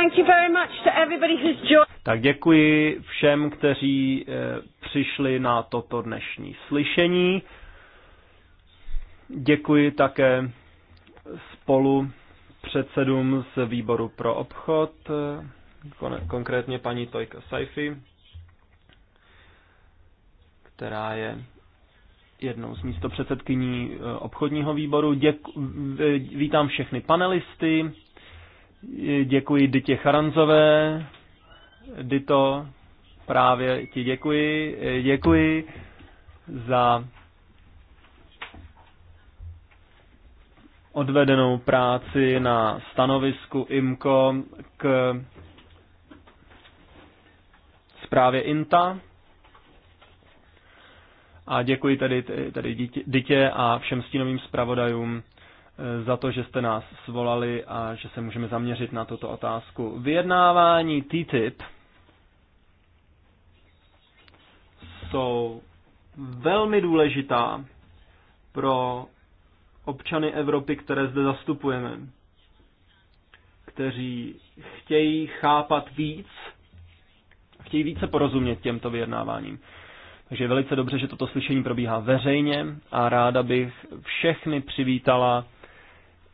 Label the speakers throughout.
Speaker 1: Thank you very much to everybody who's joined.
Speaker 2: Tak děkuji všem, kteří eh, přišli na toto dnešní slyšení. Děkuji také spolu předsedům z výboru pro obchod, eh, kon- konkrétně paní Tojka Saifi, která je jednou z místopředsedkyní eh, obchodního výboru. Děku- vítám všechny panelisty, Děkuji Dytě Charanzové. Dito, právě ti děkuji. Děkuji za odvedenou práci na stanovisku IMCO k zprávě INTA. A děkuji tedy, tady dítě a všem stínovým zpravodajům Eh, za to, že jste nás svolali a že se můžeme zaměřit na tuto otázku. Vyjednávání TTIP jsou velmi důležitá pro občany Evropy, které zde zastupujeme, kteří chtějí chápat víc, chtějí více porozumět těmto vyjednáváním. Takže je velice dobře, že toto slyšení probíhá veřejně a ráda bych všechny přivítala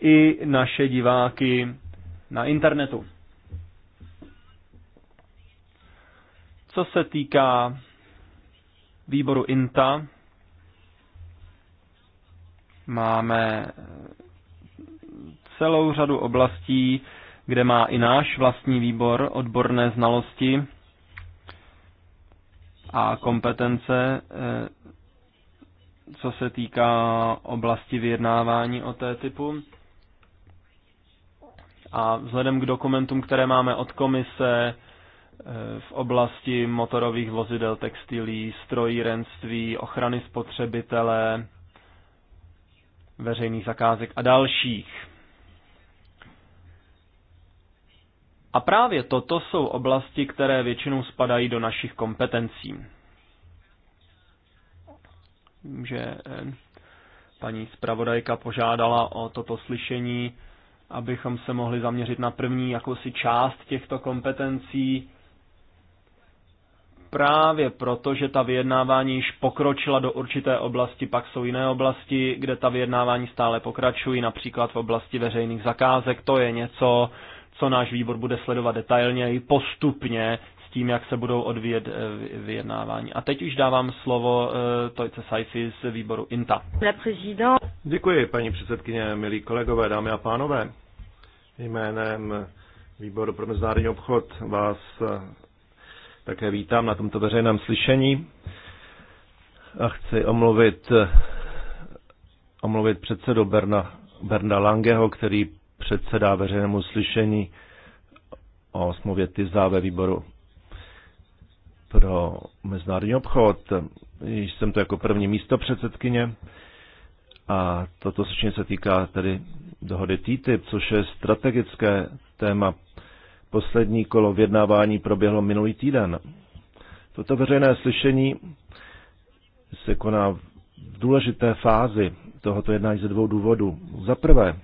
Speaker 2: i naše diváky na internetu. Co se týká výboru INTA, máme celou řadu oblastí, kde má i náš vlastní výbor odborné znalosti a kompetence, eh, co se týká oblasti vyjednávání o té typu. A vzhledem k dokumentům, které máme od komise eh, v oblasti motorových vozidel, textilí, strojírenství, ochrany spotřebitele, veřejných zakázek a dalších. A právě toto jsou oblasti, které většinou spadají do našich kompetencí. že eh, paní zpravodajka požádala o toto slyšení abychom se mohli zaměřit na první jakousi část těchto kompetencí, právě proto, že ta vyjednávání již pokročila do určité oblasti, pak jsou jiné oblasti, kde ta vyjednávání stále pokračují, například v oblasti veřejných zakázek. To je něco, co náš výbor bude sledovat detailně i postupně tím, jak se budou odvíjet eh, vyjednávání. A teď už dávám slovo eh, Tojce Saifi z výboru INTA.
Speaker 3: Děkuji, paní předsedkyně, milí kolegové, dámy a pánové. Jménem výboru pro mezinárodní obchod vás eh, také vítám na tomto veřejném slyšení a chci omluvit, omluvit předsedu Berna, Berna Langeho, který předsedá veřejnému slyšení o smluvě TISA ve výboru pro mezinárodní obchod. jsem to jako první místo předsedkyně a toto sečně se týká tedy dohody TTIP, což je strategické téma. Poslední kolo vyjednávání proběhlo minulý týden. Toto veřejné slyšení se koná v důležité fázi tohoto jednání ze dvou důvodů. Za prvé,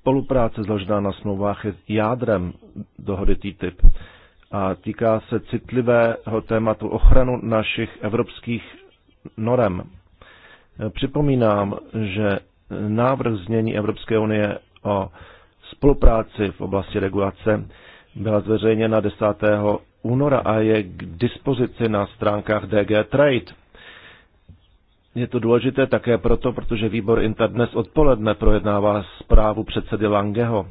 Speaker 3: spolupráce založená na smlouvách je jádrem dohody TTIP a týká se citlivého tématu ochranu našich evropských norem. Připomínám, že návrh změní Evropské unie o spolupráci v oblasti regulace byla zveřejněna 10. února a je k dispozici na stránkách DG Trade. Je to důležité také proto, protože výbor Inter dnes odpoledne projednává zprávu předsedy Langeho.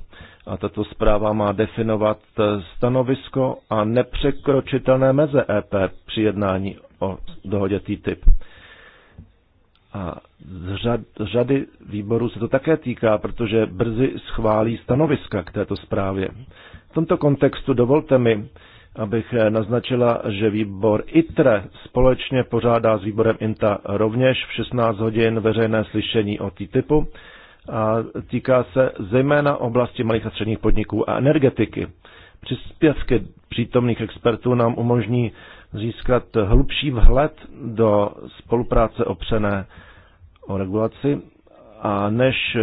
Speaker 3: A tato zpráva má definovat eh, stanovisko a nepřekročitelné meze EP při jednání o dohodě TTIP. A z, řad, řady výborů se to také týká, protože brzy schválí stanoviska k této zprávě. V tomto kontextu dovolte mi, abych eh, naznačila, že výbor ITRE společně pořádá s výborem INTA rovněž v 16 hodin veřejné slyšení o TTIPu a týká se zejména oblasti malých a středních podniků a energetiky. Příspěvky přítomných expertů nám umožní získat hlubší vhled do spolupráce opřené o regulaci a než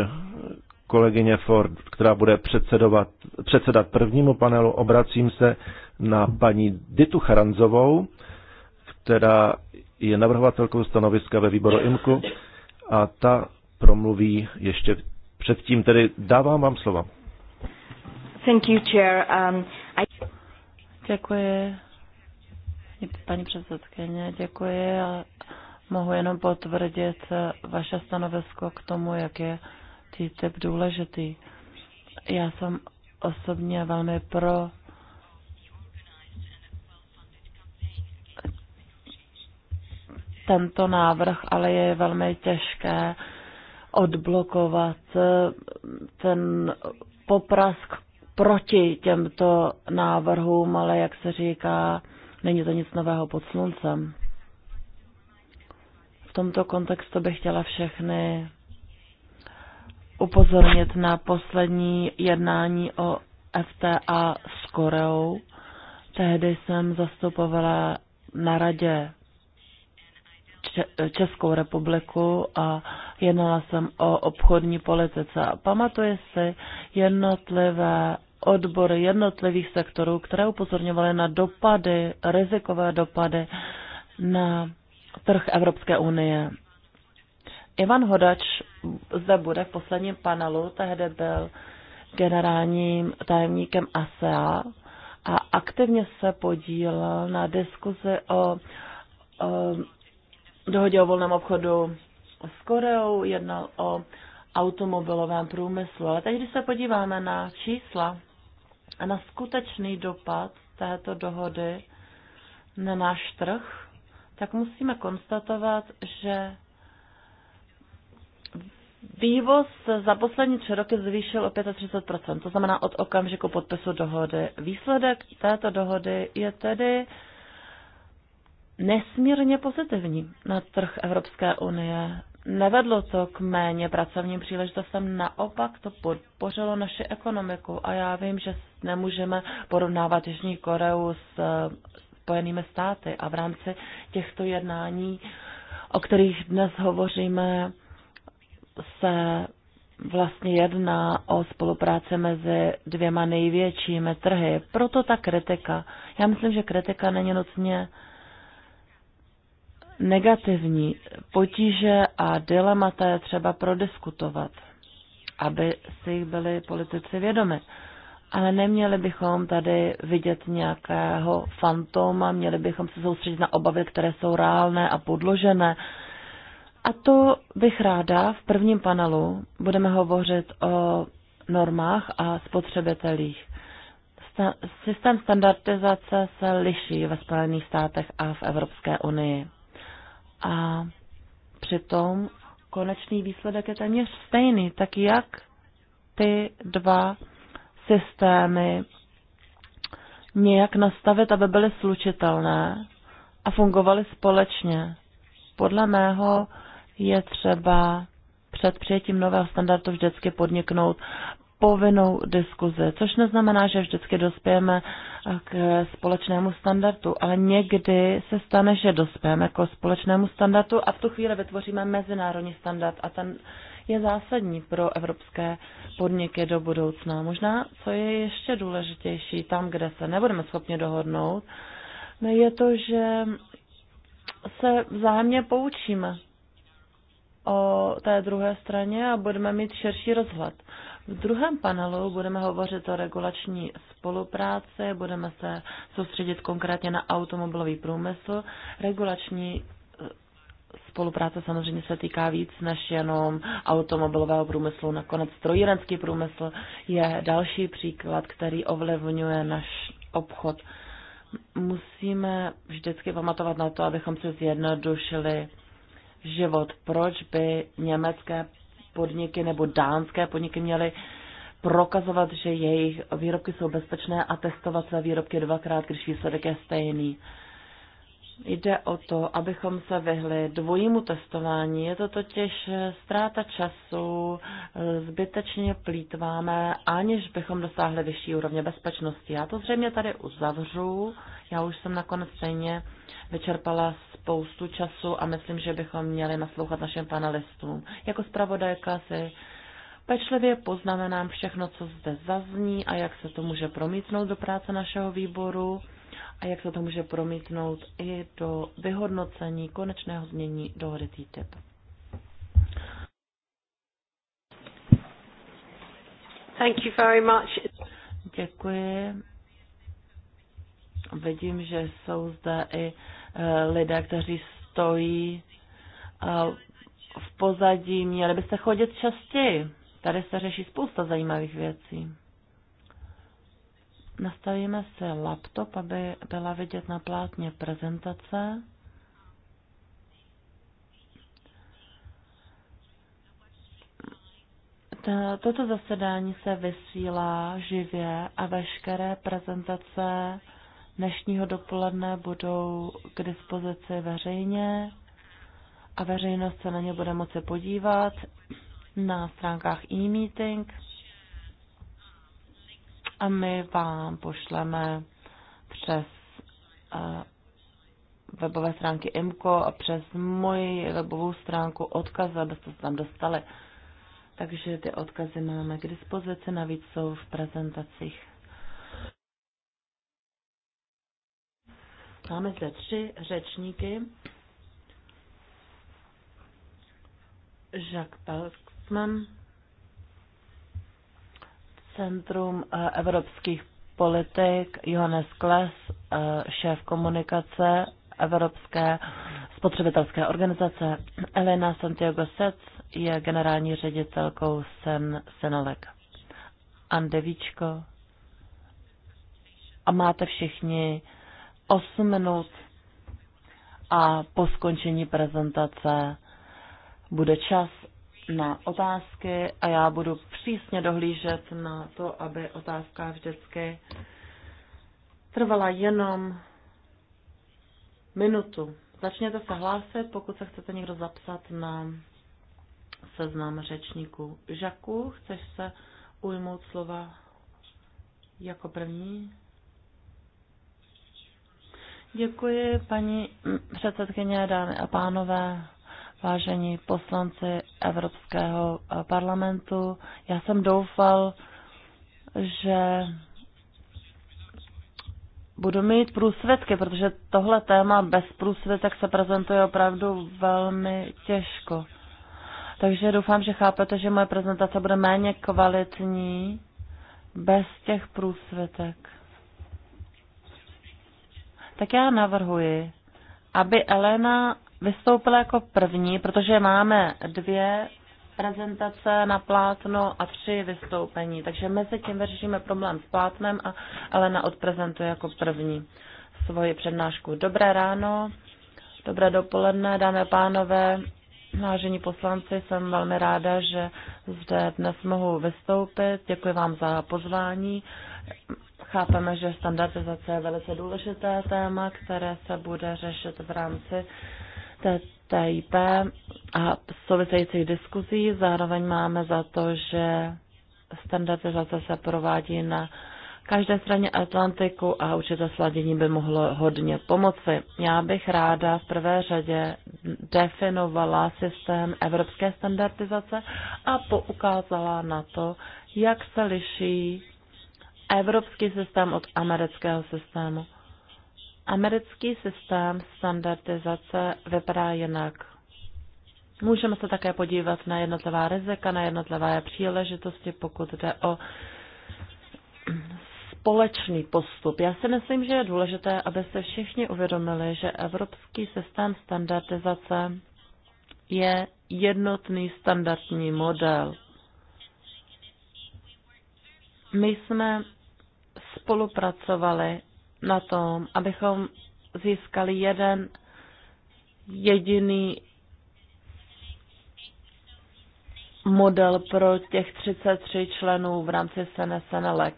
Speaker 3: kolegyně Ford, která bude předsedovat, předsedat prvnímu panelu, obracím se na paní Ditu Charanzovou, která je navrhovatelkou stanoviska ve výboru IMKU a ta promluví ještě předtím. Tedy dávám vám slova.
Speaker 1: Thank you, chair. Um, I... Děkuji,
Speaker 4: paní předsedkyně, děkuji. A mohu jenom potvrdit vaše stanovisko k tomu, jak je TTIP důležitý. Já jsem osobně velmi pro tento návrh, ale je velmi těžké odblokovat eh, ten poprask proti těmto návrhům, ale jak se říká, není to nic nového pod sluncem. V tomto kontextu bych chtěla všechny upozornit na poslední jednání o FTA s Koreou. Tehdy jsem zastupovala na radě Českou republiku a jednala jsem o obchodní politice. A pamatuje si jednotlivé odbory jednotlivých sektorů, které upozorňovaly na dopady, rizikové dopady na trh Evropské unie. Ivan Hodač zde bude v posledním panelu, tehdy byl generálním tajemníkem ASEA a aktivně se podílel na diskuzi o, o dohodě o volném obchodu s Koreou, jednal o automobilovém průmyslu. Ale teď, když se podíváme na čísla a na skutečný dopad této dohody na náš trh, tak musíme konstatovat, že Vývoz za poslední tři roky zvýšil o 35%, to znamená od okamžiku podpisu dohody. Výsledek této dohody je tedy nesmírně pozitivní na trh Evropské unie. Nevedlo to k méně pracovním příležitostem, naopak to podpořilo naši ekonomiku. A já vím, že nemůžeme porovnávat Jižní Koreu s eh, Spojenými státy. A v rámci těchto jednání, o kterých dnes hovoříme, se vlastně jedná o spolupráci mezi dvěma největšími trhy. Proto ta kritika. Já myslím, že kritika není nutně uh, negativní. Potíže a dilemata je třeba prodiskutovat, aby si jich byli politici vědomi. Ale neměli bychom tady vidět nějakého fantoma, měli bychom se soustředit na obavy, které jsou reálné a podložené. A to bych ráda v prvním panelu budeme hovořit o normách a spotřebitelích. Sta- systém standardizace se liší ve Spojených státech a v Evropské unii a přitom konečný výsledek je téměř stejný. Tak jak ty dva systémy nějak nastavit, aby byly slučitelné a fungovaly společně? Podle mého je třeba před přijetím nového standardu vždycky podniknout povinnou diskuzi, což neznamená, že vždycky dospějeme k společnému standardu, ale někdy se stane, že dospějeme k společnému standardu a v tu chvíli vytvoříme mezinárodní standard a ten je zásadní pro evropské podniky do budoucna. Možná, co je ještě důležitější tam, kde se nebudeme schopni dohodnout, je to, že se vzájemně poučíme o té druhé straně a budeme mít širší rozhled. V druhém panelu budeme hovořit o regulační spolupráci, budeme se soustředit konkrétně na automobilový průmysl. Regulační eh, spolupráce samozřejmě se týká víc než jenom automobilového průmyslu. Nakonec strojírenský průmysl je další příklad, který ovlivňuje náš obchod. Musíme vždycky pamatovat na to, abychom si zjednodušili život. Proč by německé podniky nebo dánské podniky měly prokazovat, že jejich výrobky jsou bezpečné a testovat své výrobky dvakrát, když výsledek je stejný. Jde o to, abychom se vyhli dvojímu testování. Je to totiž ztráta času, zbytečně plítváme, aniž bychom dosáhli vyšší úrovně bezpečnosti. Já to zřejmě tady uzavřu. Já už jsem nakonec stejně vyčerpala spoustu času a myslím, že bychom měli naslouchat našim panelistům. Jako zpravodajka si Pečlivě poznamenám všechno, co zde zazní a jak se to může promítnout do práce našeho výboru a jak se to může promítnout i do vyhodnocení konečného změní dohody TTIP.
Speaker 1: Thank you very much.
Speaker 4: Děkuji. Vidím, že jsou zde i eh, lidé, kteří stojí eh, v pozadí. Měli byste chodit častěji. Tady se řeší spousta zajímavých věcí. Nastavíme si laptop, aby byla vidět na plátně prezentace. Toto zasedání se vysílá živě a veškeré prezentace dnešního dopoledne budou k dispozici veřejně a veřejnost se na ně bude moci podívat na stránkách e-meeting a my vám pošleme přes eh, webové stránky IMCO a přes moji webovou stránku odkaz, abyste se tam dostali. Takže ty odkazy máme k dispozici, navíc jsou v prezentacích. Máme zde tři řečníky. Jacques Pelsman. Centrum eh, evropských politik Johannes Kles, eh, šéf komunikace Evropské spotřebitelské organizace. Elena Santiago Sec je generální ředitelkou Sen Senelek. Víčko. A máte všichni 8 minut a po skončení prezentace bude čas na otázky a já budu přísně dohlížet na to, aby otázka vždycky trvala jenom minutu. Začněte se hlásit, pokud se chcete někdo zapsat na seznam řečníků. Žaku, chceš se ujmout slova jako první? Děkuji, paní předsedkyně, dámy a pánové, vážení poslanci Evropského eh, parlamentu. Já jsem doufal, že budu mít průsvědky, protože tohle téma bez průsvědek se prezentuje opravdu velmi těžko. Takže doufám, že chápete, že moje prezentace bude méně kvalitní bez těch průsvětek. Tak já navrhuji, aby Elena vystoupila jako první, protože máme dvě prezentace na plátno a tři vystoupení. Takže mezi tím vyřešíme problém s plátnem a Elena odprezentuje jako první svoji přednášku. Dobré ráno, dobré dopoledne, dámy a pánové, vážení poslanci, jsem velmi ráda, že zde dnes mohu vystoupit. Děkuji vám za pozvání. Chápeme, že standardizace je velice důležité téma, které se bude řešit v rámci uh, TTIP a souvisejících diskuzí. Zároveň máme za to, že standardizace se provádí na každé straně Atlantiku a určité sladění by mohlo hodně pomoci. Já bych ráda v prvé řadě definovala systém evropské standardizace a poukázala na to, jak se liší evropský systém od amerického systému. Americký systém standardizace vypadá jinak. Můžeme se také podívat na jednotlivá rizika, na jednotlivé příležitosti, pokud jde o společný postup. Já si myslím, že je důležité, aby se všichni uvědomili, že evropský systém standardizace je jednotný standardní model. My jsme spolupracovali na tom, abychom získali jeden jediný model pro těch 33 členů v rámci SNSNLEC.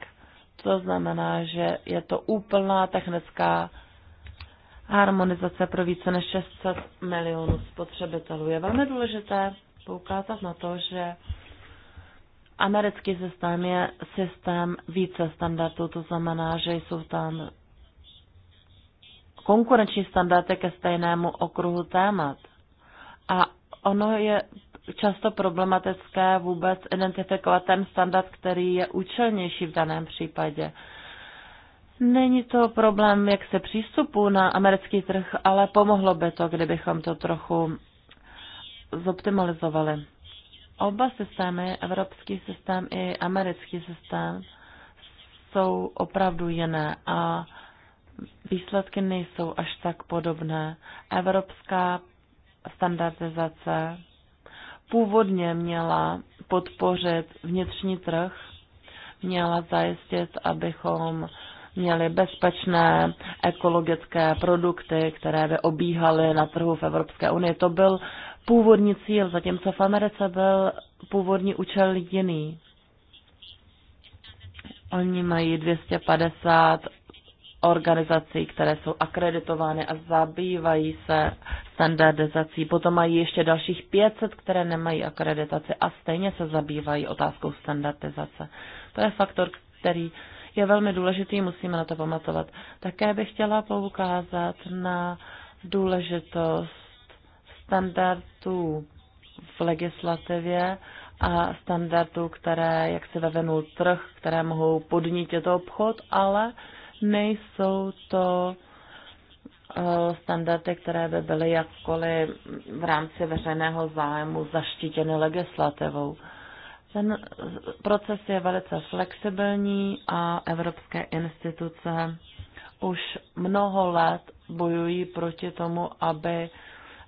Speaker 4: To znamená, že je to úplná technická harmonizace pro více než 600 milionů spotřebitelů. Je velmi důležité poukázat na to, že americký systém je systém více standardů, to znamená, že jsou tam konkurenční standardy ke stejnému okruhu témat. A ono je často problematické vůbec identifikovat ten standard, který je účelnější v daném případě. Není to problém jak se přístupu na americký trh, ale pomohlo by to, kdybychom to trochu zoptimalizovali. Oba systémy, evropský systém i americký systém, jsou opravdu jiné a výsledky nejsou až tak podobné. Evropská standardizace původně měla podpořit vnitřní trh, měla zajistit, abychom měli bezpečné ekologické produkty, které by obíhaly na trhu v Evropské unii. To byl původní cíl, zatímco v Americe byl původní účel jiný. Oni mají 250 organizací, které jsou akreditovány a zabývají se standardizací. Potom mají ještě dalších 500, které nemají akreditaci a stejně se zabývají otázkou standardizace. To je faktor, který je velmi důležitý, musíme na to pamatovat. Také bych chtěla poukázat na důležitost standardů v legislativě a standardů, které, jak se vevenul trh, které mohou podnítit obchod, ale uh, Nejsou to eh, standardy, které by byly jakkoliv v rámci veřejného zájmu zaštítěny legislativou. Ten eh, proces je velice flexibilní a evropské instituce už mnoho let bojují proti tomu, aby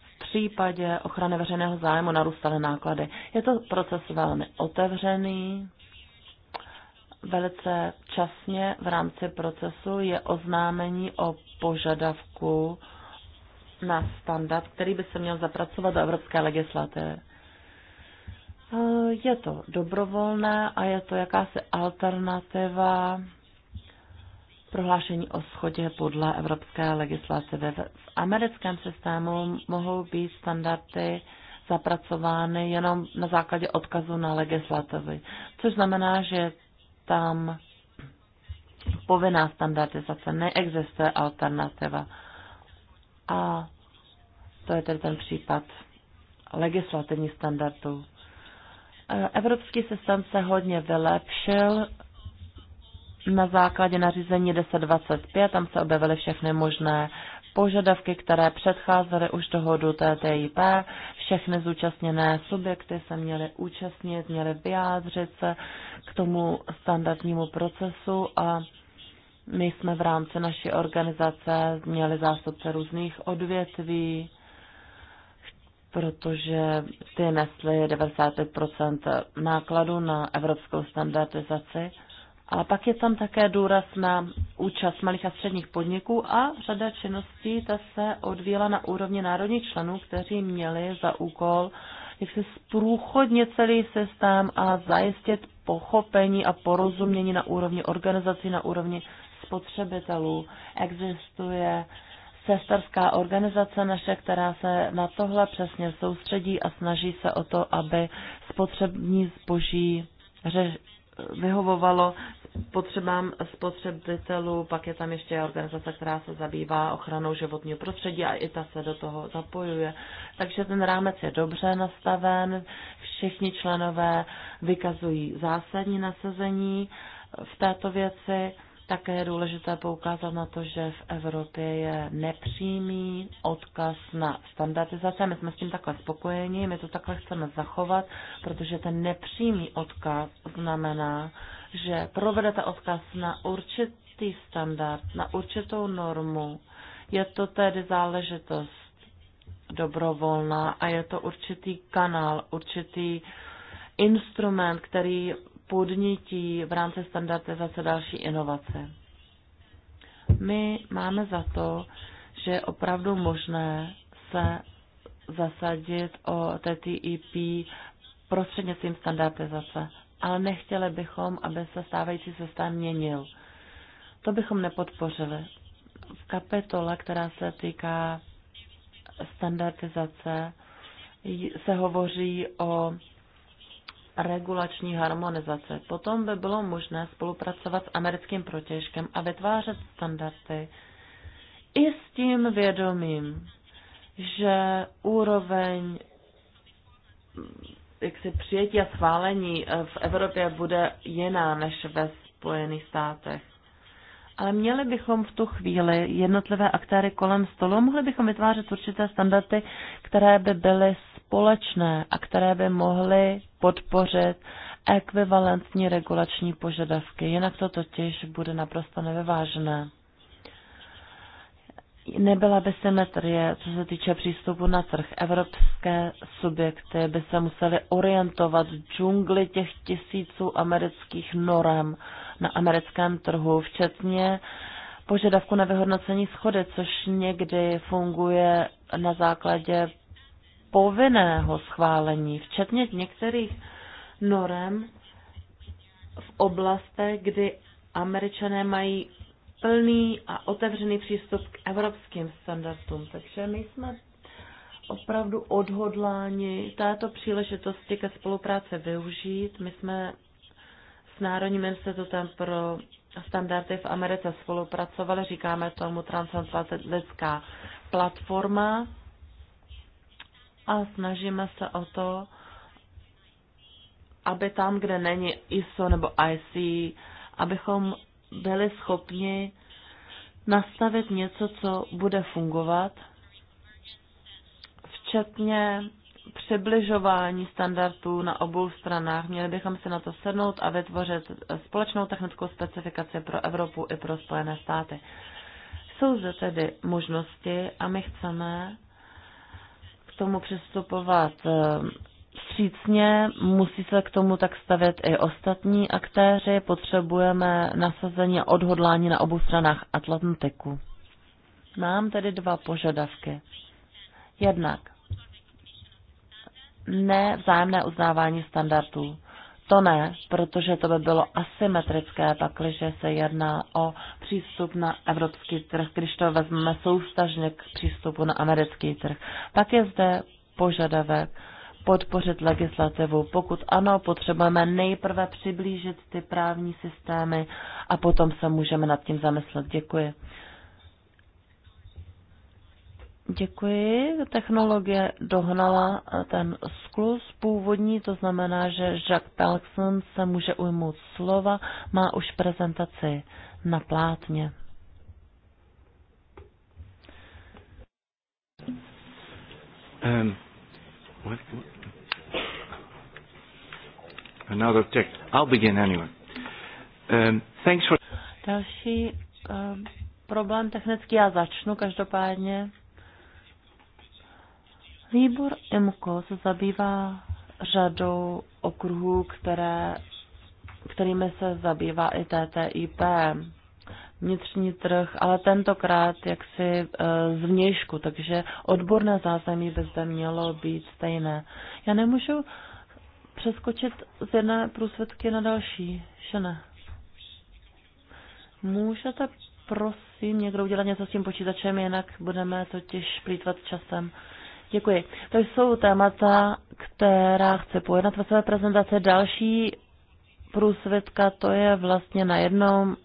Speaker 4: v případě ochrany veřejného zájmu narůstaly náklady. Je to proces velmi otevřený, velice časně v rámci procesu je oznámení o požadavku na standard, který by se měl zapracovat do evropské legislativy. Eh, je to dobrovolné a je to jakási alternativa prohlášení o schodě podle evropské legislativy. V americkém systému mohou být standardy zapracovány jenom na základě odkazu na legislativy, což znamená, že tam povinná standardizace, neexistuje alternativa. A to je tedy ten případ legislativní standardů. E, evropský systém se hodně vylepšil na základě nařízení 1025, tam se objevily všechny možné požadavky, které předcházely už dohodu TTIP. Všechny zúčastněné subjekty se měly účastnit, měly vyjádřit se k tomu standardnímu procesu a my jsme v rámci naší organizace měli zástupce různých odvětví, protože ty nesly 95 nákladů na evropskou standardizaci a pak je tam také důraz na účast malých a středních podniků a řada činností ta se odvíjela na úrovni národních členů, kteří měli za úkol jak se zprůchodnit celý systém a zajistit pochopení a porozumění na úrovni organizací, na úrovni spotřebitelů. Existuje sesterská organizace naše, která se na tohle přesně soustředí a snaží se o to, aby spotřební zboží vyhovovalo potřebám spotřebitelů, pak je tam ještě organizace, která se zabývá ochranou životního prostředí a i ta se do toho zapojuje. Takže ten rámec je dobře nastaven, všichni členové vykazují zásadní nasazení v této věci. Také je důležité poukázat na to, že v Evropě je nepřímý odkaz na standardizace. My jsme s tím takhle spokojeni, my to takhle chceme zachovat, protože ten nepřímý odkaz znamená, že provedete odkaz na určitý standard, na určitou normu. Je to tedy záležitost dobrovolná a je to určitý kanál, určitý instrument, který podnítí v rámci standardizace další inovace. My máme za to, že je opravdu možné se zasadit o TTIP prostřednictvím standardizace ale nechtěli bychom, aby se stávající systém měnil. To bychom nepodpořili. V kapitole, která se týká standardizace, se hovoří o regulační harmonizaci. Potom by bylo možné spolupracovat s americkým protěžkem a vytvářet standardy i s tím vědomím, že úroveň jaksi přijetí a schválení eh, v Evropě bude jiná než ve Spojených státech. Ale měli bychom v tu chvíli jednotlivé aktéry kolem stolu, mohli bychom vytvářet určité standardy, které by byly společné a které by mohly podpořit ekvivalentní regulační požadavky. Jinak to totiž bude naprosto nevyvážené. Nebyla by symetrie, co se týče přístupu na trh. Evropské subjekty by se museli orientovat v džungli těch tisíců amerických norem na americkém trhu, včetně požadavku na vyhodnocení schody, což někdy funguje na základě povinného schválení, včetně některých norem v oblastech, kdy američané mají plný a otevřený přístup k evropským standardům. Takže my jsme opravdu odhodláni této příležitosti ke spolupráci využít. My jsme s Národním institutem pro standardy v Americe spolupracovali, říkáme tomu transatlantická platforma a snažíme se o to, aby tam, kde není ISO nebo IC, abychom byli schopni nastavit něco, co bude fungovat, včetně přibližování standardů na obou stranách. Měli bychom se na to sednout a vytvořit společnou technickou specifikaci pro Evropu i pro Spojené státy. Jsou zde tedy možnosti a my chceme k tomu přistupovat eh, vstřícně, musí se k tomu tak stavět i ostatní aktéři. Potřebujeme nasazení a odhodlání na obou stranách Atlantiku. Mám tedy dva požadavky. Jednak ne vzájemné uznávání standardů. To ne, protože to by bylo asymetrické, pakliže se jedná o přístup na evropský trh, když to vezmeme soustažně k přístupu na americký trh. Pak je zde požadavek podpořit legislativu. Pokud ano, potřebujeme nejprve přiblížit ty právní systémy a potom se můžeme nad tím zamyslet. Děkuji. Děkuji. Technologie dohnala ten sklus původní, to znamená, že Jacques Pelkson se může ujmout slova, má už prezentaci na plátně.
Speaker 1: Um. What?
Speaker 3: Another text. I'll begin anyway. Um, thanks
Speaker 4: for... Další um, problém technický já začnu každopádně. Výbor IMCO se zabývá řadou okruhů, které, kterými se zabývá i TTIP vnitřní trh, ale tentokrát jaksi e, z vnějšku, takže odborné zázemí by zde mělo být stejné. Já nemůžu přeskočit z jedné průsvědky na další, že ne? Můžete prosím někdo udělat něco s tím počítačem, jinak budeme totiž plítvat časem. Děkuji. To jsou témata, která chci pojednat ve své prezentace Další průsvědka, to je vlastně na jednom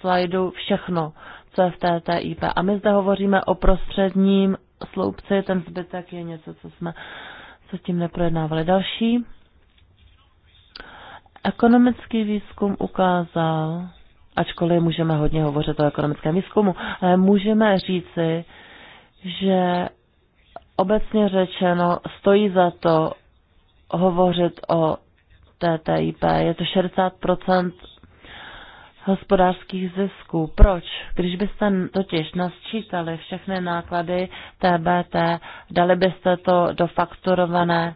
Speaker 4: slajdu všechno, co je v TTIP. A my zde hovoříme o prostředním sloupci, ten zbytek je něco, co jsme co tím neprojednávali. Další. Ekonomický výzkum ukázal, ačkoliv můžeme hodně hovořit o ekonomickém výzkumu, ale můžeme říci, že obecně řečeno stojí za to hovořit o TTIP. Je to 60 hospodářských zisků. Proč? Když byste totiž nasčítali všechny náklady TBT, dali byste to do fakturované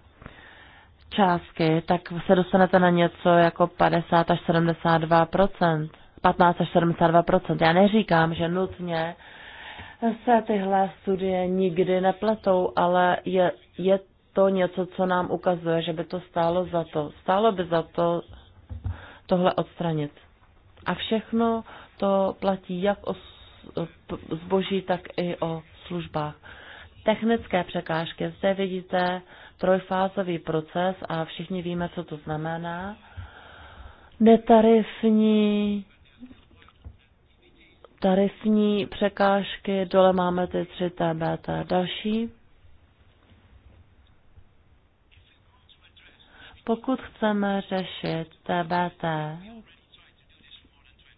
Speaker 4: částky, tak se dostanete na něco jako 50 až 72 15 až 72 Já neříkám, že nutně se tyhle studie nikdy nepletou, ale je, je to něco, co nám ukazuje, že by to stálo za to. Stálo by za to tohle odstranit. A všechno to platí jak o zboží, tak i o službách. Technické překážky. Zde vidíte trojfázový proces a všichni víme, co to znamená. Netarifní tarifní překážky, dole máme ty tři TBT další. Pokud chceme řešit TBT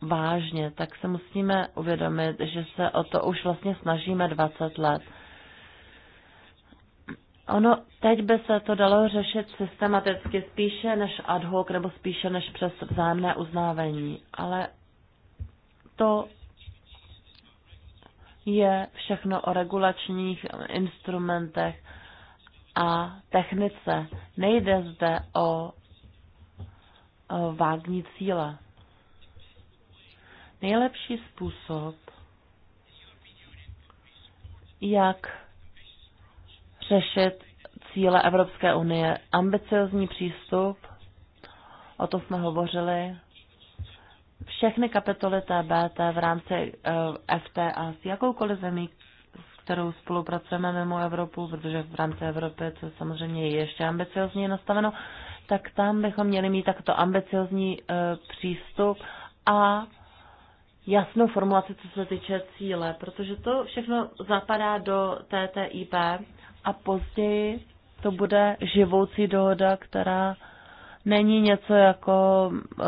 Speaker 4: vážně, tak se musíme uvědomit, že se o to už vlastně snažíme 20 let. Ono, teď by se to dalo řešit systematicky spíše než ad hoc nebo spíše než přes vzájemné uznávání, ale to je všechno o regulačních instrumentech a technice. Nejde zde o, o vágní cíle nejlepší způsob, jak řešit cíle Evropské unie. Ambiciozní přístup, o tom jsme hovořili. Všechny kapitoly TBT v rámci eh, FTA s jakoukoliv zemí, s kterou spolupracujeme mimo Evropu, protože v rámci Evropy to samozřejmě je ještě ambiciozněji nastaveno, tak tam bychom měli mít takto ambiciozní eh, přístup a jasnou formulaci, co se týče cíle, protože to všechno zapadá do TTIP a později to bude živoucí dohoda, která není něco jako uh,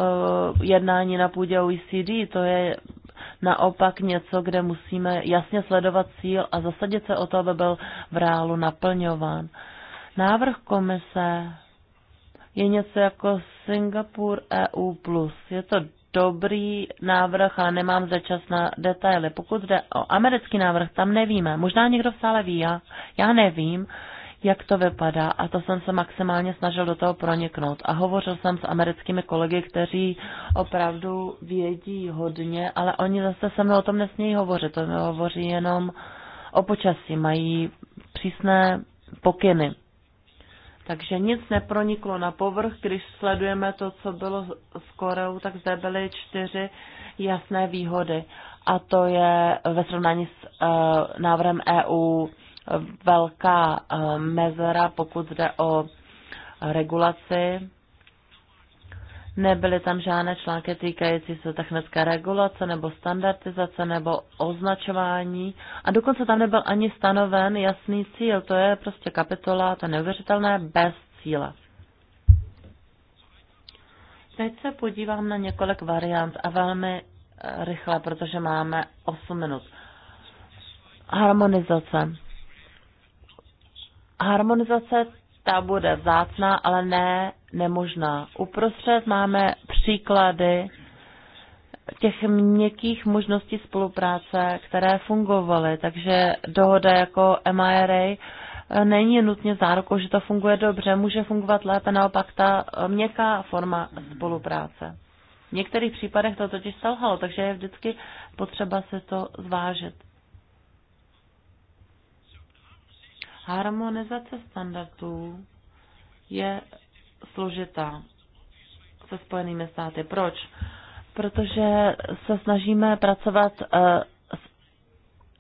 Speaker 4: jednání na půdě OECD, to je naopak něco, kde musíme jasně sledovat cíl a zasadit se o to, aby byl v reálu naplňován. Návrh komise je něco jako Singapur EU+. Je to dobrý návrh, ale nemám zde čas na detaily. Pokud jde o americký návrh, tam nevíme. Možná někdo v sále ví, já, já nevím, jak to vypadá a to jsem se maximálně snažil do toho proniknout. A hovořil jsem s americkými kolegy, kteří opravdu vědí hodně, ale oni zase se mnou o tom nesmějí hovořit. To mi hovoří jenom o počasí. Mají přísné pokyny. Takže nic neproniklo na povrch. Když sledujeme to, co bylo s Koreou, tak zde byly čtyři jasné výhody. A to je ve srovnání s uh, návrhem EU eh, velká uh, mezera, pokud jde o regulaci Nebyly tam žádné články týkající se technické regulace nebo standardizace nebo označování a dokonce tam nebyl ani stanoven jasný cíl. To je prostě kapitola, to je neuvěřitelné, bez cíle. Teď se podívám na několik variant a velmi eh, rychle, protože máme 8 minut. Harmonizace. Harmonizace ta bude vzácná, ale ne nemožná. Uprostřed máme příklady těch měkkých možností spolupráce, které fungovaly, takže dohoda jako MIRA není nutně zárukou, že to funguje dobře, může fungovat lépe, naopak ta měkká forma spolupráce. V některých případech to totiž selhalo, takže je vždycky potřeba se to zvážit. Harmonizace standardů je složitá se Spojenými státy. Proč? Protože se snažíme pracovat eh, s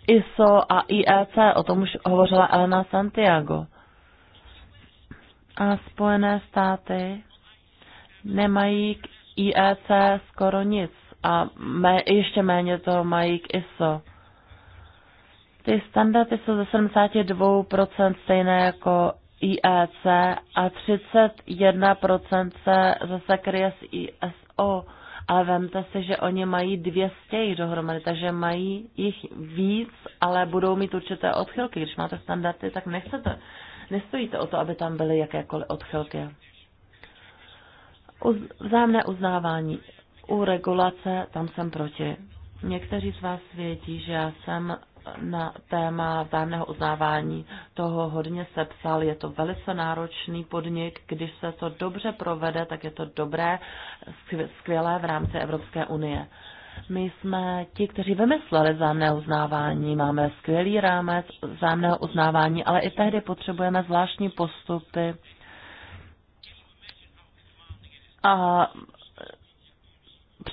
Speaker 4: ISO a IEC, o tom už hovořila Elena Santiago. A Spojené státy nemají k IEC skoro nic a mé, ještě méně to mají k ISO. Ty standardy jsou ze 72% stejné jako IEC a 31% se zase kryje s ISO. Ale vemte si, že oni mají 200 jich dohromady, takže mají jich víc, ale budou mít určité odchylky. Když máte standardy, tak nechcete, nestojíte o to, aby tam byly jakékoliv odchylky. Uz, vzájemné uznávání. U regulace tam jsem proti. Někteří z vás vědí, že já jsem na téma vzájemného uznávání toho hodně se Je to velice náročný podnik. Když se to dobře provede, tak je to dobré, skvělé v rámci Evropské unie. My jsme ti, kteří vymysleli vzájemné uznávání. Máme skvělý rámec vzájemného uznávání, ale i tehdy potřebujeme zvláštní postupy. A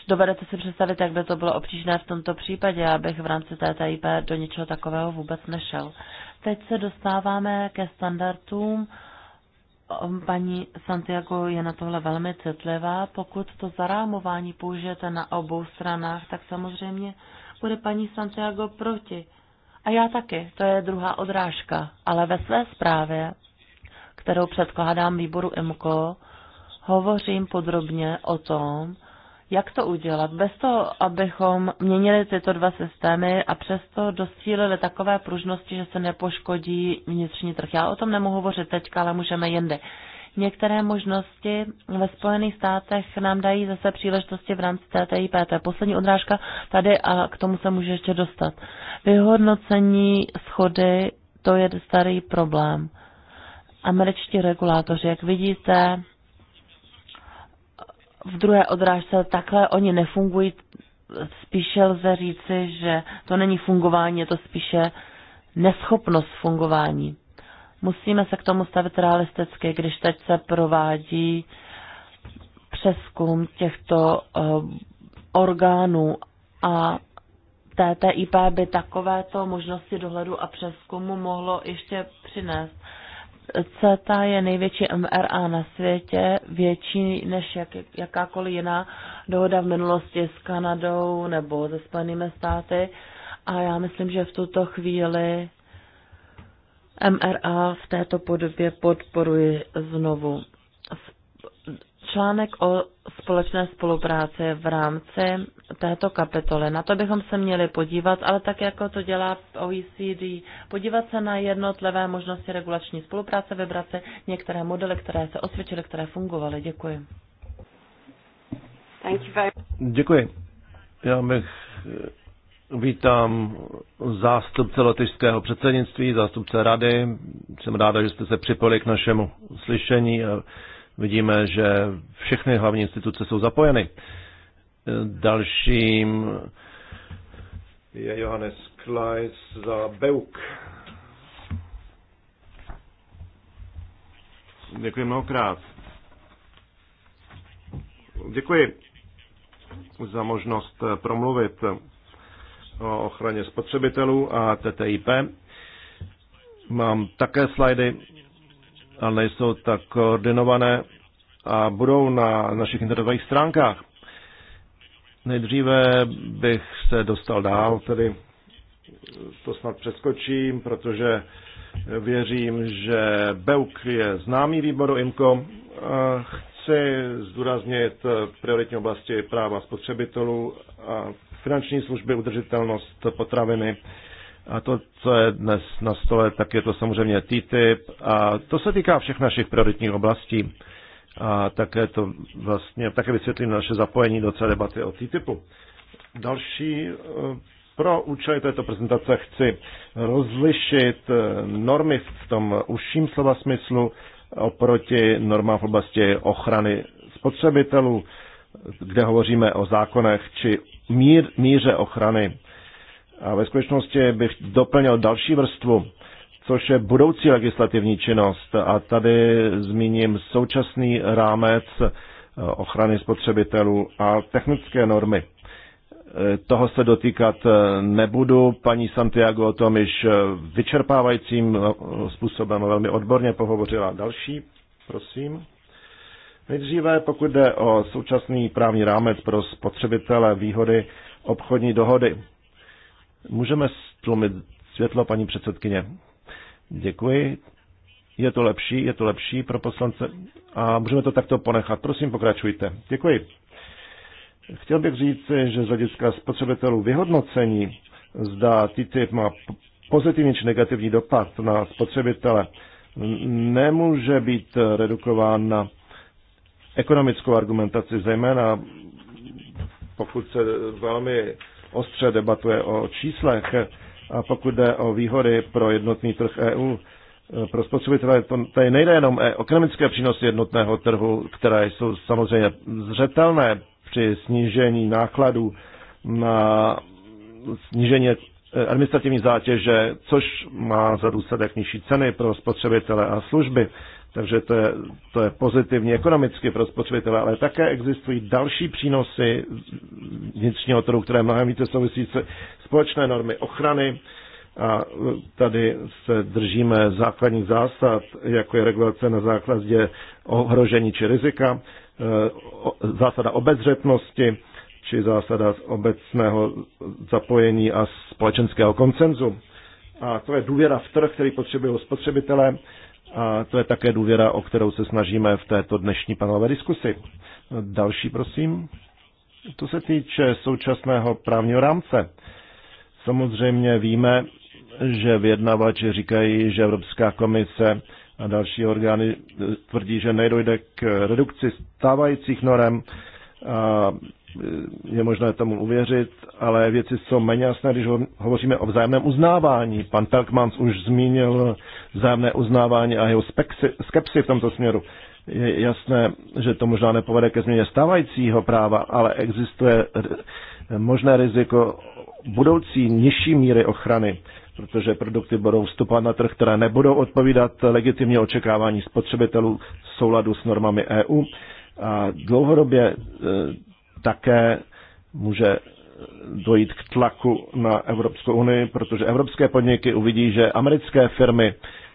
Speaker 4: Dovedete si představit, jak by to bylo obtížné v tomto případě, abych v rámci TTIP do něčeho takového vůbec nešel. Teď se dostáváme ke standardům. Ehm, paní Santiago je na tohle velmi citlivá. Pokud to zarámování použijete na obou stranách, tak samozřejmě bude paní Santiago proti. A já taky, to je druhá odrážka. Ale ve své zprávě, kterou předkládám výboru IMCO, hovořím podrobně o tom, jak to udělat? Bez toho, abychom měnili tyto dva systémy a přesto dostílili takové pružnosti, že se nepoškodí vnitřní trh. Já o tom nemohu hovořit teďka, ale můžeme jinde. Některé možnosti ve Spojených státech nám dají zase příležitosti v rámci TTIP. To je poslední odrážka tady a k tomu se může ještě dostat. Vyhodnocení schody, to je starý problém. Američtí regulátoři, jak vidíte, v druhé odrážce takhle oni nefungují, spíše lze říci, že to není fungování, je to spíše neschopnost fungování. Musíme se k tomu stavit realisticky, když teď se provádí přeskum těchto eh, orgánů a TTIP by takovéto možnosti dohledu a přeskumu mohlo ještě přinést. CETA je největší MRA na světě, větší než jak, jakákoliv jiná dohoda v minulosti s Kanadou nebo se Spojenými státy. A já myslím, že v tuto chvíli MRA v této podobě podporuji znovu článek o společné spolupráci v rámci této kapitoly. Na to bychom se měli podívat, ale tak, jako to dělá OECD, podívat se na jednotlivé možnosti regulační spolupráce, vybrat se některé modely, které se osvědčily, které fungovaly. Děkuji.
Speaker 3: Děkuji. Já bych eh, vítám zástupce lotyšského předsednictví, zástupce rady. Jsem ráda, že jste se připojili k našemu slyšení. Vidíme, že všechny hlavní instituce jsou zapojeny. Dalším je Johannes Kleis za BEUK. Děkuji mnohokrát. Děkuji za možnost promluvit o ochraně spotřebitelů a TTIP. Mám také slajdy ale nejsou tak koordinované a budou na našich internetových stránkách. Nejdříve bych se dostal dál, tedy to snad přeskočím, protože věřím, že BEUK je známý výboru IMCO. Chci zdůraznit prioritní oblasti práva spotřebitelů a finanční služby, udržitelnost potraviny, a to, co je dnes na stole, tak je to samozřejmě TTIP. A to se týká všech našich prioritních oblastí. A také to vlastně, také vysvětlím naše zapojení do celé debaty o TTIPu. Další e, pro účely této prezentace chci rozlišit e, normy v tom užším slova smyslu oproti normám v oblasti ochrany spotřebitelů, kde hovoříme o zákonech či mír, míře ochrany a ve skutečnosti bych doplnil další vrstvu, což je budoucí legislativní činnost. A tady zmíním současný rámec eh, ochrany spotřebitelů a technické normy. Eh, toho se dotýkat eh, nebudu. Paní Santiago o tom již vyčerpávajícím způsobem velmi odborně pohovořila. Další, prosím. Nejdříve, pokud jde o současný právní rámec pro spotřebitele výhody obchodní dohody. Můžeme stlumit světlo, paní předsedkyně. Děkuji. Je to lepší, je to lepší pro poslance a můžeme to takto ponechat. Prosím, pokračujte. Děkuji. Chtěl bych říct, že z hlediska spotřebitelů vyhodnocení, zda TTIP má pozitivní či negativní dopad na spotřebitele, nemůže být redukován na ekonomickou argumentaci, zejména pokud se velmi ostře debatuje o číslech a pokud jde o výhody pro jednotný trh EU, pro spotřebitele to tady nejde jenom o ekonomické přínosy jednotného trhu, které jsou samozřejmě zřetelné při snížení nákladů na snížení administrativní zátěže, což má za důsledek nižší ceny pro spotřebitele a služby. Takže to je, to je pozitivní ekonomicky pro spotřebitele, ale také existují další přínosy vnitřního trhu, které mnohem více souvisí se společné normy ochrany. A tady se držíme základních zásad, jako je regulace na základě ohrožení či rizika, eh, zásada obezřetnosti, či zásada obecného zapojení a společenského koncenzu. A to je důvěra v trh, který potřebují spotřebitelé a to je také důvěra, o kterou se snažíme v této dnešní panelové diskusi. Další, prosím. To se týče současného právního rámce. Samozřejmě víme, že vyjednavači říkají, že Evropská komise a další orgány tvrdí, že nedojde k redukci stávajících norem je možné tomu uvěřit, ale věci jsou méně jasné, když hovoříme o vzájemném uznávání. Pan Pelkmans už zmínil vzájemné uznávání a jeho skepsy v tomto směru. Je jasné, že to možná nepovede ke změně stávajícího práva, ale existuje možné riziko budoucí nižší míry ochrany, protože produkty budou vstupovat na trh, které nebudou odpovídat legitimně očekávání spotřebitelů v souladu s normami EU. A dlouhodobě e, také může dojít k tlaku na Evropskou unii, protože evropské podniky uvidí, že americké firmy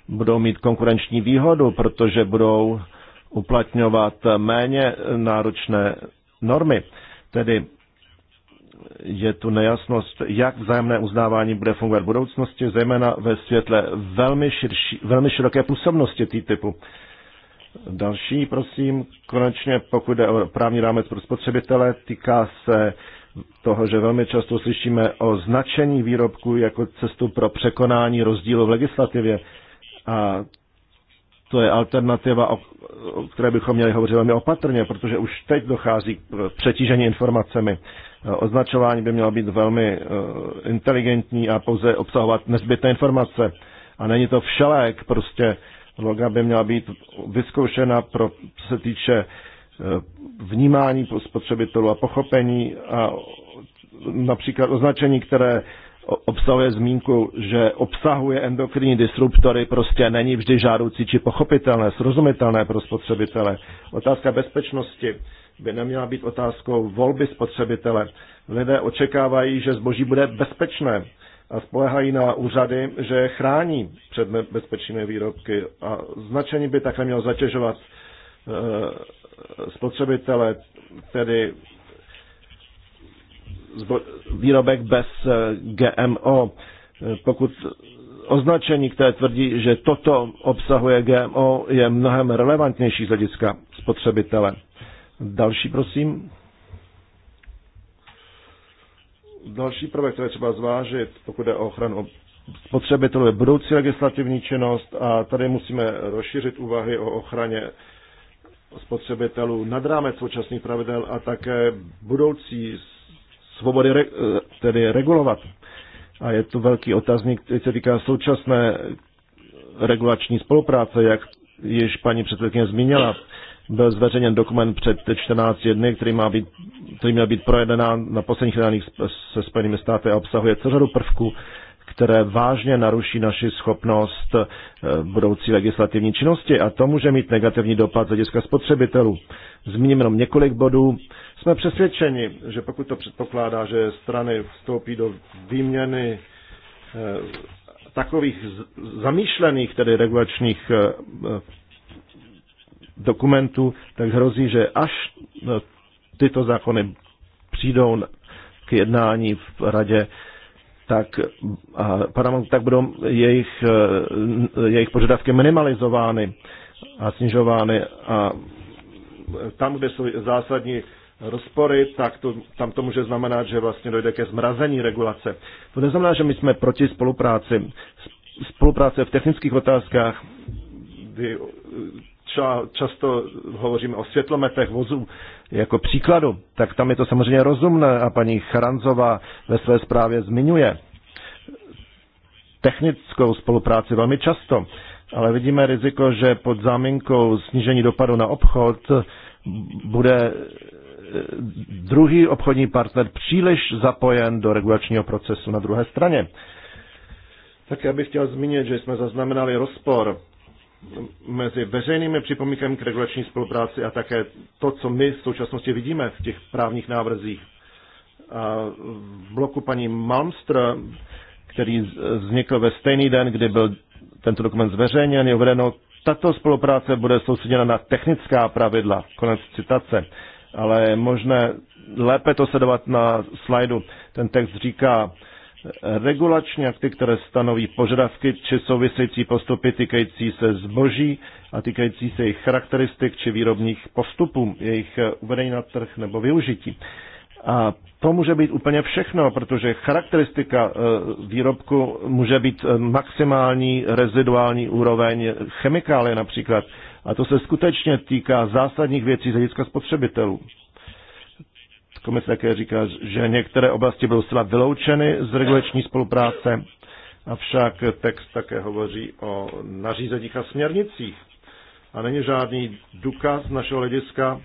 Speaker 3: budou mít konkurenční výhodu, protože budou uplatňovat méně náročné normy. Tedy je tu nejasnost, jak vzájemné uznávání bude fungovat v budoucnosti, zejména ve světle velmi, širší, velmi široké působnosti té typu. Další, prosím, konečně, pokud jde o právní rámec pro spotřebitele, týká se toho, že velmi často slyšíme o značení výrobku jako cestu pro překonání rozdílu v legislativě. A to je alternativa, o, o které bychom měli hovořit velmi opatrně, protože už teď dochází k přetížení informacemi. Označování by mělo být velmi e, inteligentní a pouze obsahovat nezbytné informace. A není to všelék, prostě Loga by měla být vyzkoušena pro, co se týče eh, vnímání spotřebitelů a pochopení a například označení, které obsahuje zmínku, že obsahuje endokrinní disruptory, prostě není vždy žádoucí či pochopitelné, srozumitelné pro spotřebitele. Otázka bezpečnosti by neměla být otázkou volby spotřebitele. Lidé očekávají, že zboží bude bezpečné a spolehají na úřady, že chrání před bezpečnými výrobky a značení by také mělo zatěžovat eh, spotřebitele, tedy výrobek bez eh, GMO. Eh, pokud označení, které tvrdí, že toto obsahuje GMO, je mnohem relevantnější z hlediska spotřebitele. Další, prosím. Další prvek, které třeba zvážit, pokud je o ochranu spotřebitelů, je budoucí legislativní činnost a tady musíme rozšířit úvahy o ochraně spotřebitelů nad rámec současných pravidel a také budoucí svobody tedy regulovat. A je to velký otazník, který se týká současné regulační spolupráce, jak již paní předsedkyně zmínila byl zveřejněn dokument před 14 dny, který, má být, který měl být projeden na posledních jednáních se Spojenými státy a obsahuje celou řadu prvků, které vážně naruší naši schopnost eh, budoucí legislativní činnosti a to může mít negativní dopad z hlediska spotřebitelů. Zmíním jenom několik bodů. Jsme přesvědčeni, že pokud to předpokládá, že strany vstoupí do výměny eh, takových zamýšlených, tedy regulačních eh, dokumentů, tak hrozí, že až e, tyto zákony přijdou k jednání v radě, tak, a tak budou jejich, e, jejich požadavky minimalizovány a snižovány. A tam, kde jsou zásadní rozpory, tak to, tam to může znamenat, že vlastně dojde ke zmrazení regulace. To neznamená, že my jsme proti spolupráci. Spolupráce v technických otázkách, kdy třeba často hovoříme o světlometech vozů jako příkladu, tak tam je to samozřejmě rozumné a paní Charanzová ve své zprávě zmiňuje technickou spolupráci velmi často, ale vidíme riziko, že pod záminkou snížení dopadu na obchod bude eh, druhý obchodní partner příliš zapojen do regulačního procesu na druhé straně. Tak já bych chtěl zmínit, že jsme zaznamenali rozpor mezi veřejnými připomínkami k regulační spolupráci a také to, co my v současnosti vidíme v těch právních návrzích. A v bloku paní Malmstr, který vznikl ve stejný den, kdy byl tento dokument zveřejněn, je uvedeno, tato spolupráce bude soustředěna na technická pravidla. Konec citace. Ale je možné lépe to sledovat na slajdu. Ten text říká, regulační akty, které stanoví požadavky či související postupy týkající se zboží a týkající se jejich charakteristik či výrobních postupů, jejich eh, uvedení na trh nebo využití. A to může být úplně všechno, protože charakteristika eh, výrobku může být eh, maximální reziduální úroveň chemikálie například. A to se skutečně týká zásadních věcí z hlediska spotřebitelů. Komise také říká, že některé oblasti budou zcela vyloučeny z regulační spolupráce, avšak text také hovoří o nařízeních a směrnicích. A není žádný důkaz našeho hlediska,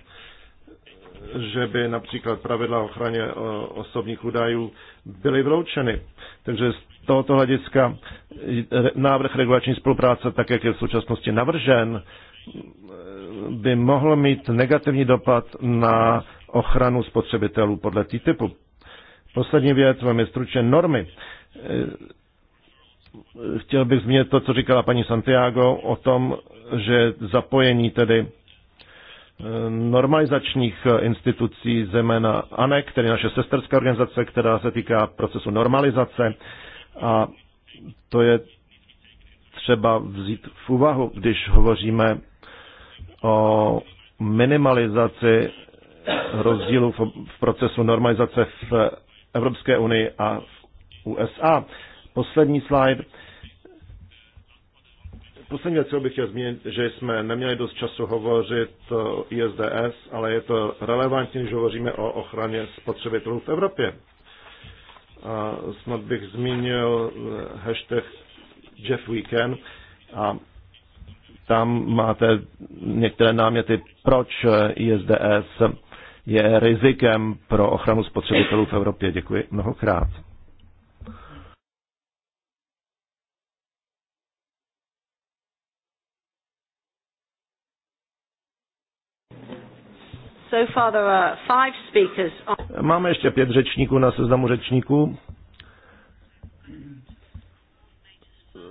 Speaker 3: že by například pravidla o ochraně eh, osobních údajů byly vyloučeny. Takže z tohoto hlediska návrh regulační spolupráce, tak jak je v současnosti navržen, eh, by mohl mít negativní dopad na ochranu spotřebitelů podle TTIPu. Poslední věc, velmi stručně, normy. Eh, chtěl bych zmínit to, co říkala paní Santiago o tom, že zapojení tedy eh, normalizačních eh, institucí, zejména ANEK, tedy naše sesterská organizace, která se týká procesu normalizace. A to je třeba vzít v úvahu, když hovoříme o minimalizaci rozdílů v procesu normalizace v Evropské unii a v USA. Poslední slide. Poslední věc, co bych chtěl zmínit, že jsme neměli dost času hovořit o ISDS, ale je to relevantní, když hovoříme o ochraně spotřebitelů v Evropě. A snad bych zmínil eh, hashtag Jeff Weekend a tam máte některé náměty, proč eh, ISDS je rizikem pro ochranu spotřebitelů v Evropě. Děkuji mnohokrát.
Speaker 1: So far there are five speakers on...
Speaker 3: Máme ještě pět řečníků na seznamu řečníků.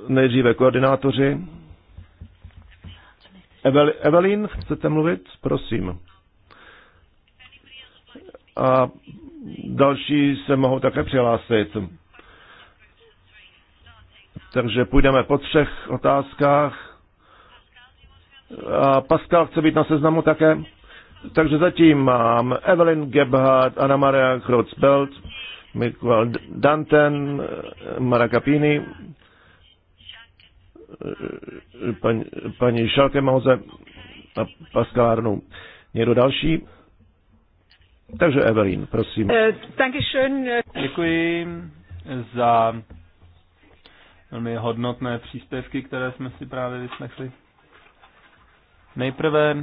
Speaker 3: Nejdříve koordinátoři. Evelyn, chcete mluvit? Prosím a další se mohou také přihlásit. Takže půjdeme po třech otázkách. A Pascal chce být na seznamu také. Takže zatím mám Evelyn Gebhardt, Anna Maria Krotzbelt, Mikuel Danten, Mara Capini, paní, paní Šalke Mauze a Pascal Arnou. Někdo další? Takže Evelyn, prosím. Eh, Děkuji
Speaker 2: za velmi hodnotné příspěvky, které jsme si právě vyslechli. Nejprve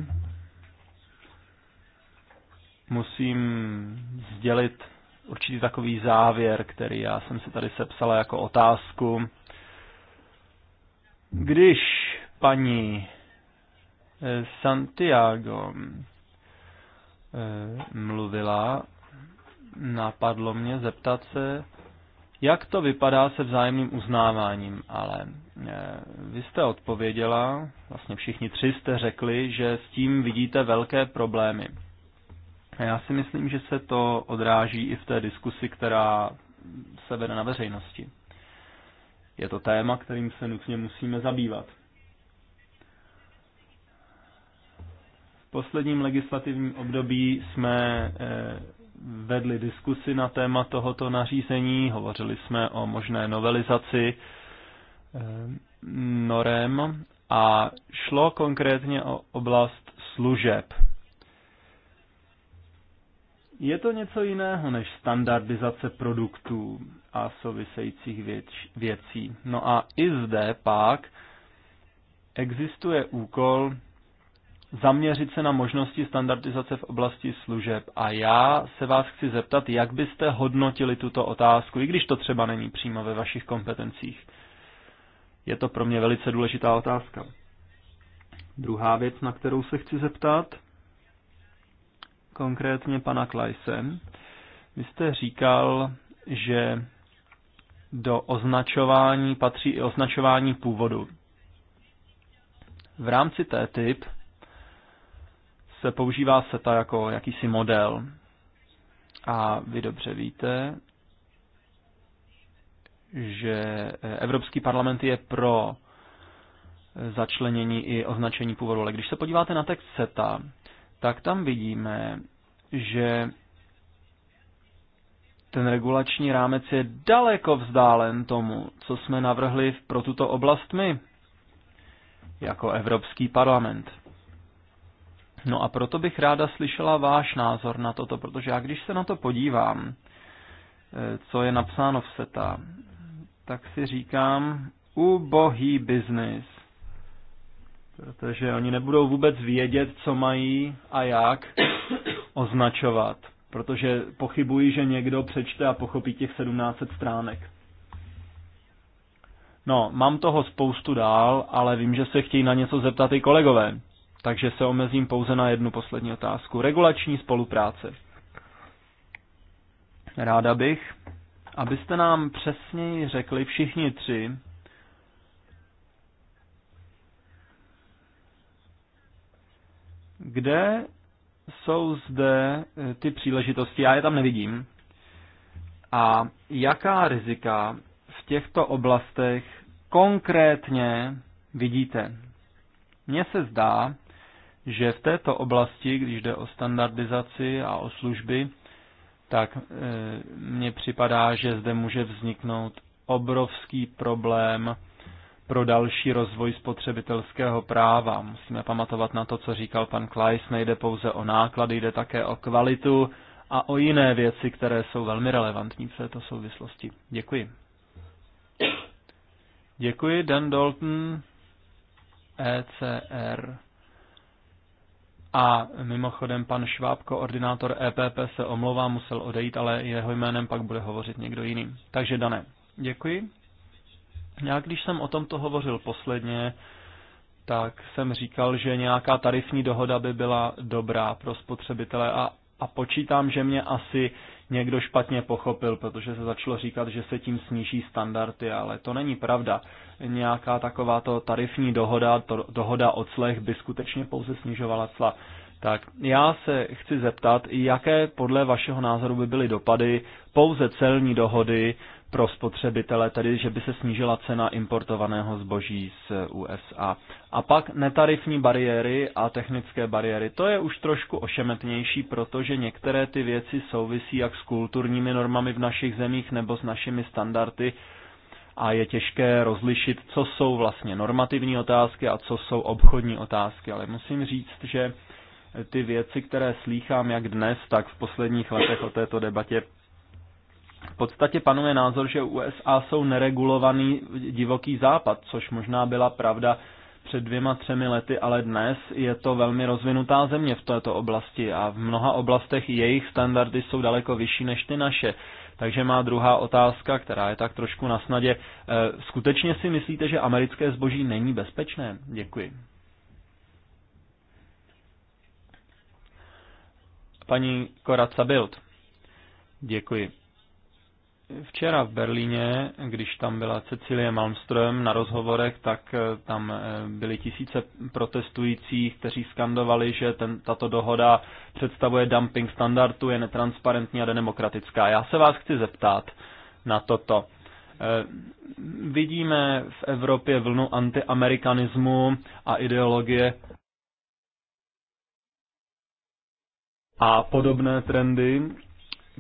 Speaker 2: musím sdělit určitý takový závěr, který já jsem si tady sepsala jako otázku. Když paní eh, Santiago Eh, mluvila, napadlo mě zeptat se, jak to vypadá se vzájemným uznáváním, ale eh, vy jste odpověděla, vlastně všichni tři jste řekli, že s tím vidíte velké problémy. A já si myslím, že se to odráží i v té diskusi, která se vede na veřejnosti. Je to téma, kterým se nutně musíme zabývat. V posledním legislativním období jsme eh, vedli diskusi na téma tohoto nařízení, hovořili jsme o možné novelizaci eh, norem a šlo konkrétně o oblast služeb. Je to něco jiného než standardizace produktů a souvisejících věč, věcí. No a i zde pak existuje úkol zaměřit se na možnosti standardizace v oblasti služeb. A já se vás chci zeptat, jak byste hodnotili tuto otázku, i když to třeba není přímo ve vašich kompetencích. Je to pro mě velice důležitá otázka. Druhá věc, na kterou se chci zeptat, konkrétně pana Klajse. Vy jste říkal, že do označování patří i označování původu. V rámci té typ se používá SETA jako jakýsi model. A vy dobře víte, že eh, Evropský parlament je pro eh, začlenění i označení původu. Ale když se podíváte na text SETA, tak tam vidíme, že ten regulační rámec je daleko vzdálen tomu, co jsme navrhli pro tuto oblast my, jako Evropský parlament. No a proto bych ráda slyšela váš názor na toto, protože já když se na to podívám, eh, co je napsáno v SETA, tak si říkám, ubohý biznis. Protože oni nebudou vůbec vědět, co mají a jak označovat. Protože pochybuji, že někdo přečte a pochopí těch 1700 stránek. No, mám toho spoustu dál, ale vím, že se chtějí na něco zeptat i kolegové takže se omezím pouze na jednu poslední otázku. Regulační spolupráce. Ráda bych, abyste nám přesněji řekli všichni tři, kde jsou zde eh, ty příležitosti, já je tam nevidím, a jaká rizika v těchto oblastech konkrétně vidíte. Mně se zdá, že v této oblasti, když jde o standardizaci a o služby, tak e, mně připadá, že zde může vzniknout obrovský problém pro další rozvoj spotřebitelského práva. Musíme pamatovat na to, co říkal pan Kleis, nejde pouze o náklady, jde také o kvalitu a o jiné věci, které jsou velmi relevantní v této souvislosti. Děkuji. Děkuji, Dan Dalton, ECR. A mimochodem pan Švábko, ordinátor EPP, se omlouvá, musel odejít, ale jeho jménem pak bude hovořit někdo jiný. Takže Dané, děkuji. Já když jsem o tomto hovořil posledně, tak jsem říkal, že nějaká tarifní dohoda by byla dobrá pro spotřebitele a, a počítám, že mě asi někdo špatně pochopil, protože se začalo říkat, že se tím sníží standardy, ale to není pravda. Nějaká takováto tarifní dohoda, to, dohoda o clech by skutečně pouze snižovala cla. Tak já se chci zeptat, jaké podle vašeho názoru by byly dopady pouze celní dohody pro spotřebitele, tedy že by se snížila cena importovaného zboží z USA. A pak netarifní bariéry a technické bariéry. To je už trošku ošemetnější, protože některé ty věci souvisí jak s kulturními normami v našich zemích nebo s našimi standardy a je těžké rozlišit, co jsou vlastně normativní otázky a co jsou obchodní otázky. Ale musím říct, že ty věci, které slýchám jak dnes, tak v posledních letech o této debatě podstatě panuje názor, že USA jsou neregulovaný divoký západ, což možná byla pravda před dvěma, třemi lety, ale dnes je to velmi rozvinutá země v této oblasti a v mnoha oblastech jejich standardy jsou daleko vyšší než ty naše. Takže má druhá otázka, která je tak trošku na snadě. Eh, skutečně si myslíte, že americké zboží není bezpečné? Děkuji. Paní Koraca Bild. Děkuji. Včera v Berlíně, když tam byla Cecilie Malmström na rozhovorech, tak eh, tam eh, byly tisíce protestujících, kteří skandovali, že ten, tato dohoda představuje dumping standardu, je netransparentní a nedemokratická. Já se vás chci zeptat na toto. Eh, vidíme v Evropě vlnu antiamerikanismu a ideologie a podobné trendy,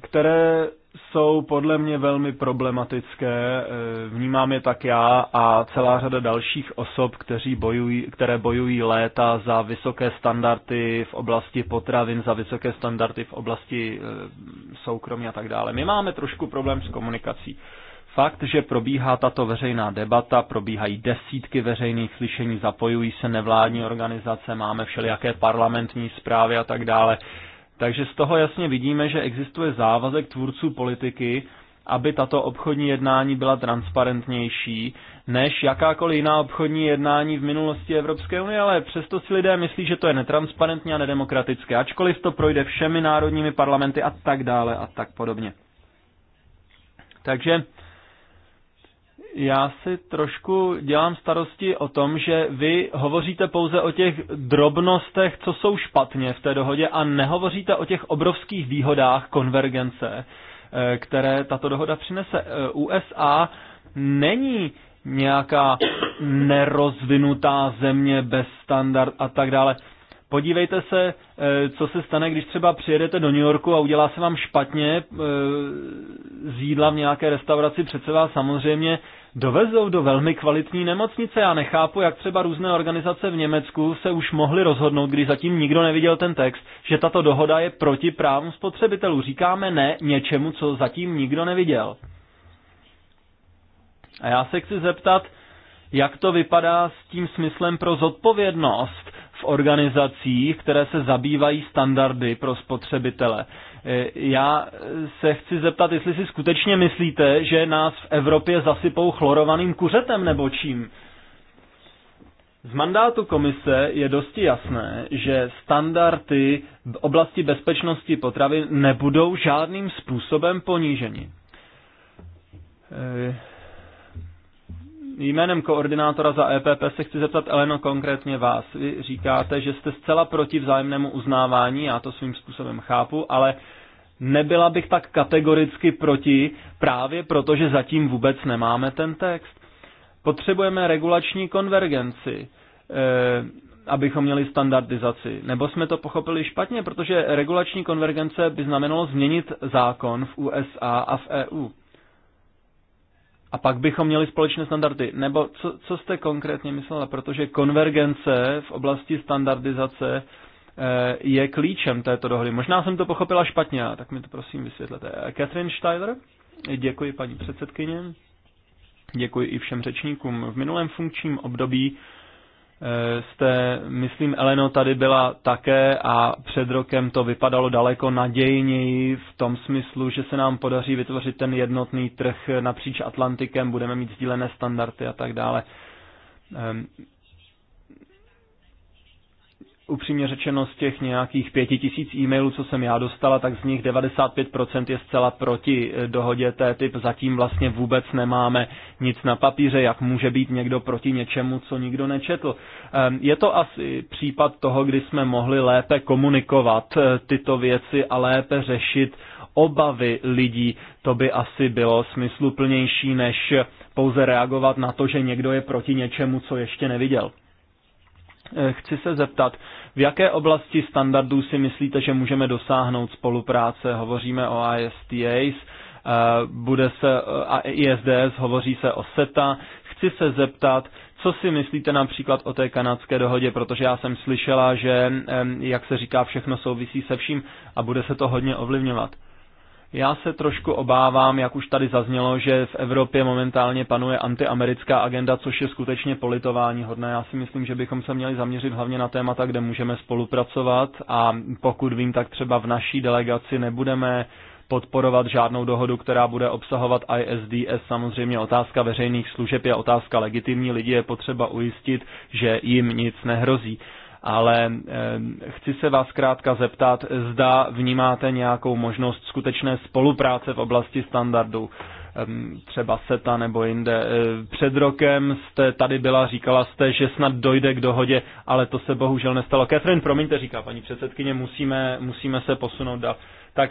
Speaker 2: které jsou podle mě velmi problematické. Eh, vnímám je tak já a celá řada dalších osob, kteří bojují, které bojují léta za vysoké standardy v oblasti potravin, za vysoké standardy v oblasti eh, soukromí a tak dále. My máme trošku problém s komunikací. Fakt, že probíhá tato veřejná debata, probíhají desítky veřejných slyšení, zapojují se nevládní organizace, máme všelijaké parlamentní zprávy a tak dále takže z toho jasně vidíme, že existuje závazek tvůrců politiky, aby tato obchodní jednání byla transparentnější než jakákoliv jiná obchodní jednání v minulosti Evropské unie, ale přesto si lidé myslí, že to je netransparentní a nedemokratické, ačkoliv to projde všemi národními parlamenty a tak dále a tak podobně. Takže já si trošku dělám starosti o tom, že vy hovoříte pouze o těch drobnostech, co jsou špatně v té dohodě a nehovoříte o těch obrovských výhodách konvergence, eh, které tato dohoda přinese. Eh, USA není nějaká nerozvinutá země bez standard a tak dále. Podívejte se, eh, co se stane, když třeba přijedete do New Yorku a udělá se vám špatně eh, z jídla v nějaké restauraci, přece vás samozřejmě dovezou do velmi kvalitní nemocnice. Já nechápu, jak třeba různé organizace v Německu se už mohly rozhodnout, když zatím nikdo neviděl ten text, že tato dohoda je proti právům spotřebitelů. Říkáme ne něčemu, co zatím nikdo neviděl. A já se chci zeptat, jak to vypadá s tím smyslem pro zodpovědnost v organizacích, které se zabývají standardy pro spotřebitele. E, já se chci zeptat, jestli si skutečně myslíte, že nás v Evropě zasypou chlorovaným kuřetem nebo čím? Z mandátu komise je dosti jasné, že standardy v oblasti bezpečnosti potravy nebudou žádným způsobem poníženi. E, Jménem koordinátora za EPP se chci zeptat, Eleno, konkrétně vás. Vy říkáte, že jste zcela proti vzájemnému uznávání, já to svým způsobem chápu, ale nebyla bych tak kategoricky proti, právě proto, že zatím vůbec nemáme ten text. Potřebujeme regulační konvergenci, eh, abychom měli standardizaci. Nebo jsme to pochopili špatně, protože regulační konvergence by znamenalo změnit zákon v USA a v EU. A pak bychom měli společné standardy. Nebo co, co jste konkrétně myslela? Protože konvergence v oblasti standardizace eh, je klíčem této dohody. Možná jsem to pochopila špatně, tak mi to prosím vysvětlete. Eh, Catherine Steiler, děkuji paní předsedkyně, děkuji i všem řečníkům. V minulém funkčním období Eh, jste, myslím, Eleno tady byla také a před rokem to vypadalo daleko nadějněji v tom smyslu, že se nám podaří vytvořit ten jednotný trh napříč Atlantikem, budeme mít sdílené standardy a tak dále. Ehm, upřímně řečeno z těch nějakých pěti tisíc e-mailů, co jsem já dostala, tak z nich 95% je zcela proti eh, dohodě Té typ Zatím vlastně vůbec nemáme nic na papíře, jak může být někdo proti něčemu, co nikdo nečetl. Ehm, je to asi případ toho, kdy jsme mohli lépe komunikovat eh, tyto věci a lépe řešit obavy lidí, to by asi bylo smysluplnější, než pouze reagovat na to, že někdo je proti něčemu, co ještě neviděl. Eh, chci se zeptat, v jaké oblasti standardů si myslíte, že můžeme dosáhnout spolupráce? Hovoříme o ISTAs, eh, bude se eh, a ISDS, hovoří se o SETA. Chci se zeptat, co si myslíte například o té kanadské dohodě, protože já jsem slyšela, že, jak se říká, všechno souvisí se vším a bude se to hodně ovlivňovat. Já se trošku obávám, jak už tady zaznělo, že v Evropě momentálně panuje antiamerická agenda, což je skutečně politování hodné. Já si myslím, že bychom se měli zaměřit hlavně na témata, kde můžeme spolupracovat a pokud vím, tak třeba v naší delegaci nebudeme podporovat žádnou dohodu, která bude obsahovat ISDS. Samozřejmě otázka veřejných služeb je otázka legitimní. Lidi je potřeba ujistit, že jim nic nehrozí ale chci se vás krátka zeptat, zda vnímáte nějakou možnost skutečné spolupráce v oblasti standardů třeba SETA nebo jinde. E, před rokem jste tady byla, říkala jste, že snad dojde k dohodě, ale to se bohužel nestalo. Catherine, promiňte, říká paní předsedkyně, musíme, musíme se posunout dál. Tak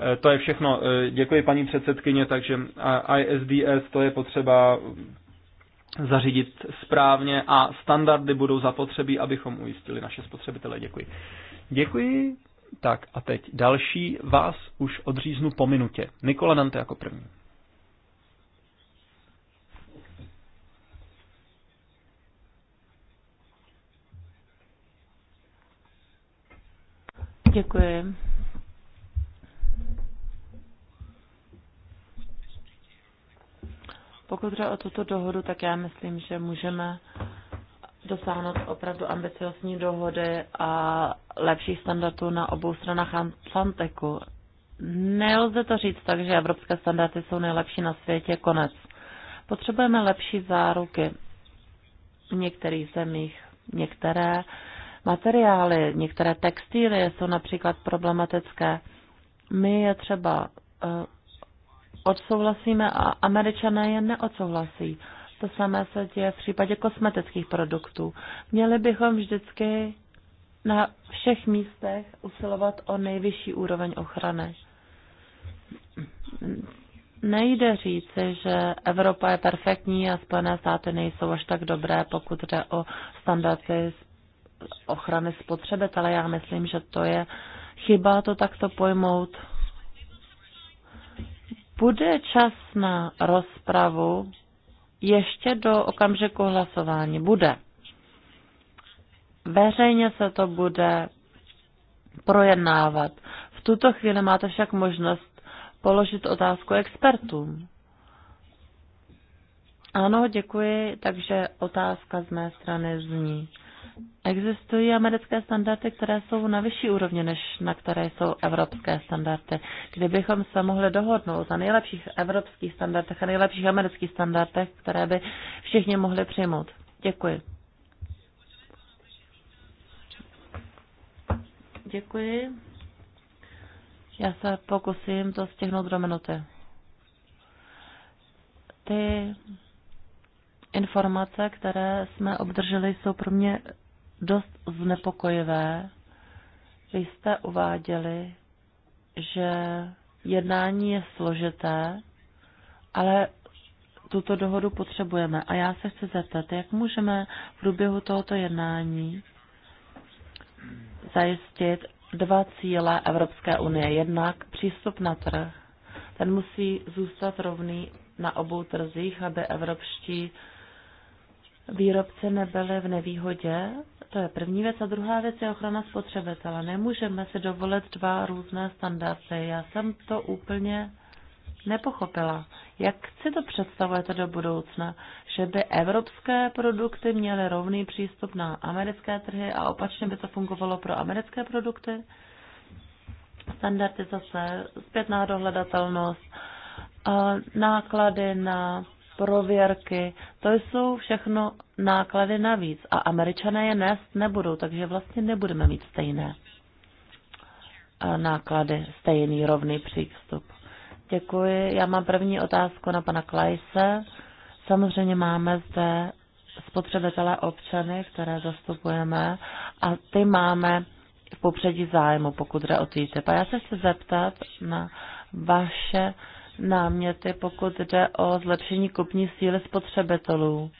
Speaker 2: e, to je všechno. E, děkuji paní předsedkyně, takže ISDS to je potřeba zařídit správně a standardy budou zapotřebí, abychom ujistili naše spotřebitele. Děkuji. Děkuji. Tak a teď další vás už odříznu po minutě. Nikola Dante jako první.
Speaker 4: Děkuji. Pokud jde o tuto dohodu, tak já myslím, že můžeme dosáhnout opravdu ambiciozní dohody a lepších standardů na obou stranách Atlantiku. Nelze to říct tak, že evropské standardy jsou nejlepší na světě, konec. Potřebujeme lepší záruky v některých zemích. Některé materiály, některé textíly jsou například problematické. My je třeba eh, odsouhlasíme a američané je neodsouhlasí. To samé se děje v případě kosmetických produktů. Měli bychom vždycky na všech místech usilovat o nejvyšší úroveň ochrany. Nejde říci, že Evropa je perfektní a Spojené státy nejsou až tak dobré, pokud jde o standardy ochrany spotřebitele. Já myslím, že to je chyba to takto pojmout bude čas na rozpravu ještě do okamžiku hlasování. Bude. Veřejně se to bude projednávat. V tuto chvíli máte však možnost položit otázku expertům. Ano, děkuji, takže otázka z mé strany zní. Existují americké standardy, které jsou na vyšší úrovni, než na které jsou evropské standardy. Kdybychom se mohli dohodnout na nejlepších evropských standardech a nejlepších amerických standardech, které by všichni mohli přijmout. Děkuji. Děkuji. Já se pokusím to stihnout do minuty. Ty informace, které jsme obdrželi, jsou pro mě dost znepokojivé. Vy jste uváděli, že jednání je složité, ale tuto dohodu potřebujeme. A já se chci zeptat, jak můžeme v průběhu tohoto jednání zajistit dva cíle Evropské unie. Jednak přístup na trh. Ten musí zůstat rovný na obou trzích, aby evropští výrobce nebyli v nevýhodě. To je první věc. A druhá věc je ochrana spotřebitele. Nemůžeme si dovolit dva různé standardy. Já jsem to úplně nepochopila. Jak si to představujete do budoucna, že by evropské produkty měly rovný přístup na americké trhy a opačně by to fungovalo pro americké produkty? Standardizace, zpětná dohledatelnost, náklady na prověrky, to jsou všechno náklady navíc a američané je nést nebudou, takže vlastně nebudeme mít stejné eh, náklady, stejný rovný přístup. Děkuji. Já mám první otázku na pana Klajse. Samozřejmě máme zde spotřebitelé občany, které zastupujeme a ty máme v popředí zájmu, pokud jde o TTIP. A já se chci zeptat na vaše uh, náměty, pokud jde o zlepšení kupní síly spotřebitelů.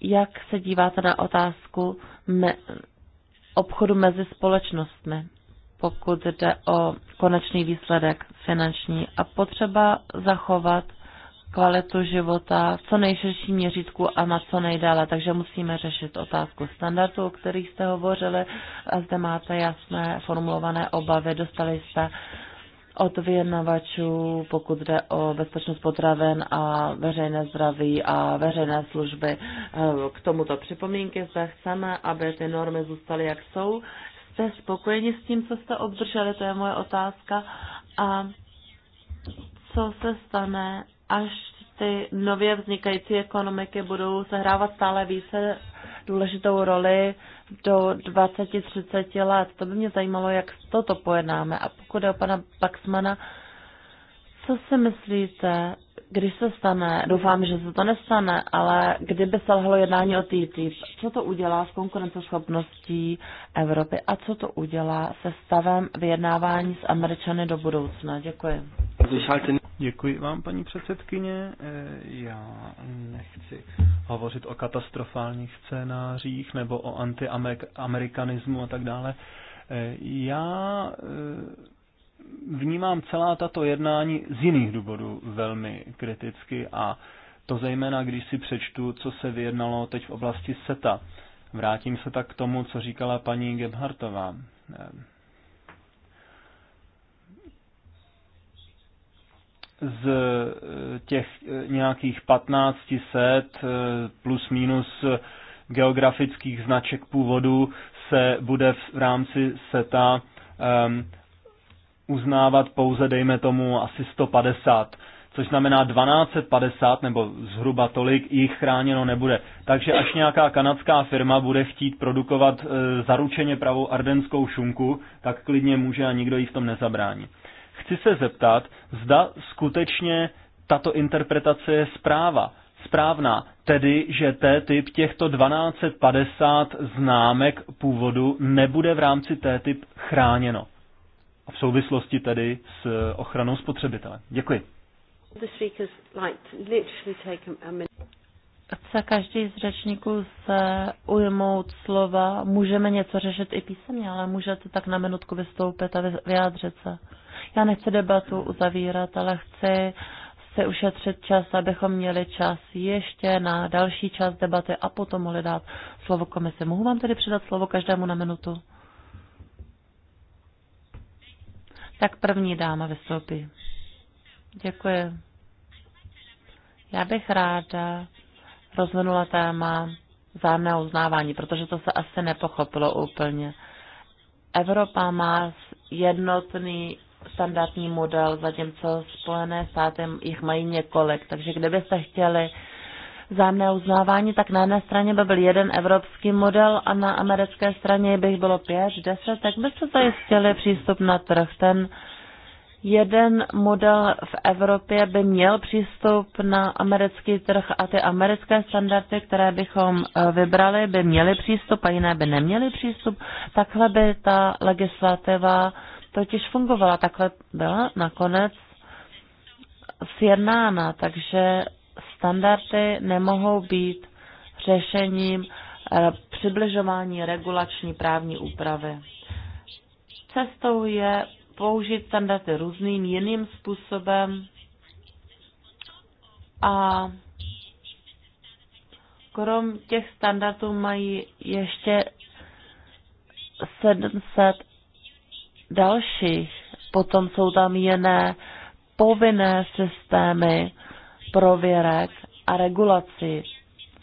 Speaker 4: Jak se díváte na otázku me, obchodu mezi společnostmi, pokud jde o konečný výsledek finanční a potřeba zachovat kvalitu života v co nejširším měřítku a na co nejdále. Takže musíme řešit otázku standardů, o kterých jste hovořili a zde máte jasné formulované obavy. Dostali jste od vyjednavačů, pokud jde o bezpečnost potraven a veřejné zdraví a veřejné služby. Eh, k tomuto připomínky se chceme, aby ty normy zůstaly, jak jsou. Jste spokojeni s tím, co jste obdrželi, to je moje otázka. A co se stane, až ty nově vznikající ekonomiky budou sehrávat stále více důležitou roli do 20-30 let. To by mě zajímalo, jak toto pojednáme. A pokud je o pana Paxmana, co si myslíte když se stane, doufám, že se to nestane, ale kdyby selhalo jednání o TTIP, co to udělá s konkurenceschopností Evropy a co to udělá se stavem vyjednávání s Američany do budoucna? Děkuji.
Speaker 2: Děkuji vám, paní předsedkyně. Eh, já nechci hovořit o katastrofálních scénářích nebo o antiamerikanismu a tak dále. Eh, já eh, vnímám celá tato jednání z jiných důvodů velmi kriticky a to zejména, když si přečtu, co se vyjednalo teď v oblasti SETA. Vrátím se tak k tomu, co říkala paní Gebhartová. Z eh, těch eh, nějakých 1500 eh, plus minus geografických značek původu se bude v rámci SETA ehm, uznávat pouze, dejme tomu, asi 150 což znamená 1250 nebo zhruba tolik jich chráněno nebude. Takže až nějaká kanadská firma bude chtít produkovat e, zaručeně pravou ardenskou šunku, tak klidně může a nikdo jí v tom nezabrání. Chci se zeptat, zda skutečně tato interpretace je zpráva, správná, tedy že té typ těchto 1250 známek původu nebude v rámci té typ chráněno a v souvislosti tedy s eh, ochranou spotřebitele. Děkuji.
Speaker 1: Chce každý z řečníků
Speaker 4: se ujmout slova. Můžeme něco řešit i písemně, ale můžete tak na minutku vystoupit a vyjádřit se. Já nechci debatu uzavírat, ale chci se ušetřit čas, abychom měli čas ještě na další čas debaty a potom mohli dát slovo komisi. Mohu vám tedy předat slovo každému na minutu? Tak první dáma vystoupí. Děkuji. Já bych ráda rozvinula téma zájemné uznávání, protože to se asi nepochopilo úplně. Evropa má jednotný standardní model, zatímco Spojené státy jich mají několik. Takže kdybyste chtěli vzájemné uznávání, tak na jedné straně by byl jeden evropský model a na americké straně by bylo pět, deset, tak byste zajistili přístup na trh. Ten jeden model v Evropě by měl přístup na americký trh a ty americké standardy, které bychom eh, vybrali, by měly přístup a jiné by neměly přístup. Takhle by ta legislativa totiž fungovala. Takhle byla nakonec sjednána, takže standardy nemohou být řešením eh, přibližování regulační právní úpravy. Cestou je použít standardy různým jiným způsobem a krom těch standardů mají ještě 700 dalších. Potom jsou tam jiné povinné systémy prověrek a regulací.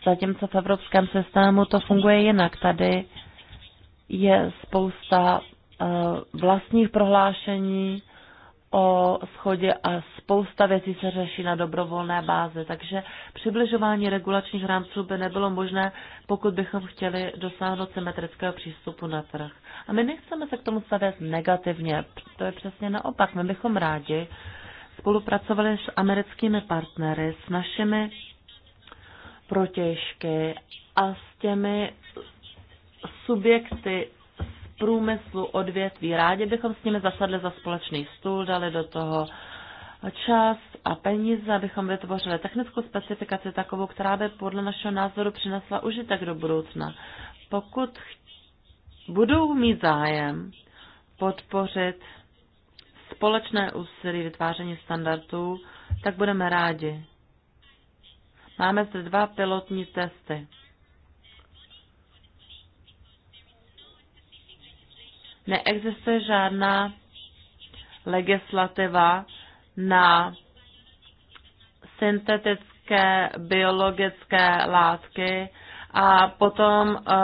Speaker 4: Zatímco v evropském systému to funguje jinak. Tady je spousta eh, vlastních prohlášení o schodě a spousta věcí se řeší na dobrovolné bázi. Takže přibližování regulačních rámců by nebylo možné, pokud bychom chtěli dosáhnout symetrického přístupu na trh. A my nechceme se k tomu stavět negativně. To je přesně naopak. My bychom rádi, spolupracovali s americkými partnery, s našimi protěžky a s těmi subjekty z průmyslu odvětví. Rádi bychom s nimi zasadli za společný stůl, dali do toho čas a peníze, abychom vytvořili technickou specifikaci takovou, která by podle našeho názoru přinesla užitek do budoucna. Pokud budou mít zájem podpořit společné úsilí vytváření standardů, tak budeme rádi. Máme zde dva pilotní testy. Neexistuje žádná legislativa na syntetické biologické látky a potom eh,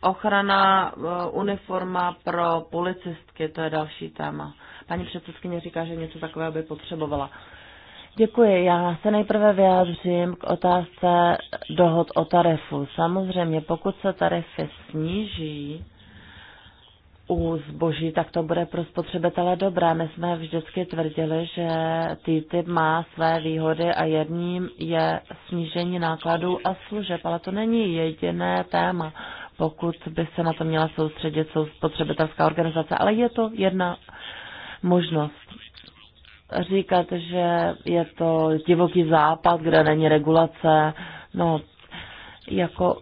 Speaker 4: ochrana eh, uniforma pro policistky, to je další téma. Paní předsedkyně říká, že něco takového by potřebovala. Děkuji. Já se nejprve vyjádřím k otázce dohod o tarifu. Samozřejmě, pokud se tarify sníží u zboží, tak to bude pro spotřebitele dobré. My jsme vždycky tvrdili, že TTIP má své výhody a jedním je snížení nákladů a služeb, ale to není jediné téma pokud by se na to měla soustředit spotřebitelská organizace, ale je to jedna možnost říkat, že je to divoký západ, kde není regulace. No, jako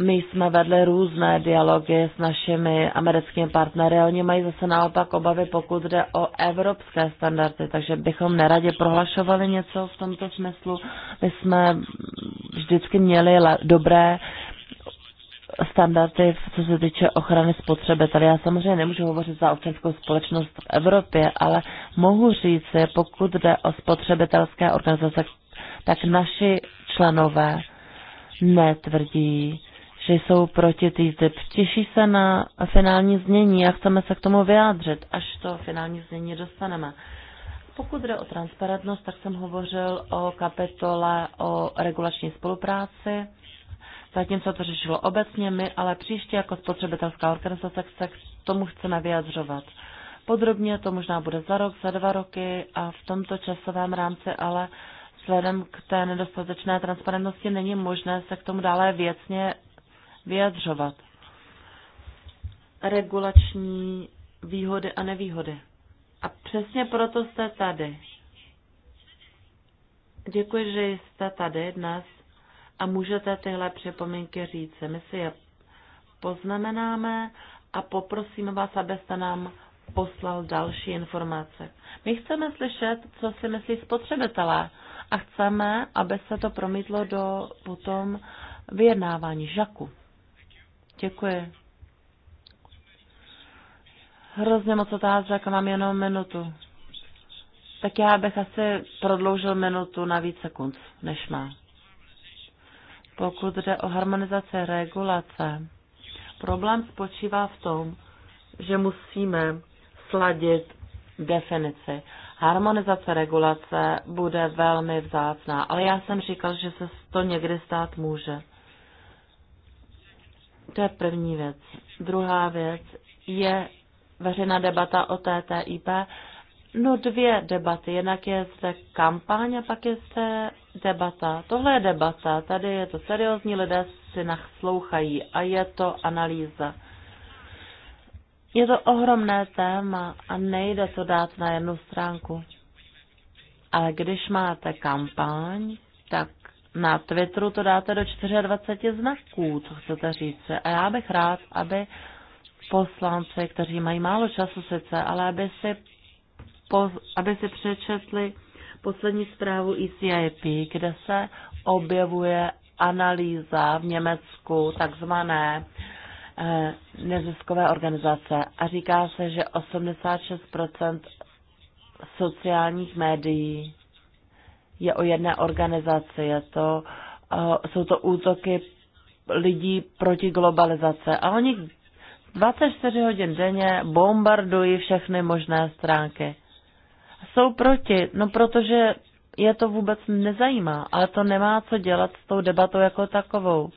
Speaker 4: my jsme vedli různé dialogy s našimi americkými partnery, oni mají zase naopak obavy, pokud jde o evropské standardy, takže bychom neradě prohlašovali něco v tomto smyslu. My jsme vždycky měli dobré standardy, co se týče ochrany spotřebitele. Já samozřejmě nemůžu hovořit za občanskou společnost v Evropě, ale mohu říct, pokud jde o spotřebitelské organizace, tak naši členové netvrdí, že jsou proti TTIP. Těší se na finální znění a chceme se k tomu vyjádřit, až to finální znění dostaneme. Pokud jde o transparentnost, tak jsem hovořil o kapitole o regulační spolupráci Zatímco to řešilo obecně my, ale příště jako spotřebitelská organizace se k tomu chceme vyjadřovat. Podrobně to možná bude za rok, za dva roky a v tomto časovém rámci ale vzhledem k té nedostatečné transparentnosti není možné se k tomu dále věcně vyjadřovat. Regulační výhody a nevýhody. A přesně proto jste tady. Děkuji, že jste tady dnes a můžete tyhle připomínky říct. My si je poznamenáme a poprosíme vás, abyste nám poslal další informace. My chceme slyšet, co si myslí spotřebitelé a chceme, aby se to promítlo do potom vyjednávání žaku. Děkuji. Hrozně moc otázek, mám jenom minutu. Tak já bych asi prodloužil minutu na víc sekund, než má pokud jde o harmonizaci regulace. Problém spočívá v tom, že musíme sladit definici. Harmonizace regulace bude velmi vzácná, ale já jsem říkal, že se to někdy stát může. To je první věc. Druhá věc je veřejná debata o TTIP, No dvě debaty. Jednak je zde kampaň a pak je zde debata. Tohle je debata. Tady je to seriózní, lidé si naslouchají a je to analýza. Je to ohromné téma a nejde to dát na jednu stránku. Ale když máte kampaň, tak na Twitteru to dáte do 24 znaků, co chcete říct. A já bych rád, aby poslanci, kteří mají málo času sice, ale aby si po, aby si přečetli poslední zprávu ECIP, kde se objevuje analýza v Německu takzvané eh, neziskové organizace a říká se, že 86% sociálních médií je o jedné organizaci. Je to, eh, jsou to útoky lidí proti globalizace a oni 24 hodin denně bombardují všechny možné stránky jsou proti, no protože je to vůbec nezajímá, ale to nemá co dělat s tou debatou jako takovou.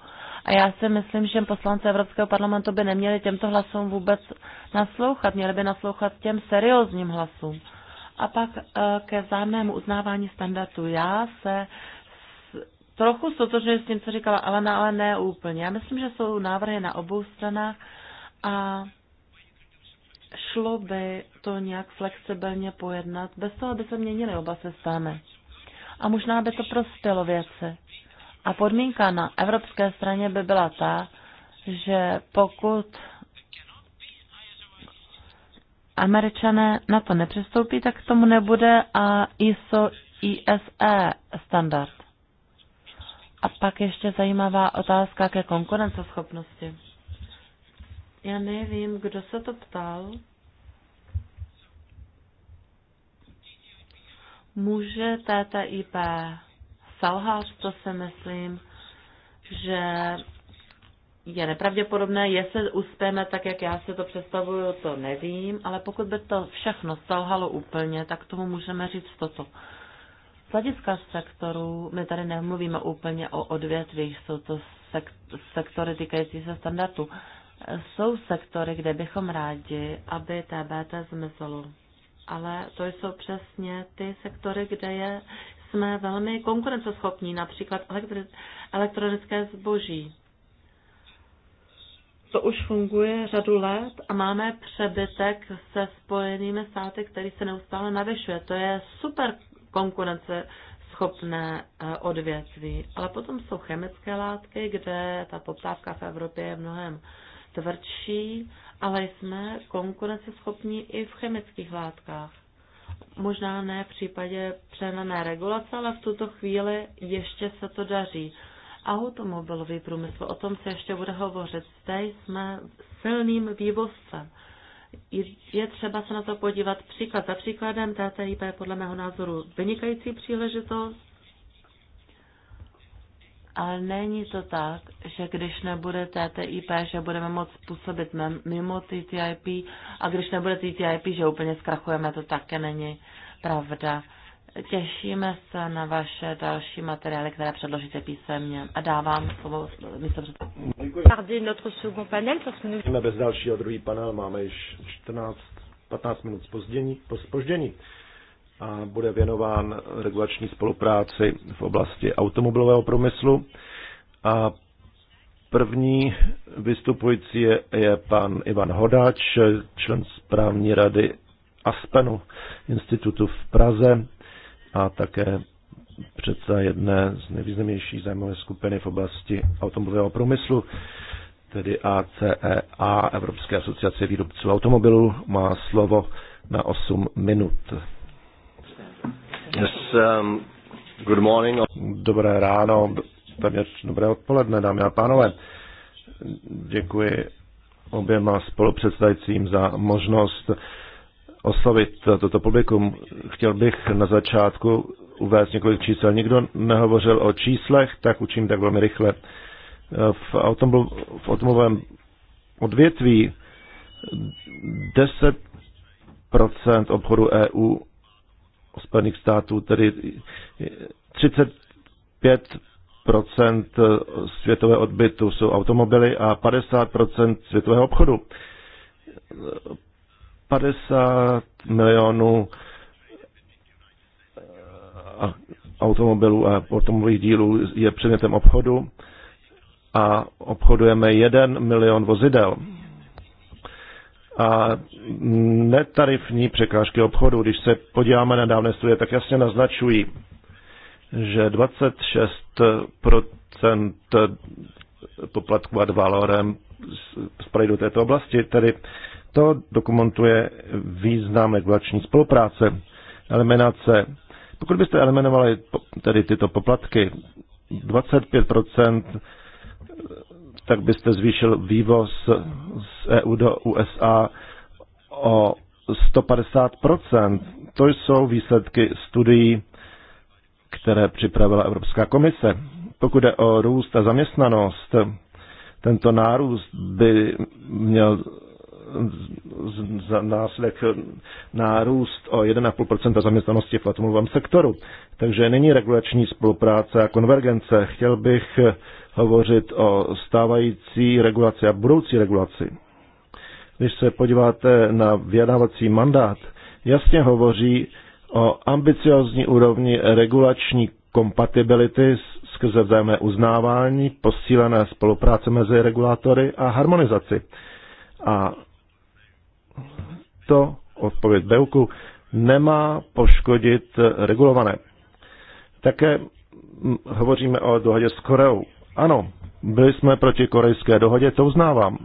Speaker 4: A já si myslím, že poslanci Evropského parlamentu by neměli těmto hlasům vůbec naslouchat, měli by naslouchat těm seriózním hlasům. A pak eh, ke zájemnému uznávání standardů. Já se trochu stotožňuji s tím, co říkala Alena, ale ne úplně. Já myslím, že jsou návrhy na obou stranách a šlo by to nějak flexibilně pojednat, bez toho, aby se měnily oba systémy. A možná by to prospělo věci. A podmínka na evropské straně by byla ta, že pokud američané na to nepřistoupí, tak k tomu nebude a ISO ISE standard. A pak ještě zajímavá otázka ke konkurenceschopnosti. Já nevím, kdo se to ptal. Může TTIP selhat, to si myslím, že je nepravděpodobné, jestli uspějeme tak, jak já si to představuju, to nevím, ale pokud by to všechno selhalo úplně, tak tomu můžeme říct toto. Z hlediska sektorů my tady nemluvíme úplně o odvětvích, jsou to sektory týkající se standardu. Jsou sektory, kde bychom rádi, aby TBT zmizelo. Ale to jsou přesně ty sektory, kde je, jsme velmi konkurenceschopní, například elektri- elektronické zboží. To už funguje řadu let a máme přebytek se spojenými státy, který se neustále navyšuje. To je super konkurence schopné eh, odvětví. Ale potom jsou chemické látky, kde ta poptávka v Evropě je mnohem tvrdší, ale jsme konkurenceschopní i v chemických látkách. Možná ne v případě přenané regulace, ale v tuto chvíli ještě se to daří. Automobilový průmysl, o tom se ještě bude hovořit. Zde jsme silným vývozcem. Je třeba se na to podívat příklad za příkladem. TTIP je podle mého názoru vynikající příležitost ale není to tak, že když nebude TTIP, že budeme moc působit mimo TTIP a když nebude TTIP, že úplně zkrachujeme, to také není pravda. Těšíme se na vaše další materiály, které předložíte písemně. A dávám slovo místo před...
Speaker 3: bez dalšího druhý panel, máme již 14, 15 minut spoždění. Po spoždění a bude věnován regulační spolupráci v oblasti automobilového průmyslu. A první vystupující je, je pan Ivan Hodáč, člen správní rady Aspenu institutu v Praze a také předseda jedné z nejvýznamnějších zájmové skupiny v oblasti automobilového průmyslu, tedy ACEA, e Evropské asociace výrobců automobilů, má slovo na 8 minut. Yes, um, good morning. Dobré ráno, téměř dobré odpoledne, dámy a pánové. Děkuji oběma spolupředstavícím za možnost oslovit toto publikum. Chtěl bych na začátku uvést několik čísel. Nikdo nehovořil o číslech, tak učím tak velmi rychle. V, automobil, v automobilovém odvětví 10% obchodu EU Spojených států, tedy 35 světového odbytu jsou automobily a 50 světového obchodu. 50 milionů eh, automobilů a automobilových dílů je předmětem obchodu a obchodujeme 1 milion vozidel a netarifní překážky obchodu, když se podíváme na dávné studie, tak jasně naznačují, že 26% poplatku ad valorem spadají do této oblasti, tedy to dokumentuje význam regulační spolupráce, eliminace. Pokud byste eliminovali tedy tyto poplatky, 25 tak byste zvýšil vývoz z EU do USA o 150%. To jsou výsledky studií, které připravila Evropská komise. Pokud jde o růst a zaměstnanost, tento nárůst by měl za následek nárůst o 1,5 zaměstnanosti v atomovém sektoru. Takže není regulační spolupráce a konvergence. Chtěl bych hovořit o stávající regulaci a budoucí regulaci. Když se podíváte na vyjednávací mandát, jasně hovoří o ambiciozní úrovni regulační kompatibility skrze vzájemné uznávání, posílené spolupráce mezi regulátory a harmonizaci. A to odpověď Beuku nemá poškodit regulované. Také hovoříme o dohodě s Koreou. Ano, byli jsme proti korejské dohodě, to uznávám.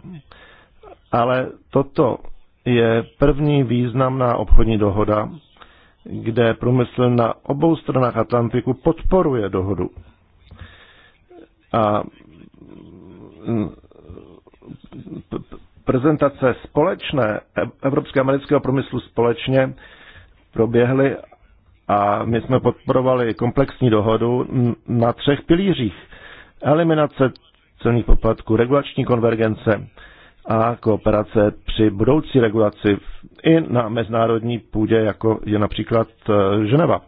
Speaker 3: Ale toto je první významná obchodní dohoda, kde průmysl na obou stranách Atlantiku podporuje dohodu. A prezentace společné evropské-amerického průmyslu společně proběhly a my jsme podporovali komplexní dohodu na třech pilířích. Eliminace celních poplatků, regulační konvergence a kooperace při budoucí regulaci i na mezinárodní půdě, jako je například e, Ženeva.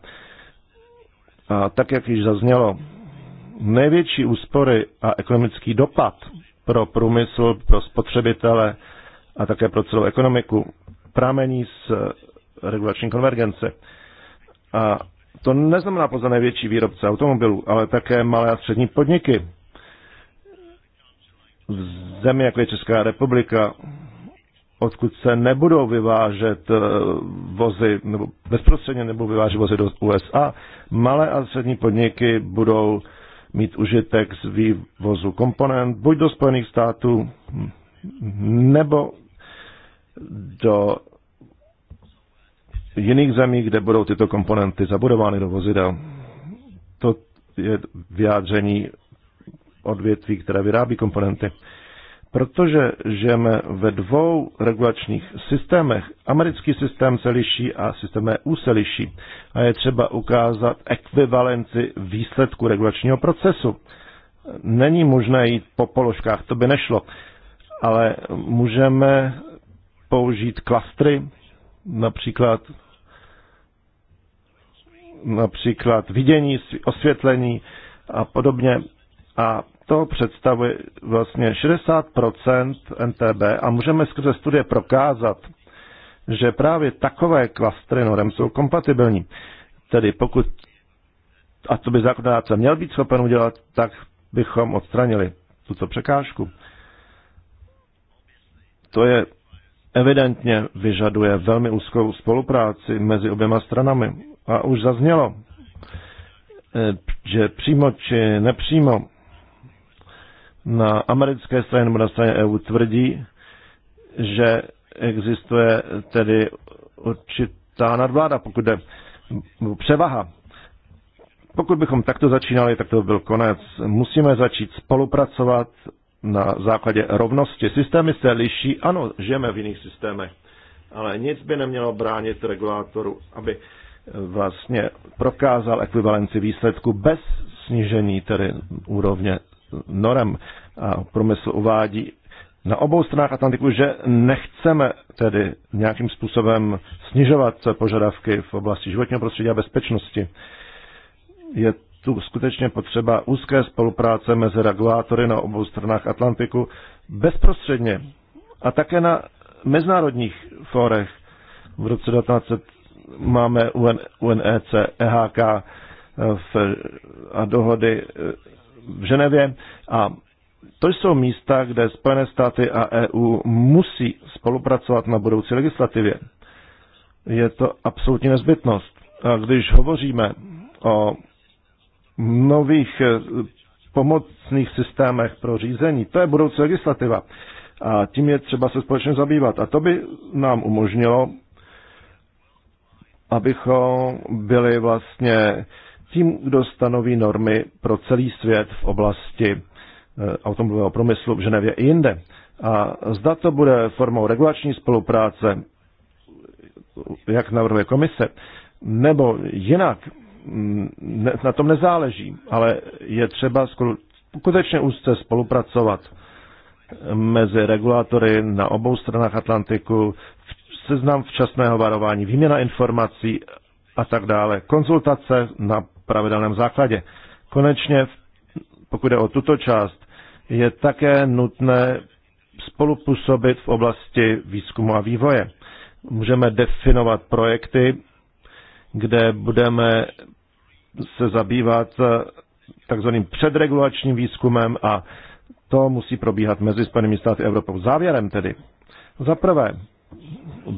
Speaker 3: A tak, jak již zaznělo, největší úspory a ekonomický dopad pro průmysl, pro spotřebitele a také pro celou ekonomiku pramení z eh, regulační konvergence. A to neznamená pouze největší výrobce automobilů, ale také malé a střední podniky. V zemi, jako je Česká republika, odkud se nebudou vyvážet eh, vozy, nebo bezprostředně nebudou vyvážet vozy do USA, malé a střední podniky budou mít užitek z vývozu komponent buď do Spojených států nebo do jiných zemí, kde budou tyto komponenty zabudovány do vozidel. To je vyjádření odvětví, které vyrábí komponenty. Protože žijeme ve dvou regulačních systémech, americký systém se liší a systém EU se liší. A je třeba ukázat ekvivalenci výsledku regulačního procesu. Není možné jít po položkách, to by nešlo. Ale můžeme použít klastry, například například vidění, osvětlení a podobně. A to představuje vlastně 60 NTB a můžeme skrze studie prokázat, že právě takové klastry norem jsou kompatibilní. Tedy pokud, a to by zákonodárce měl být schopen udělat, tak bychom odstranili tuto překážku. To je evidentně vyžaduje velmi úzkou spolupráci mezi oběma stranami. A už zaznělo, eh, že přímo či nepřímo na americké straně nebo na straně EU tvrdí, že existuje tedy určitá nadvláda, pokud jde převaha. Pokud bychom takto začínali, tak to byl konec. Musíme začít spolupracovat na základě rovnosti. Systémy se liší, ano, žijeme v jiných systémech, ale nic by nemělo bránit regulátoru, aby vlastně prokázal ekvivalenci výsledku bez snížení tedy úrovně norem a průmysl uvádí na obou stranách Atlantiku, že nechceme tedy nějakým způsobem snižovat požadavky v oblasti životního prostředí a bezpečnosti. Je tu skutečně potřeba úzké spolupráce mezi regulátory na obou stranách Atlantiku bezprostředně a také na mezinárodních fórech. V roce 1900 máme UN, UNEC, EHK eh, a dohody eh, v Ženevě a to jsou místa, kde Spojené státy a EU musí spolupracovat na budoucí legislativě. Je to absolutní nezbytnost. A když hovoříme o nových eh, pomocných systémech pro řízení, to je budoucí legislativa. A tím je třeba se společně zabývat. A to by nám umožnilo, abychom byli vlastně tím, kdo stanoví normy pro celý svět v oblasti eh, automobilového průmyslu v Ženevě i jinde. A zda to bude formou regulační spolupráce, jak navrhuje komise, nebo jinak, mm, na tom nezáleží, ale je třeba skutečně úzce spolupracovat eh, mezi regulátory na obou stranách Atlantiku, seznam včasného varování, výměna informací a tak dále, konzultace na pravidelném základě. Konečně, pokud jde o tuto část, je také nutné spolupůsobit v oblasti výzkumu a vývoje. Můžeme definovat projekty, kde budeme se zabývat takzvaným předregulačním výzkumem a to musí probíhat mezi Spojenými státy a Evropou. Závěrem tedy. Za prvé,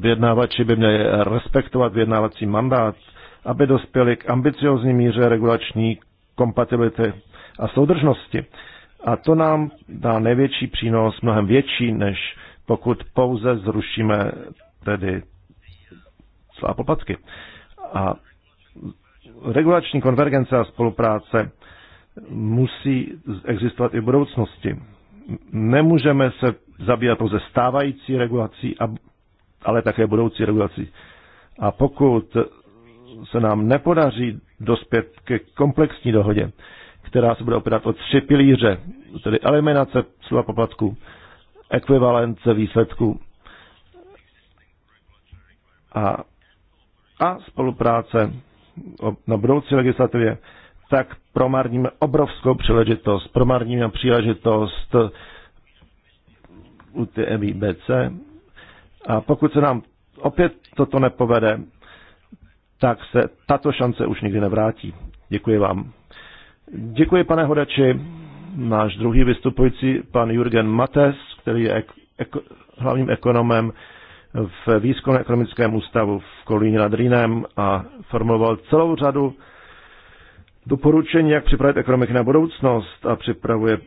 Speaker 3: vyjednávači by měli respektovat vyjednávací mandát aby dospěli k ambiciozní míře regulační kompatibility a soudržnosti. A to nám dá největší přínos, mnohem větší, než pokud pouze zrušíme tedy celá poplatky. A regulační konvergence a spolupráce musí existovat i v budoucnosti. Nemůžeme se zabývat pouze stávající regulací, ale také budoucí regulací. A pokud se nám nepodaří dospět ke komplexní dohodě, která se bude opírat o tři pilíře, tedy eliminace slova poplatku, ekvivalence výsledků a, a spolupráce na budoucí legislativě, tak promarníme obrovskou příležitost. Promarníme příležitost u TMIBC. E a pokud se nám opět toto nepovede, tak se tato šance už nikdy nevrátí. Děkuji vám. Děkuji, pane Hodači. Náš druhý vystupující, pan Jurgen Mates, který je ek- ek- hlavním ekonomem v Výzkumném ekonomickém ústavu v Kolíně nad Rýnem a formuloval celou řadu doporučení, jak připravit ekonomiku na budoucnost a připravuje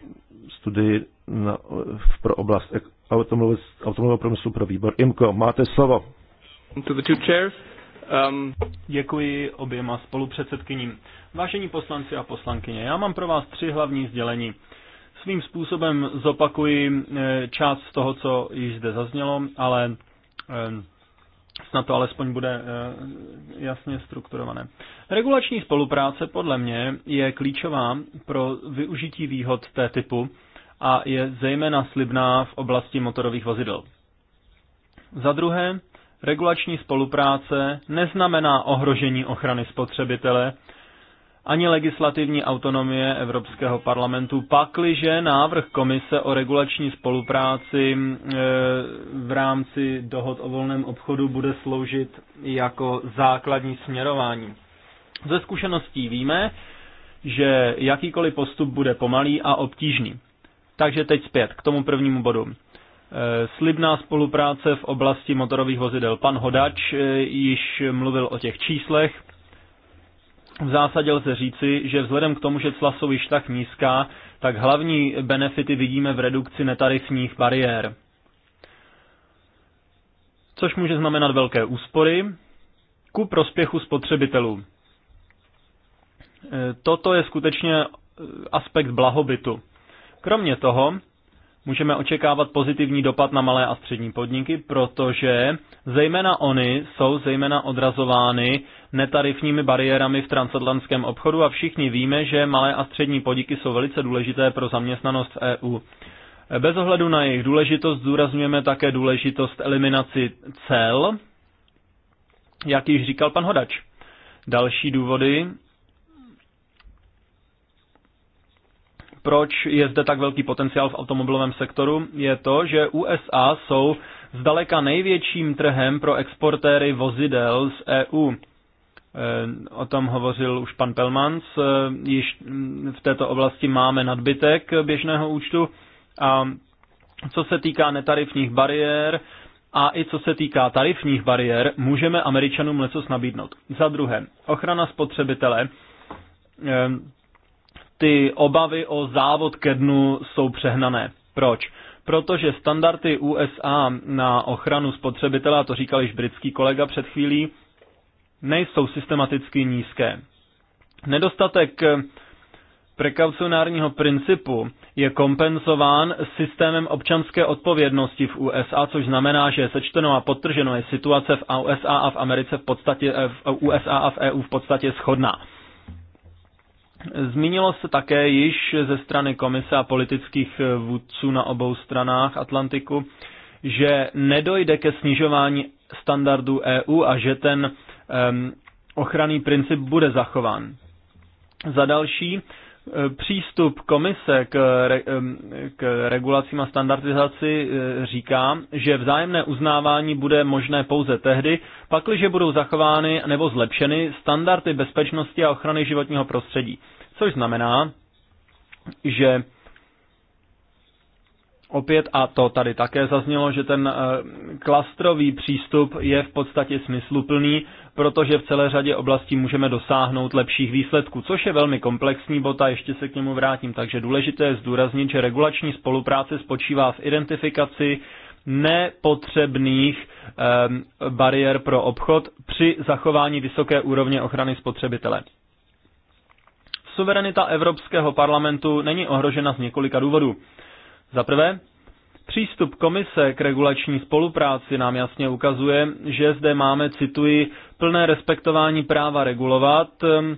Speaker 3: studii na, pro oblast automobilového průmyslu pro výbor IMCO. Máte slovo. To the
Speaker 2: two chairs. Um... Děkuji oběma spolupředsedkyním. Vážení poslanci a poslankyně, já mám pro vás tři hlavní sdělení. Svým způsobem zopakuji eh, část z toho, co již zde zaznělo, ale eh, snad to alespoň bude eh, jasně strukturované. Regulační spolupráce podle mě je klíčová pro využití výhod té typu a je zejména slibná v oblasti motorových vozidel. Za druhé, Regulační spolupráce neznamená ohrožení ochrany spotřebitele ani legislativní autonomie Evropského parlamentu, pakliže návrh komise o regulační spolupráci e, v rámci dohod o volném obchodu bude sloužit jako základní směrování. Ze zkušeností víme, že jakýkoliv postup bude pomalý a obtížný. Takže teď zpět k tomu prvnímu bodu. Eh, slibná spolupráce v oblasti motorových vozidel. Pan Hodač eh, již mluvil o těch číslech. V zásadě lze říci, že vzhledem k tomu, že cla jsou již tak nízká, tak hlavní benefity vidíme v redukci netarifních bariér. Což může znamenat velké úspory ku prospěchu spotřebitelů. Eh, toto je skutečně aspekt blahobytu. Kromě toho, můžeme očekávat pozitivní dopad na malé a střední podniky, protože zejména oni jsou zejména odrazovány netarifními bariérami v transatlantském obchodu a všichni víme, že malé a střední podniky jsou velice důležité pro zaměstnanost v EU. Bez ohledu na jejich důležitost zdůrazňujeme také důležitost eliminaci cel, jak již říkal pan Hodač. Další důvody proč je zde tak velký potenciál v automobilovém sektoru, je to, že USA jsou zdaleka největším trhem pro exportéry vozidel z EU. E, o tom hovořil už pan Pelmans. E, již v této oblasti máme nadbytek běžného účtu. A co se týká netarifních bariér a i co se týká tarifních bariér, můžeme Američanům něco nabídnout. Za druhé, ochrana spotřebitele e, ty obavy o závod ke dnu jsou přehnané. Proč? Protože standardy USA na ochranu spotřebitele, to říkal již britský kolega před chvílí, nejsou systematicky nízké. Nedostatek prekaucionárního principu je kompenzován systémem občanské odpovědnosti v USA, což znamená, že sečteno a podtrženo je situace v USA a v Americe v podstatě, v USA a v EU v podstatě shodná. Zmínilo se také již ze strany komise a politických vůdců na obou stranách Atlantiku, že nedojde ke snižování standardů EU a že ten um, ochranný princip bude zachován. Za další, Eh, přístup komise k, re, k regulacím a standardizaci eh, říká, že vzájemné uznávání bude možné pouze tehdy, pakliže budou zachovány nebo zlepšeny standardy bezpečnosti a ochrany životního prostředí. Což znamená, že opět, a to tady také zaznělo, že ten eh, klastrový přístup je v podstatě smysluplný protože v celé řadě oblastí můžeme dosáhnout lepších výsledků, což je velmi komplexní bod a ještě se k němu vrátím. Takže důležité je zdůraznit, že regulační spolupráce spočívá v identifikaci nepotřebných um, bariér pro obchod při zachování vysoké úrovně ochrany spotřebitele. Suverenita Evropského parlamentu není ohrožena z několika důvodů. Za prvé, Přístup komise k regulační spolupráci nám jasně ukazuje, že zde máme, cituji, plné respektování práva regulovat, ehm,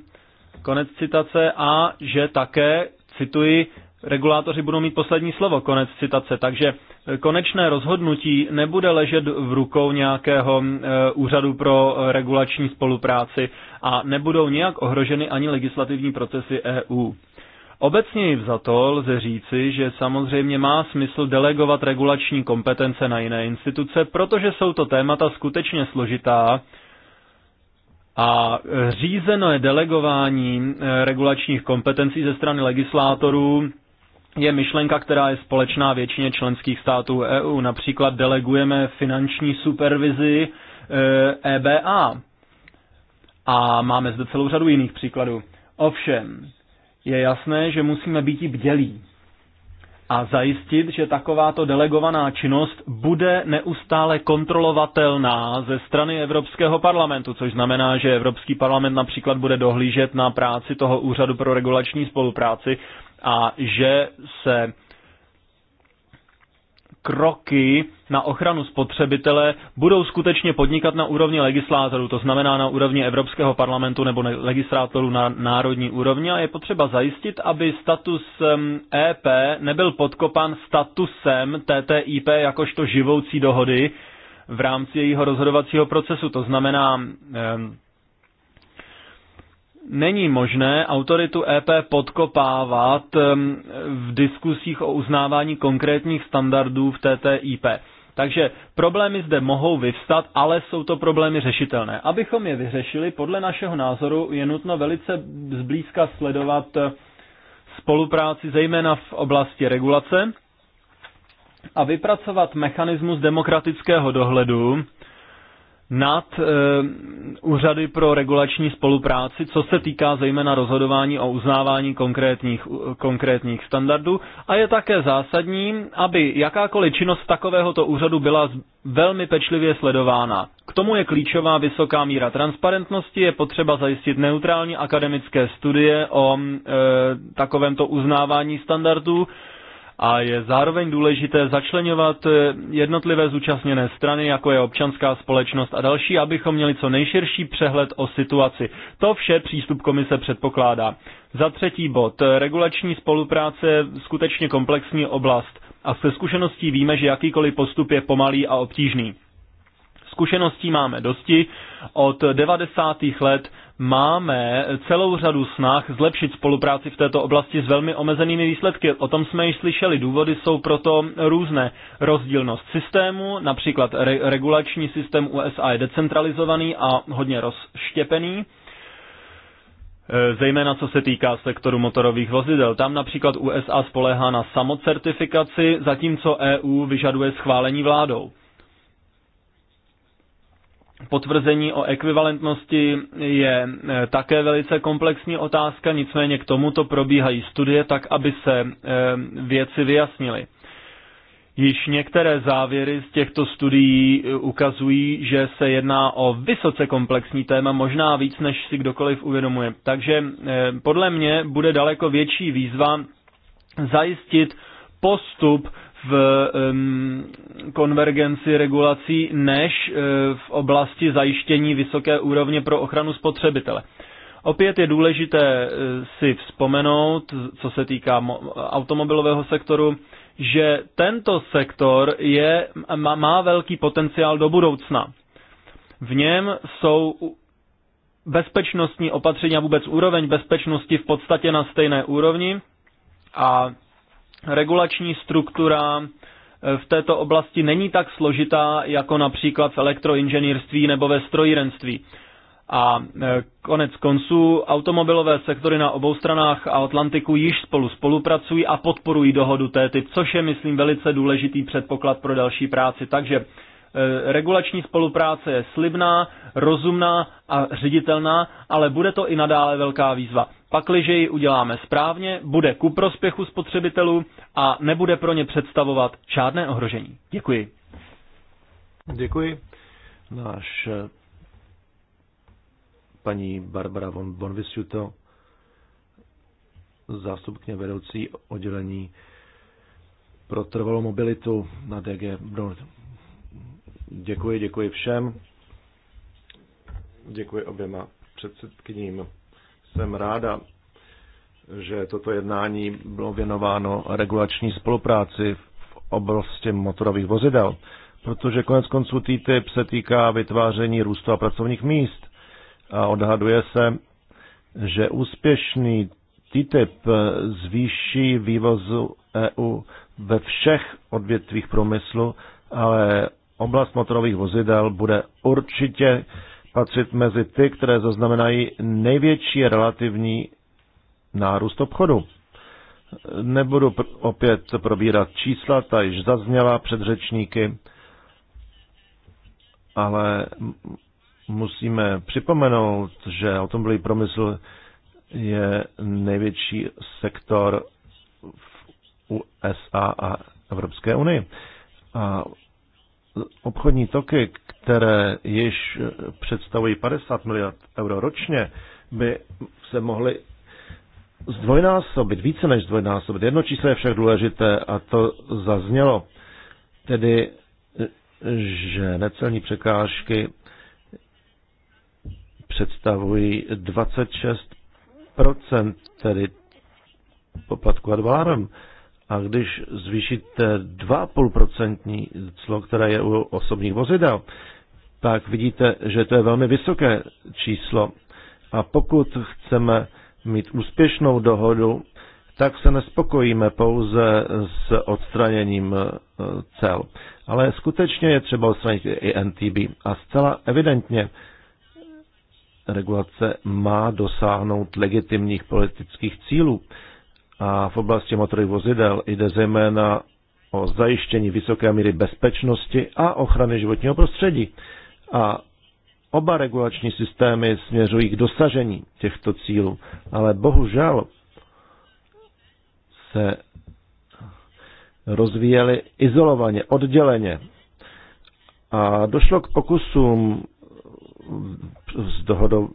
Speaker 2: konec citace, a že také, cituji, regulátoři budou mít poslední slovo, konec citace. Takže eh, konečné rozhodnutí nebude ležet v rukou nějakého ehm, eh, úřadu pro eh, regulační spolupráci a nebudou nijak ohroženy ani legislativní procesy EU. Obecně za to lze říci, že samozřejmě má smysl delegovat regulační kompetence na jiné instituce, protože jsou to témata skutečně složitá a řízeno je delegování eh, regulačních kompetencí ze strany legislátorů je myšlenka, která je společná většině členských států EU. Například delegujeme finanční supervizi EBA. Eh, e a máme zde celou řadu jiných příkladů. Ovšem, je jasné, že musíme být i bdělí a zajistit, že takováto delegovaná činnost bude neustále kontrolovatelná ze strany Evropského parlamentu, což znamená, že Evropský parlament například bude dohlížet na práci toho úřadu pro regulační spolupráci a že se kroky na ochranu spotřebitele budou skutečně podnikat na úrovni legislátorů, to znamená na úrovni Evropského parlamentu nebo legislátorů na národní úrovni a je potřeba zajistit, aby status EP e nebyl podkopan statusem TTIP jakožto živoucí dohody v rámci jejího rozhodovacího procesu. To znamená, není možné autoritu EP podkopávat v diskusích o uznávání konkrétních standardů v TTIP. Takže problémy zde mohou vyvstat, ale jsou to problémy řešitelné. Abychom je vyřešili, podle našeho názoru je nutno velice zblízka sledovat eh, spolupráci zejména v oblasti regulace a vypracovat mechanismus demokratického dohledu, nad e, úřady pro regulační spolupráci, co se týká zejména rozhodování o uznávání konkrétních, konkrétních standardů. A je také zásadní, aby jakákoliv činnost takovéhoto úřadu byla velmi pečlivě sledována. K tomu je klíčová vysoká míra transparentnosti, je potřeba zajistit neutrální akademické studie o e, takovémto uznávání standardů, a je zároveň důležité začlenovat eh, jednotlivé zúčastněné strany, jako je občanská společnost a další, abychom měli co nejširší přehled o situaci. To vše přístup komise předpokládá. Za třetí bod. Regulační spolupráce je skutečně komplexní oblast a se zkušeností víme, že jakýkoliv postup je pomalý a obtížný. Zkušeností máme dosti. Od 90. let máme celou řadu snah zlepšit spolupráci v této oblasti s velmi omezenými výsledky. O tom jsme již slyšeli. Důvody jsou proto různé. Rozdílnost systému, například re- regulační systém USA je decentralizovaný a hodně rozštěpený e, zejména co se týká sektoru motorových vozidel. Tam například USA spolehá na samocertifikaci, zatímco EU vyžaduje schválení vládou. Potvrzení o ekvivalentnosti je e, také velice komplexní otázka, nicméně k tomuto probíhají studie tak, aby se e, věci vyjasnily. Již některé závěry z těchto studií e, ukazují, že se jedná o vysoce komplexní téma, možná víc, než si kdokoliv uvědomuje. Takže podle mě bude daleko větší výzva zajistit postup v konvergenci regulací než eh, v oblasti zajištění vysoké úrovně pro ochranu spotřebitele. Opět je důležité eh, si vzpomenout, co se týká automobilového sektoru, že tento sektor je, má, má velký potenciál do budoucna. V něm jsou bezpečnostní opatření a vůbec úroveň bezpečnosti v podstatě na stejné úrovni a regulační struktura eh, v této oblasti není tak složitá jako například v elektroinženýrství nebo ve strojírenství. A eh, konec konců automobilové sektory na obou stranách a Atlantiku již spolu spolupracují a podporují dohodu TTIP, což je, myslím, velice důležitý předpoklad pro další práci. Takže Eh, regulační spolupráce je slibná, rozumná a ředitelná, ale bude to i nadále velká výzva. Pakliže ji uděláme správně, bude ku prospěchu spotřebitelů a nebude pro ně představovat žádné ohrožení.
Speaker 3: Děkuji. Děkuji. Náš eh, paní Barbara von Bonvisuto, zástupkně vedoucí oddělení pro trvalou mobilitu na DG Děkuji, děkuji všem. Děkuji oběma předsedkyním. Jsem ráda, že toto jednání bylo věnováno regulační spolupráci v oblasti motorových vozidel, protože konec konců TTIP se týká vytváření růstu a pracovních míst a odhaduje se, že úspěšný TTIP zvýší vývozu EU ve všech odvětvích průmyslu, ale oblast motorových vozidel bude určitě patřit mezi ty, které zaznamenají největší relativní nárůst obchodu. Nebudu pr- opět probírat čísla, ta již zazněla před řečníky, ale musíme připomenout, že automobilový promysl je největší sektor v USA a Evropské unii. A obchodní toky, které již představují 50 miliard euro ročně, by se mohly zdvojnásobit, více než zdvojnásobit. Jedno číslo je však důležité a to zaznělo, tedy, že necelní překážky představují 26 tedy poplatku a dvárem. A když zvýšíte 2,5% clo, které je u osobních vozidel, tak vidíte, že to je velmi vysoké číslo. A pokud chceme mít úspěšnou dohodu, tak se nespokojíme pouze s odstraněním e, cel. Ale skutečně je třeba odstranit i NTB. A zcela evidentně regulace má dosáhnout legitimních politických cílů. A v oblasti motorových vozidel jde zejména o zajištění vysoké míry bezpečnosti a ochrany životního prostředí. A oba regulační systémy směřují k dosažení těchto cílů, ale bohužel se rozvíjely izolovaně, odděleně. A došlo k pokusům s dohodou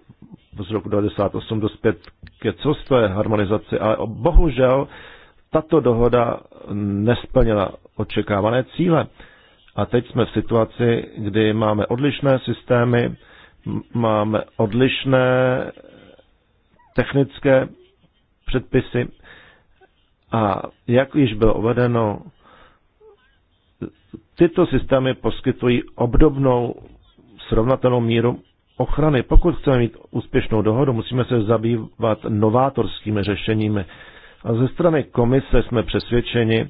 Speaker 3: z roku 1998 dospět ke celostvé harmonizaci, ale bohužel tato dohoda nesplnila očekávané cíle. A teď jsme v situaci, kdy máme odlišné systémy, máme odlišné technické předpisy a jak již bylo uvedeno, tyto systémy poskytují obdobnou srovnatelnou míru ochrany. Pokud chceme mít úspěšnou dohodu, musíme se zabývat novátorskými řešeními. A ze strany komise jsme přesvědčeni,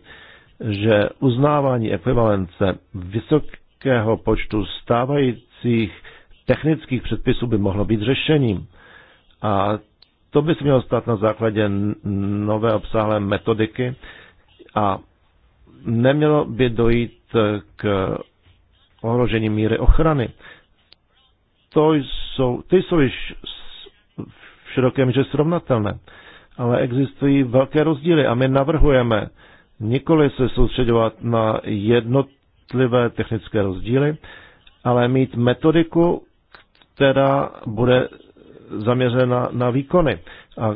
Speaker 3: že uznávání ekvivalence vysokého počtu stávajících technických předpisů by mohlo být řešením. A to by se mělo stát na základě nové obsáhlé metodiky a nemělo by dojít k ohrožení míry ochrany to jsou, ty jsou již v širokém že srovnatelné, ale existují velké rozdíly a my navrhujeme nikoli se soustředovat na jednotlivé technické rozdíly, ale mít metodiku, která bude zaměřena na výkony a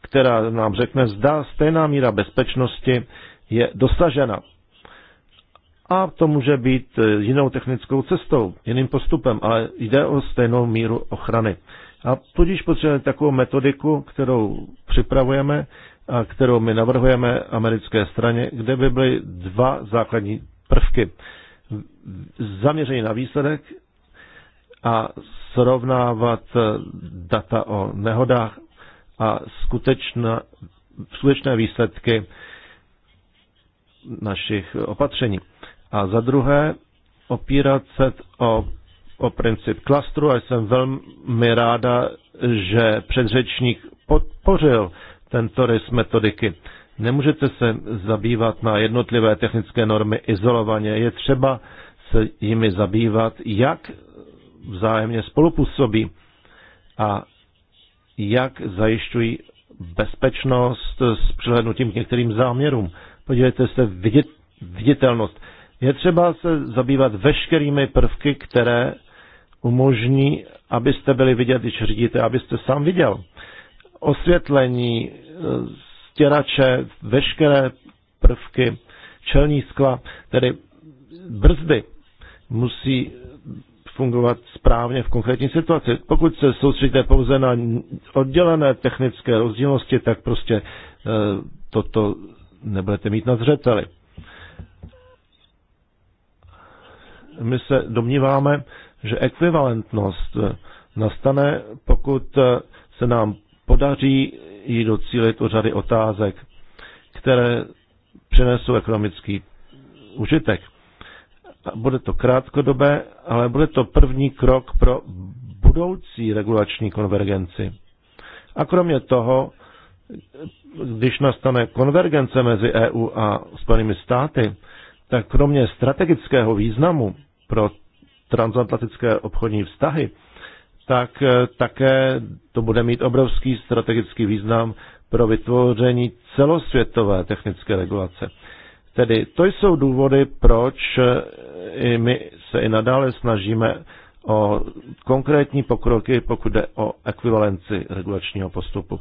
Speaker 3: která nám řekne, zda stejná míra bezpečnosti je dosažena a to může být e, jinou technickou cestou, jiným postupem, ale jde o stejnou míru ochrany. A tudíž potřebujeme takovou metodiku, kterou připravujeme a kterou my navrhujeme americké straně, kde by byly dva základní prvky. Zaměření na výsledek a srovnávat e, data o nehodách a skutečná, skutečné výsledky našich opatření. A za druhé, opírat se o, o princip klastru a jsem velmi ráda, že předřečník podpořil tento rys metodiky. Nemůžete se zabývat na jednotlivé technické normy izolovaně. Je třeba se jimi zabývat, jak vzájemně spolupůsobí a jak zajišťují bezpečnost s přihlednutím k některým záměrům. Podívejte se, vidět, viditelnost. Je třeba se zabývat veškerými prvky, které umožní, abyste byli vidět, když řídíte, abyste sám viděl. Osvětlení, eh, stěrače, veškeré prvky, čelní skla, tedy brzdy musí fungovat správně v konkrétní situaci. Pokud se soustředíte pouze na oddělené technické rozdílnosti, tak prostě e, toto nebudete mít na zřeteli. my se domníváme, že ekvivalentnost nastane, pokud se nám podaří ji docílit u řady otázek, které přinesou ekonomický užitek. Bude to krátkodobé, ale bude to první krok pro budoucí regulační konvergenci. A kromě toho, když nastane konvergence mezi EU a Spojenými státy, tak kromě strategického významu pro transatlantické obchodní vztahy, tak eh, také to bude mít obrovský strategický význam pro vytvoření celosvětové technické regulace. Tedy to jsou důvody, proč eh, i my se i nadále snažíme o konkrétní pokroky, pokud jde o ekvivalenci regulačního postupu.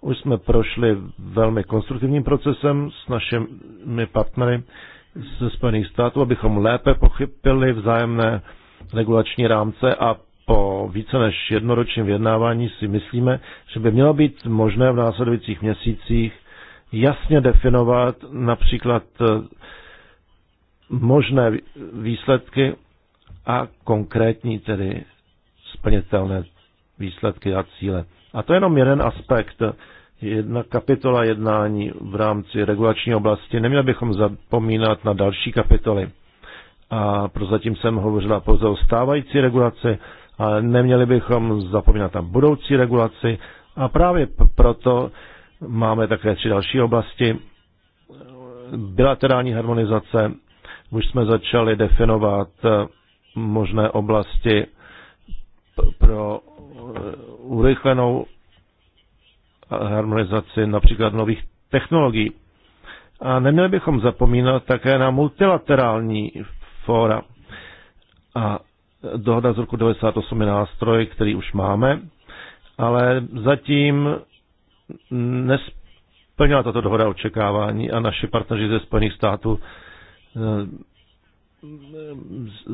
Speaker 3: Už jsme prošli velmi konstruktivním procesem s našimi partnery ze Spojených států, abychom lépe pochopili vzájemné regulační rámce a po více než jednoročním vyjednávání si myslíme, že by mělo být možné v následujících měsících jasně definovat například eh, možné výsledky a konkrétní tedy splnitelné výsledky a cíle. A to je jenom jeden aspekt jedna kapitola jednání v rámci regulační oblasti. Neměli bychom zapomínat na další kapitoly. A prozatím jsem hovořila pouze o stávající regulaci, ale neměli bychom zapomínat na budoucí regulaci. A právě proto máme také tři další oblasti. Bilaterální harmonizace, už jsme začali definovat eh, možné oblasti pro eh, urychlenou harmonizaci například nových technologií. A neměli bychom zapomínat také na multilaterální fóra. A dohoda z roku 1998 je nástroj, který už máme, ale zatím nesplnila tato dohoda očekávání a naši partneři ze Spojených států eh,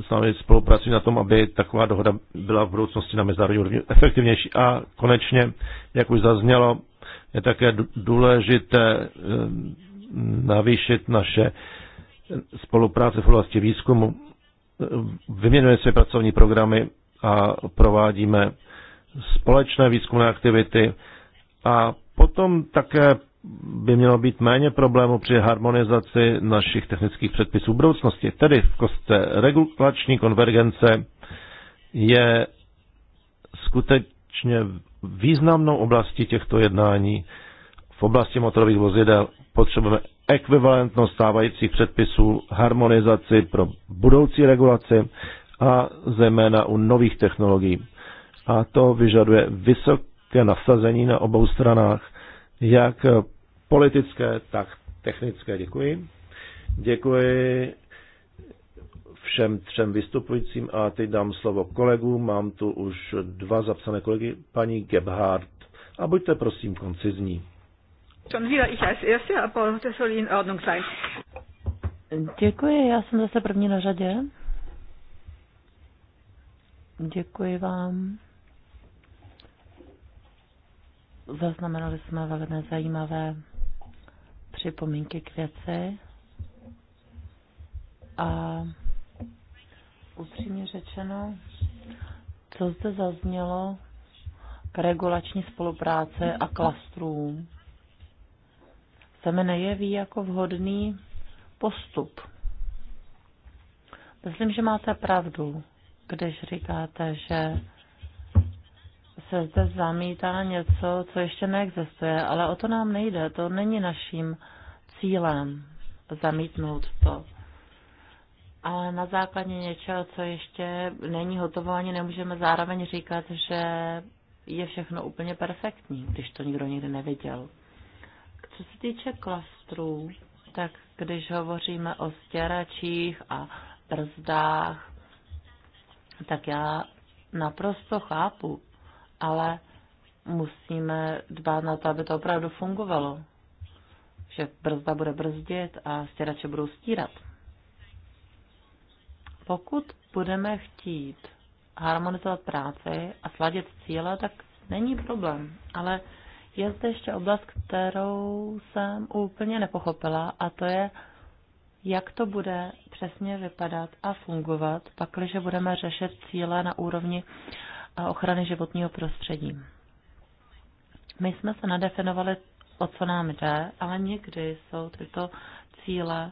Speaker 3: s námi spolupracují na tom, aby taková dohoda byla v budoucnosti na mezinárodní úrovni efektivnější. A konečně, jak už zaznělo, je také důležité eh, navýšit naše spolupráce v oblasti výzkumu. Vyměňujeme své pracovní programy a provádíme společné výzkumné aktivity a potom také by mělo být méně problémů při harmonizaci našich technických předpisů v budoucnosti. Tedy v kostce regulační konvergence je skutečně významnou oblastí těchto jednání. V oblasti motorových vozidel potřebujeme ekvivalentnost stávajících předpisů, harmonizaci pro budoucí regulaci a zejména u nových technologií. A to vyžaduje vysoké nasazení na obou stranách jak eh, politické, tak technické. Děkuji. Děkuji všem třem vystupujícím a teď dám slovo kolegům. Mám tu už dva zapsané kolegy, paní Gebhardt. A buďte prosím koncizní.
Speaker 1: das soll in Ordnung sein.
Speaker 4: Děkuji, já jsem zase první na řadě. Děkuji vám. Zaznamenali jsme velmi zajímavé připomínky k věci a upřímně řečeno, co zde zaznělo k regulační spolupráce a klastrům, se mi nejeví jako vhodný postup. Myslím, že máte pravdu, když říkáte, že se zde zamítá něco, co ještě neexistuje, ale o to nám nejde, to není naším cílem zamítnout to. Ale na základě něčeho, co ještě není hotovo, ani nemůžeme zároveň říkat, že je všechno úplně perfektní, když to nikdo nikdy neviděl. Co se týče klastrů, tak když hovoříme o stěračích a brzdách, tak já naprosto chápu ale musíme dbát na to, aby to opravdu fungovalo. Že brzda bude brzdit a stěrače budou stírat. Pokud budeme chtít harmonizovat práci a sladit cíle, tak není problém. Ale je zde ještě oblast, kterou jsem úplně nepochopila a to je, jak to bude přesně vypadat a fungovat, pakliže budeme řešit cíle na úrovni a ochrany životního prostředí. My jsme se nadefinovali, o co nám jde, ale někdy jsou tyto cíle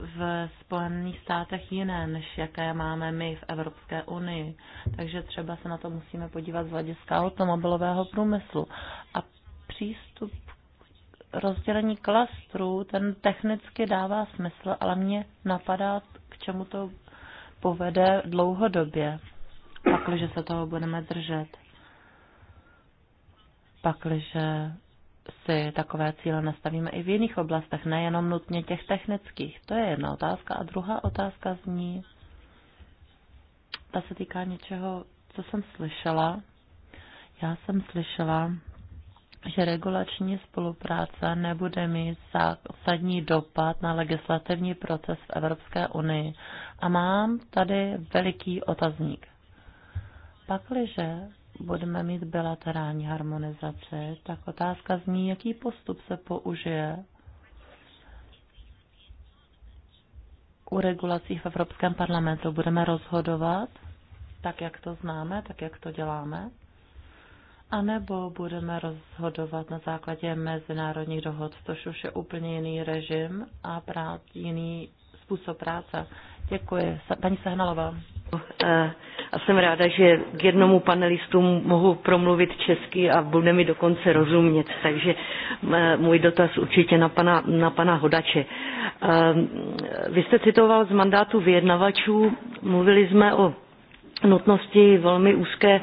Speaker 4: v Spojených státech jiné, než jaké máme my v Evropské unii. Takže třeba se na to musíme podívat z hlediska automobilového průmyslu. A přístup rozdělení klastrů, ten technicky dává smysl, ale mě napadá, k čemu to povede dlouhodobě pakliže se toho budeme držet, pakliže si takové cíle nastavíme i v jiných oblastech, nejenom nutně těch technických. To je jedna otázka. A druhá otázka zní, ta se týká něčeho, co jsem slyšela. Já jsem slyšela, že regulační spolupráce nebude mít zásadní dopad na legislativní proces v Evropské unii. A mám tady veliký otazník. Pakliže budeme mít bilaterální harmonizaci, tak otázka zní, jaký postup se použije u regulací v Evropském parlamentu. Budeme rozhodovat tak, jak to známe, tak, jak to děláme? A nebo budeme rozhodovat na základě mezinárodních dohod, což už je úplně jiný režim a prát, jiný způsob práce.
Speaker 1: Děkuji. Paní Sehnalová. Eh, a jsem ráda, že k jednomu panelistu mohu promluvit česky a bude mi dokonce rozumět. Takže můj dotaz určitě na pana, na pana Hodače. Ehm, vy jste citoval z mandátu vyjednavačů, mluvili jsme o nutnosti velmi úzké e,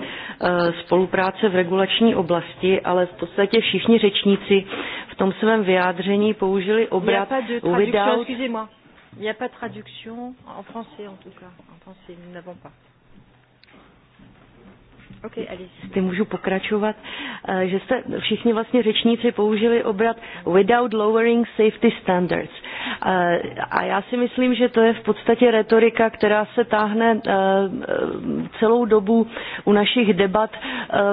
Speaker 1: spolupráce v regulační oblasti, ale v podstatě všichni řečníci v tom svém vyjádření použili obrat without... Il n'y a pas de traduction en français en tout cas. En français, nous n'avons pas. Okay, Ty můžu pokračovat, eh, že jste všichni vlastně řečníci použili obrat without lowering safety standards. Eh, a já si myslím, že to je v podstatě retorika, která se táhne eh, celou dobu u našich debat,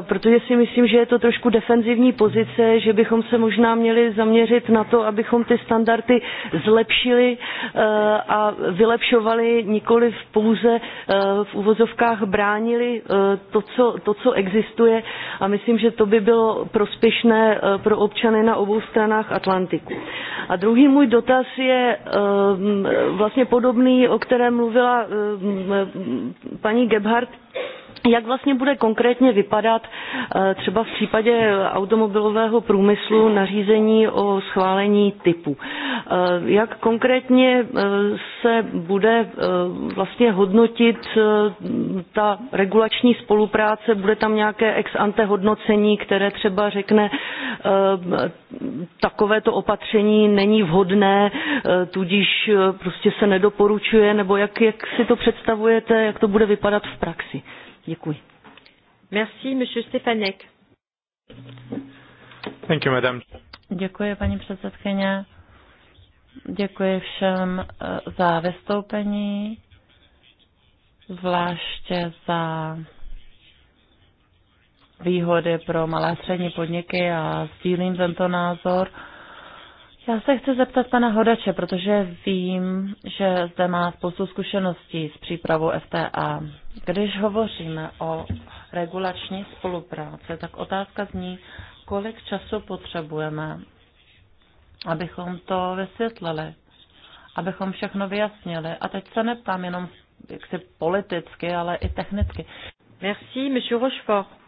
Speaker 1: protože si myslím, že je to trošku defenzivní pozice, že bychom se možná měli zaměřit na to, abychom ty standardy zlepšili a vylepšovali nikoli v pouze v uvozovkách bránili to, co to, co existuje a myslím, že to by bylo prospěšné eh, pro občany na obou stranách Atlantiku. A druhý můj dotaz je eh, vlastně podobný, o kterém mluvila eh, paní Gebhardt jak vlastně bude konkrétně vypadat eh, třeba v případě automobilového průmyslu nařízení o schválení typu. Eh, jak konkrétně eh, se bude vlastně hodnotit ta regulační spolupráce, bude tam nějaké ex ante hodnocení, které třeba řekne, takovéto opatření není vhodné, tudíž prostě se nedoporučuje, nebo jak, jak si to představujete, jak to bude vypadat v praxi? Děkuji. Merci, monsieur Stefanek. Thank you, madam. Děkuji,
Speaker 4: paní předsedkyně. Děkuji všem eh, za vystoupení, zvláště za výhody pro malé a střední podniky a sdílím tento názor. Já se chci zeptat pana Hodače, protože vím, že zde má spoustu zkušeností s přípravou FTA. Když hovoříme o regulační spolupráci, tak otázka zní, kolik času potřebujeme, abychom to vysvětlili, abychom všechno vyjasnili. A teď se neptám jenom jaksi politicky, ale i technicky. Merci, monsieur Rochefort.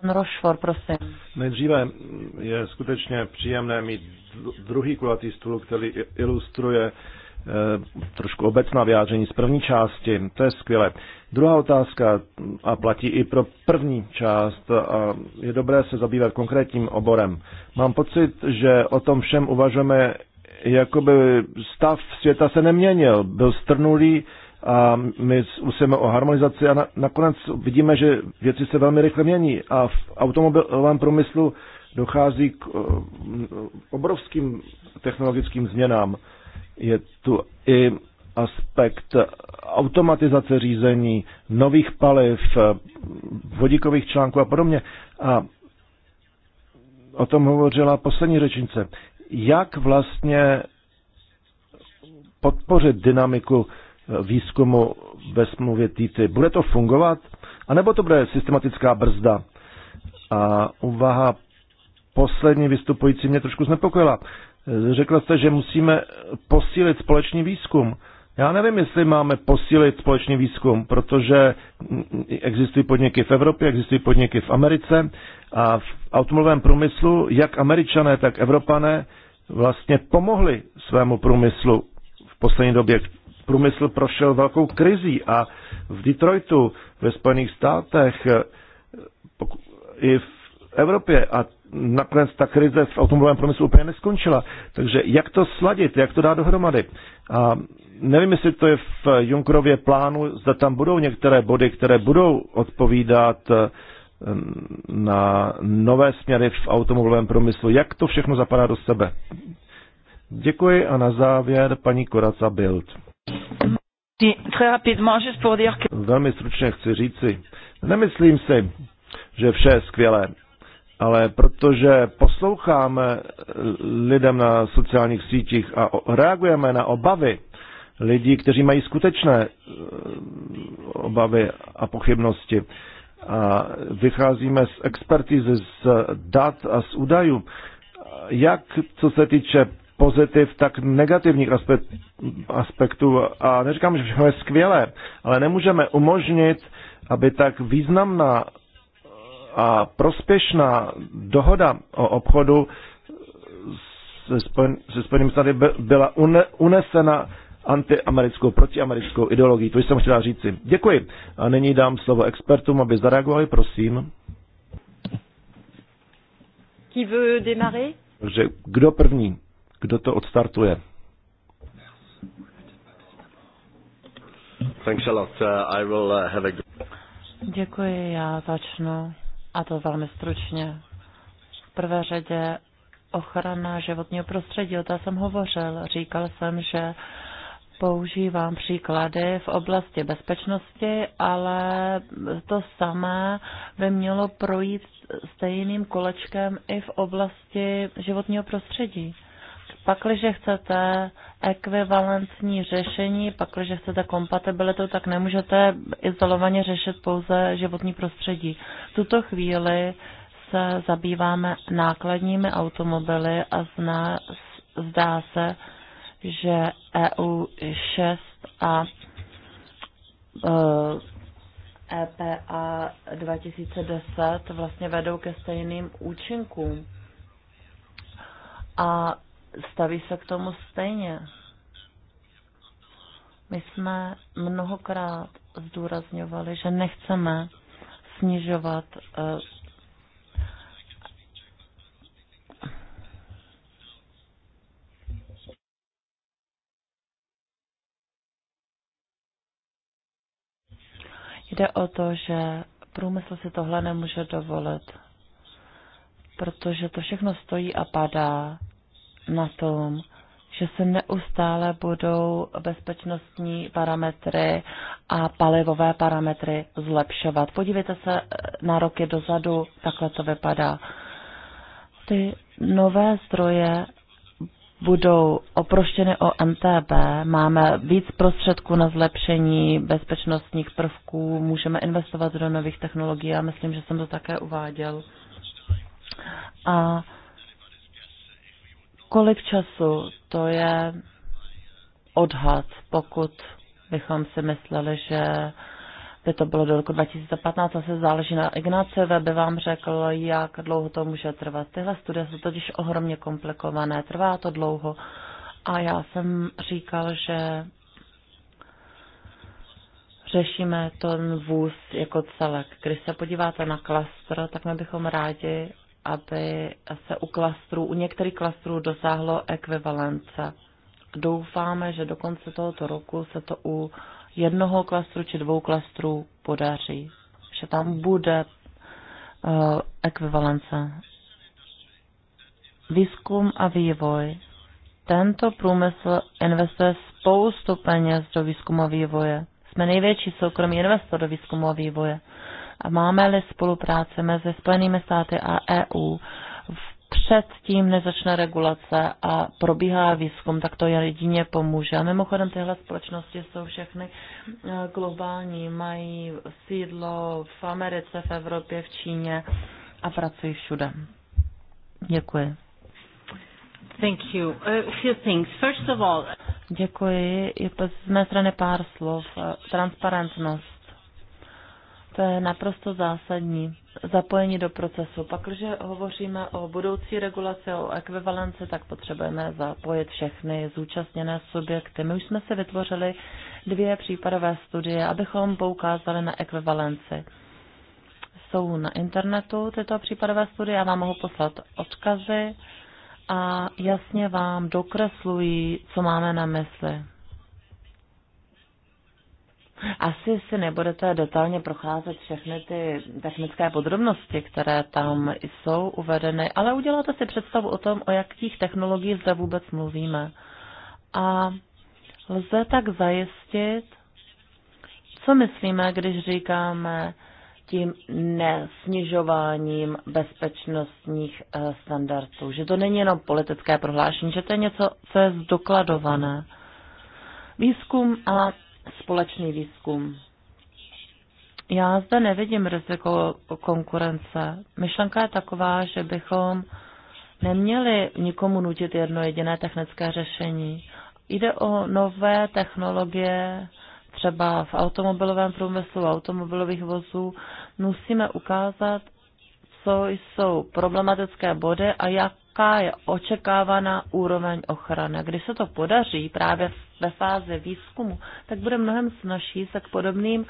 Speaker 4: Pan Rošfor, prosím.
Speaker 3: Nejdříve je skutečně příjemné mít druhý kulatý stůl, který ilustruje eh, trošku obecná vyjádření z první části. To je skvělé. Druhá otázka a platí i pro první část. A je dobré se zabývat konkrétním oborem. Mám pocit, že o tom všem uvažujeme, jakoby stav světa se neměnil. Byl strnulý, a my usilujeme o harmonizaci a na, nakonec vidíme, že věci se velmi rychle mění a v automobilovém průmyslu dochází k eh, obrovským technologickým změnám. Je tu i aspekt automatizace řízení, nových paliv, vodíkových článků a podobně. A o tom hovořila poslední řečnice. Jak vlastně podpořit dynamiku výzkumu ve smluvě TTIP. Bude to fungovat? A nebo to bude systematická brzda? A uvaha poslední vystupující mě trošku znepokojila. Řekla jste, že musíme posílit společný výzkum. Já nevím, jestli máme posílit společný výzkum, protože existují podniky v Evropě, existují podniky v Americe a v automobilovém průmyslu, jak američané, tak evropané vlastně pomohli svému průmyslu v poslední době průmysl prošel velkou krizí a v Detroitu ve Spojených státech eh, i v Evropě a nakonec ta krize v automobilovém průmyslu úplně neskončila. Takže jak to sladit, jak to dát dohromady? A nevím, jestli to je v Junkerově plánu, zda tam budou některé body, které budou odpovídat eh, na nové směry v automobilovém průmyslu. Jak to všechno zapadá do sebe? Děkuji a na závěr paní Koraca Bild. Velmi stručně chci říci, nemyslím si, že vše je skvělé, ale protože posloucháme eh, lidem na sociálních sítích a reagujeme na obavy lidí, kteří mají skutečné eh, obavy a pochybnosti, a vycházíme z expertizy, z dat a z údajů, jak co se týče pozitiv, tak negativních aspekt, aspektů. A neříkám, že všechno je skvělé, ale nemůžeme umožnit, aby tak významná eh, a prospěšná dohoda o obchodu se, spojen, se Spojenými státy byla une, unesena antiamerickou, protiamerickou ideologií. To jsem chtěla říci. Děkuji. A nyní dám slovo expertům, aby zareagovali, prosím.
Speaker 1: Qui veut démarrer?
Speaker 3: kdo první? kdo to odstartuje. Thanks a lot. Uh, I will uh, have a...
Speaker 4: Děkuji, já začnu a to velmi stručně. V prvé řadě ochrana životního prostředí, o té jsem hovořil. Říkal jsem, že používám příklady v oblasti bezpečnosti, ale to samé by mělo projít stejným kolečkem i v oblasti životního prostředí. Pakliže chcete ekvivalentní řešení, pakliže chcete kompatibilitu, tak nemůžete izolovaně řešit pouze životní prostředí. V tuto chvíli se zabýváme nákladními automobily a zná, zdá se, že EU 6 a EPA eh, e 2010 vlastně vedou ke stejným účinkům. A staví se k tomu stejně. My jsme mnohokrát zdůrazňovali, že nechceme snižovat eh, Jde o to, že průmysl si tohle nemůže dovolit, protože to všechno stojí a padá na tom, že se neustále budou bezpečnostní parametry a palivové parametry zlepšovat. Podívejte se eh, na roky dozadu, takhle to vypadá. Ty nové zdroje budou oproštěny o MTB, máme víc prostředků na zlepšení bezpečnostních prvků, můžeme investovat do nových technologií, já myslím, že jsem to také uváděl. A Kolik času? To je odhad, pokud bychom si mysleli, že by to bylo do roku 2015, se záleží na Ignace, by vám řekl, jak dlouho to může trvat. Tyhle studie jsou totiž ohromně komplikované, trvá to dlouho. A já jsem říkal, že řešíme ten vůz jako celek. Když se podíváte na klastr, tak my bychom rádi aby se u klastrů, u některých klastrů dosáhlo ekvivalence. Doufáme, že do konce tohoto roku se to u jednoho klastru či dvou klastrů podaří, že tam bude uh, ekvivalence. Výzkum a vývoj. Tento průmysl investuje spoustu peněz do výzkumu a vývoje. Jsme největší soukromý investor do výzkumu a vývoje máme-li spolupráce mezi Spojenými státy a EU, předtím nezačne regulace a probíhá výzkum, tak to jedině pomůže. A mimochodem tyhle společnosti jsou všechny eh, globální, mají sídlo v Americe, v Evropě, v Číně a pracují všude. Děkuji.
Speaker 1: Thank you. A few things. First of all...
Speaker 4: Děkuji. Je z mé strany pár slov. Transparentnost to je naprosto zásadní zapojení do procesu. Pak, když hovoříme o budoucí regulaci, o ekvivalenci, tak potřebujeme zapojit všechny zúčastněné subjekty. My už jsme si vytvořili dvě případové studie, abychom poukázali na ekvivalenci. Jsou na internetu tyto případové studie, já vám mohu poslat odkazy a jasně vám dokreslují, co máme na mysli. Asi si nebudete detailně procházet všechny ty technické podrobnosti, které tam jsou uvedeny, ale uděláte si představu o tom, o jakých technologiích zde vůbec mluvíme. A lze tak zajistit, co myslíme, když říkáme tím nesnižováním bezpečnostních eh, standardů. Že to není jenom politické prohlášení, že to je něco, co je zdokladované. Výzkum a společný výzkum. Já zde nevidím riziko konkurence. Myšlenka je taková, že bychom neměli nikomu nutit jedno jediné technické řešení. Jde o nové technologie, třeba v automobilovém průmyslu, automobilových vozů. Musíme ukázat, co jsou problematické body a jak jaká je očekávaná úroveň ochrany. Když se to podaří právě ve fázi výzkumu, tak bude mnohem snažší se k podobným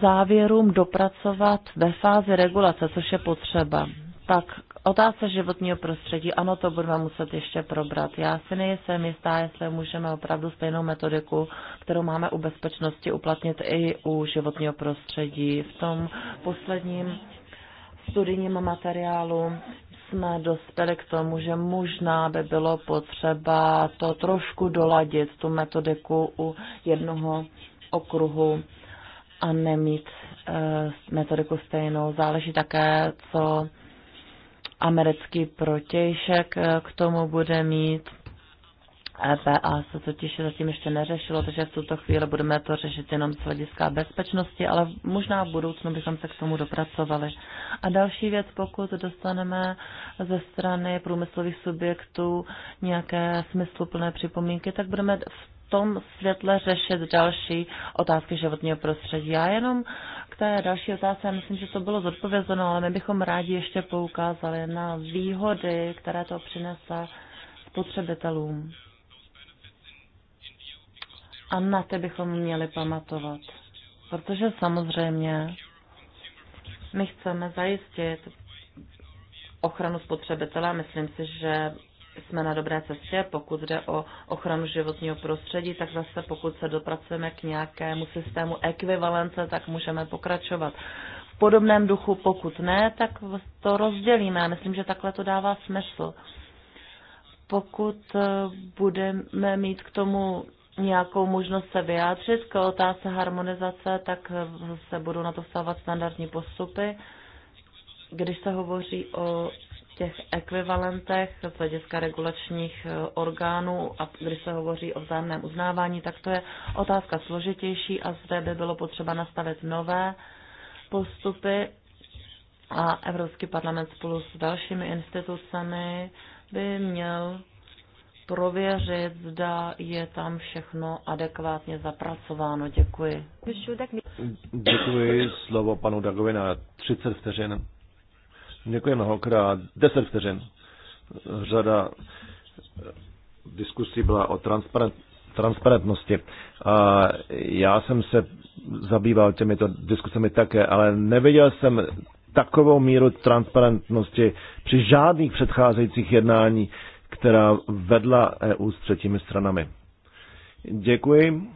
Speaker 4: závěrům dopracovat ve fázi regulace, což je potřeba. Tak otázka životního prostředí, ano, to budeme muset ještě probrat. Já si nejsem jistá, jestli můžeme opravdu stejnou metodiku, kterou máme u bezpečnosti, uplatnit i u životního prostředí. V tom posledním studijním materiálu jsme dospěli k tomu, že možná by bylo potřeba to trošku doladit, tu metodiku u jednoho okruhu a nemít e, metodiku stejnou. Záleží také, co americký protějšek eh, k tomu bude mít. EPA se totiž zatím ještě neřešilo, takže v tuto chvíli budeme to řešit jenom z hlediska bezpečnosti, ale možná v budoucnu bychom se k tomu dopracovali. A další věc, pokud dostaneme ze strany průmyslových subjektů nějaké smysluplné připomínky, tak budeme v tom světle řešit další otázky životního prostředí. Já jenom k té další otázce, já myslím, že to bylo zodpovězeno, ale my bychom rádi ještě poukázali na výhody, které to přinese spotřebitelům. A na ty bychom měli pamatovat. Protože samozřejmě my chceme zajistit ochranu spotřebitele a myslím si, že jsme na dobré cestě, pokud jde o ochranu životního prostředí, tak zase pokud se dopracujeme k nějakému systému ekvivalence, tak můžeme pokračovat. V podobném duchu, pokud ne, tak to rozdělíme. myslím, že takhle to dává smysl. Pokud eh, budeme mít k tomu nějakou možnost se vyjádřit k otázce harmonizace, tak se budou na to vstávat standardní postupy. Když se hovoří o těch ekvivalentech z hlediska regulačních eh, orgánů a když se hovoří o vzájemném uznávání, tak to je otázka složitější a zde by bylo potřeba nastavit nové postupy a Evropský parlament spolu s dalšími institucemi by měl prověřit, zda je tam všechno adekvátně zapracováno. Děkuji.
Speaker 3: Děkuji slovo panu Dagovi na 30 vteřin. Děkuji mnohokrát. 10 vteřin. Řada diskusí byla o transparent, transparentnosti. A já jsem se zabýval těmito diskusemi také, ale neviděl jsem takovou míru transparentnosti při žádných předcházejících jednání která vedla EU s třetími stranami. Děkuji.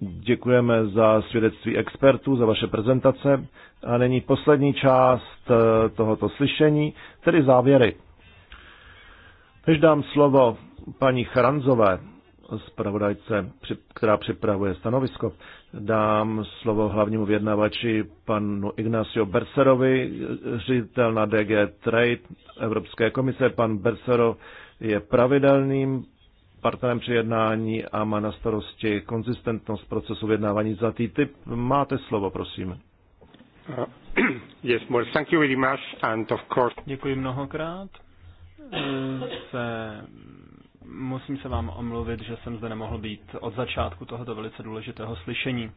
Speaker 3: Děkujeme za svědectví expertů, za vaše prezentace. A není poslední část eh, tohoto slyšení, tedy závěry. Než dám slovo paní Charanzové, zpravodajce, která připravuje stanovisko. Dám slovo hlavnímu vědnavači panu Ignacio Berserovi, ředitel na DG Trade Evropské komise. Pan Bersero je pravidelným partnerem při jednání a má na starosti konzistentnost procesu vyjednávání za TTIP. Máte slovo, prosím. Uh,
Speaker 2: Děkuji mnohokrát. Eh, se Musím se vám omluvit, že jsem zde nemohl být od začátku tohoto velice důležitého slyšení.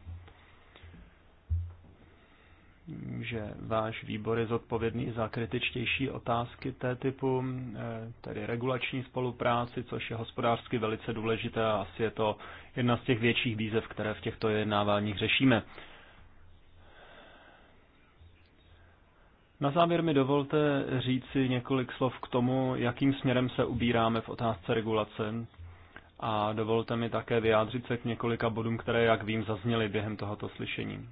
Speaker 2: Že váš výbor je zodpovědný za kritičtější otázky té typu, eh, tedy regulační spolupráci, což je hospodářsky velice důležité a asi je to jedna z těch větších výzev, které v těchto jednáváních řešíme. Na závěr mi dovolte říci několik slov k tomu, jakým směrem se ubíráme v otázce regulace. A dovolte mi také vyjádřit se k několika bodům, které, jak vím, zazněly během tohoto slyšení.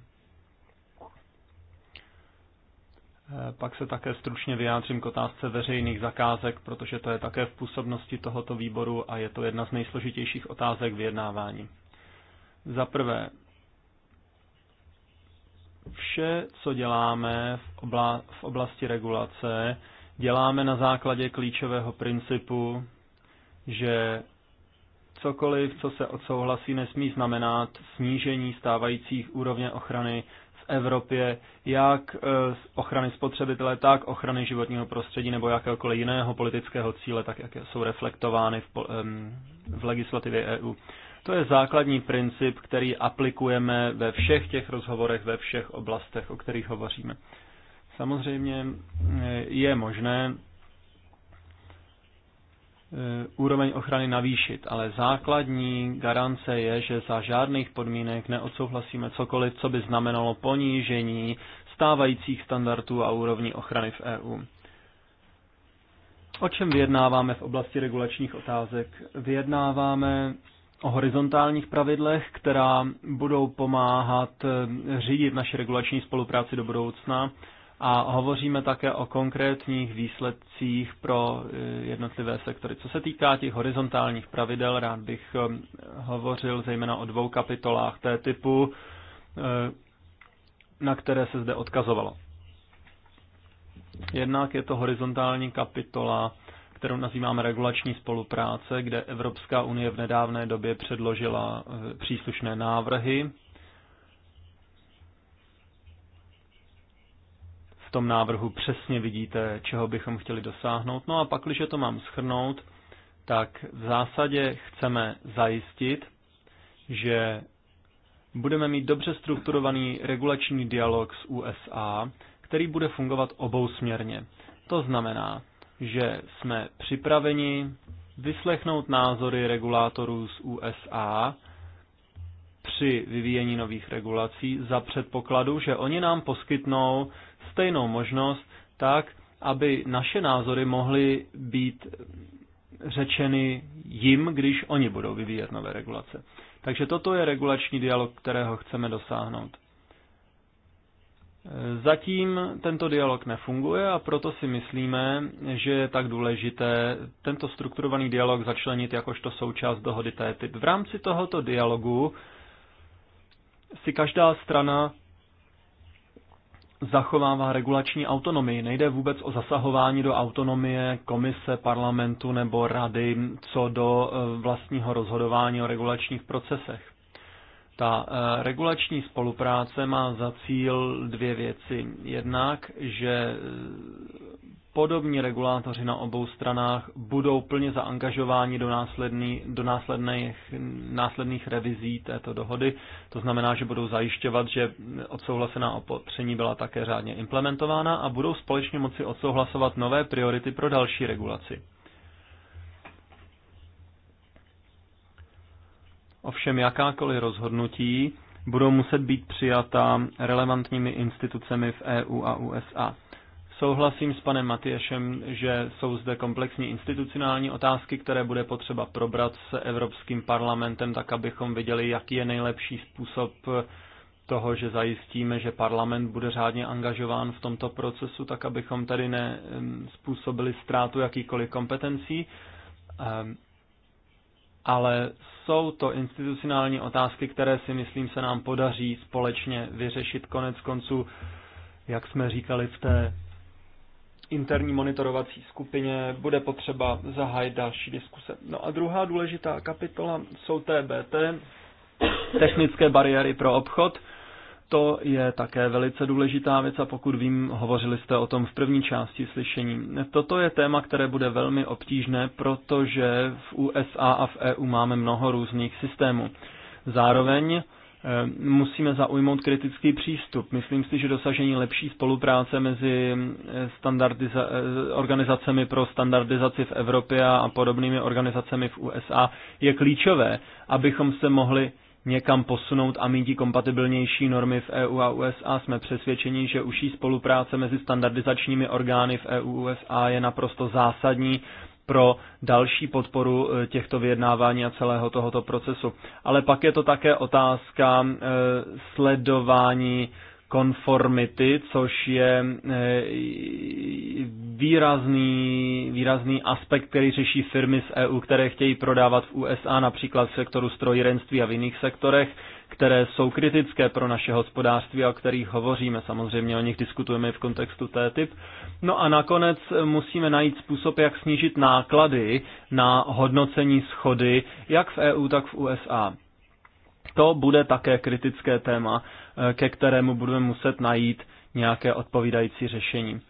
Speaker 2: Eh, pak se také stručně vyjádřím k otázce veřejných zakázek, protože to je také v působnosti tohoto výboru a je to jedna z nejsložitějších otázek vyjednávání. Za prvé, vše, co děláme v, obla- v oblasti regulace, děláme na základě klíčového principu, že cokoliv, co se odsouhlasí, nesmí znamenat snížení stávajících úrovně ochrany v Evropě, jak e, ochrany spotřebitele, tak ochrany životního prostředí nebo jakéhokoliv jiného politického cíle, tak jak jsou reflektovány v, v legislativě EU. To je základní princip, který aplikujeme ve všech těch rozhovorech, ve všech oblastech, o kterých hovoříme. Samozřejmě eh, je možné eh, úroveň ochrany navýšit, ale základní garance je, že za žádných podmínek neodsouhlasíme cokoliv, co by znamenalo ponížení stávajících standardů a úrovní ochrany v EU. O čem vyjednáváme v oblasti regulačních otázek? Vyjednáváme o horizontálních pravidlech, která budou pomáhat eh, řídit naši regulační spolupráci do budoucna a hovoříme také o konkrétních výsledcích pro eh, jednotlivé sektory. Co se týká těch horizontálních pravidel, rád bych eh, hovořil zejména o dvou kapitolách té typu, na které se zde odkazovalo. Jednak je to horizontální kapitola kterou nazýváme regulační spolupráce, kde Evropská unie v nedávné době předložila eh, příslušné návrhy. V tom návrhu přesně vidíte, čeho bychom chtěli dosáhnout. No a pak, když to mám schrnout, tak v zásadě chceme zajistit, že budeme mít dobře strukturovaný regulační dialog s USA, který bude fungovat obousměrně. To znamená, že jsme připraveni vyslechnout názory regulátorů z USA při vyvíjení nových regulací za předpokladu, že oni nám poskytnou stejnou možnost tak, aby naše názory mohly být řečeny jim, když oni budou vyvíjet nové regulace. Takže toto je regulační dialog, kterého chceme dosáhnout. Zatím tento dialog nefunguje a proto si myslíme, že je tak důležité tento strukturovaný dialog začlenit jakožto součást dohody TTIP. V rámci tohoto dialogu si každá strana zachovává regulační autonomii. Nejde vůbec o zasahování do autonomie komise, parlamentu nebo rady co do eh, vlastního rozhodování o regulačních procesech. Ta eh, regulační spolupráce má za cíl dvě věci. Jednak, že eh, podobní regulátoři na obou stranách budou plně zaangažováni do, následný, do následných, následných revizí této dohody. To znamená, že budou zajišťovat, že odsouhlasená opatření byla také řádně implementována a budou společně moci odsouhlasovat nové priority pro další regulaci. Ovšem jakákoliv rozhodnutí budou muset být přijata relevantními institucemi v EU a USA. Souhlasím s panem Matyješem, že jsou zde komplexní institucionální otázky, které bude potřeba probrat s Evropským parlamentem, tak abychom viděli, jaký je nejlepší způsob toho, že zajistíme, že parlament bude řádně angažován v tomto procesu, tak abychom tady nezpůsobili ztrátu jakýkoliv kompetencí. Ale jsou to institucionální otázky, které si myslím se nám podaří společně vyřešit konec konců, jak jsme říkali v té interní monitorovací skupině bude potřeba zahájit další diskuse. No a druhá důležitá kapitola jsou TBT, technické bariéry pro obchod. To je také velice důležitá věc a pokud vím, hovořili jste o tom v první části slyšení. Toto je téma, které bude velmi obtížné, protože v USA a v EU máme mnoho různých systémů. Zároveň eh, musíme zaujmout kritický přístup. Myslím si, že dosažení lepší spolupráce mezi eh, standardiza- eh, organizacemi pro standardizaci v Evropě a podobnými organizacemi v USA je klíčové, abychom se mohli někam posunout a mít kompatibilnější normy v EU a USA. Jsme přesvědčeni, že užší spolupráce mezi standardizačními orgány v EU a USA je naprosto zásadní pro další podporu e, těchto vyjednávání a celého tohoto procesu. Ale pak je to také otázka e, sledování konformity, což je e, výrazný, výrazný aspekt, který řeší firmy z EU, které chtějí prodávat v USA, například v sektoru strojírenství a v jiných sektorech, které jsou kritické pro naše hospodářství a o kterých hovoříme. Samozřejmě o nich diskutujeme i v kontextu typ. No a nakonec musíme najít způsob, jak snížit náklady na hodnocení schody, jak v EU, tak v USA. To bude také kritické téma, eh, ke kterému budeme muset najít nějaké odpovídající řešení.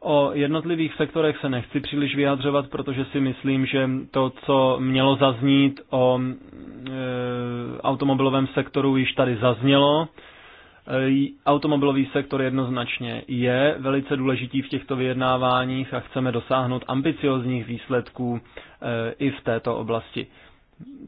Speaker 2: O jednotlivých sektorech se nechci příliš vyjadřovat, protože si myslím, že to, co mělo zaznít o e, automobilovém sektoru, již tady zaznělo. E, automobilový sektor jednoznačně je velice důležitý v těchto vyjednáváních a chceme dosáhnout ambiciozních výsledků e, i v této oblasti.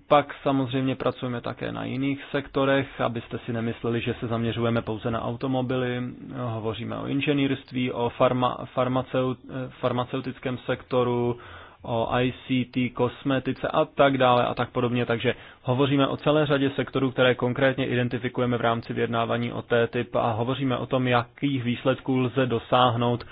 Speaker 2: Pak samozřejmě pracujeme také na jiných sektorech, abyste si nemysleli, že se zaměřujeme pouze na automobily. Hovoříme o inženýrství, o farma, farmaceut, farmaceutickém sektoru, o ICT, kosmetice a tak dále a tak podobně. Takže hovoříme o celé řadě sektorů, které konkrétně identifikujeme v rámci vyjednávání o TTIP a hovoříme o tom, jakých výsledků lze dosáhnout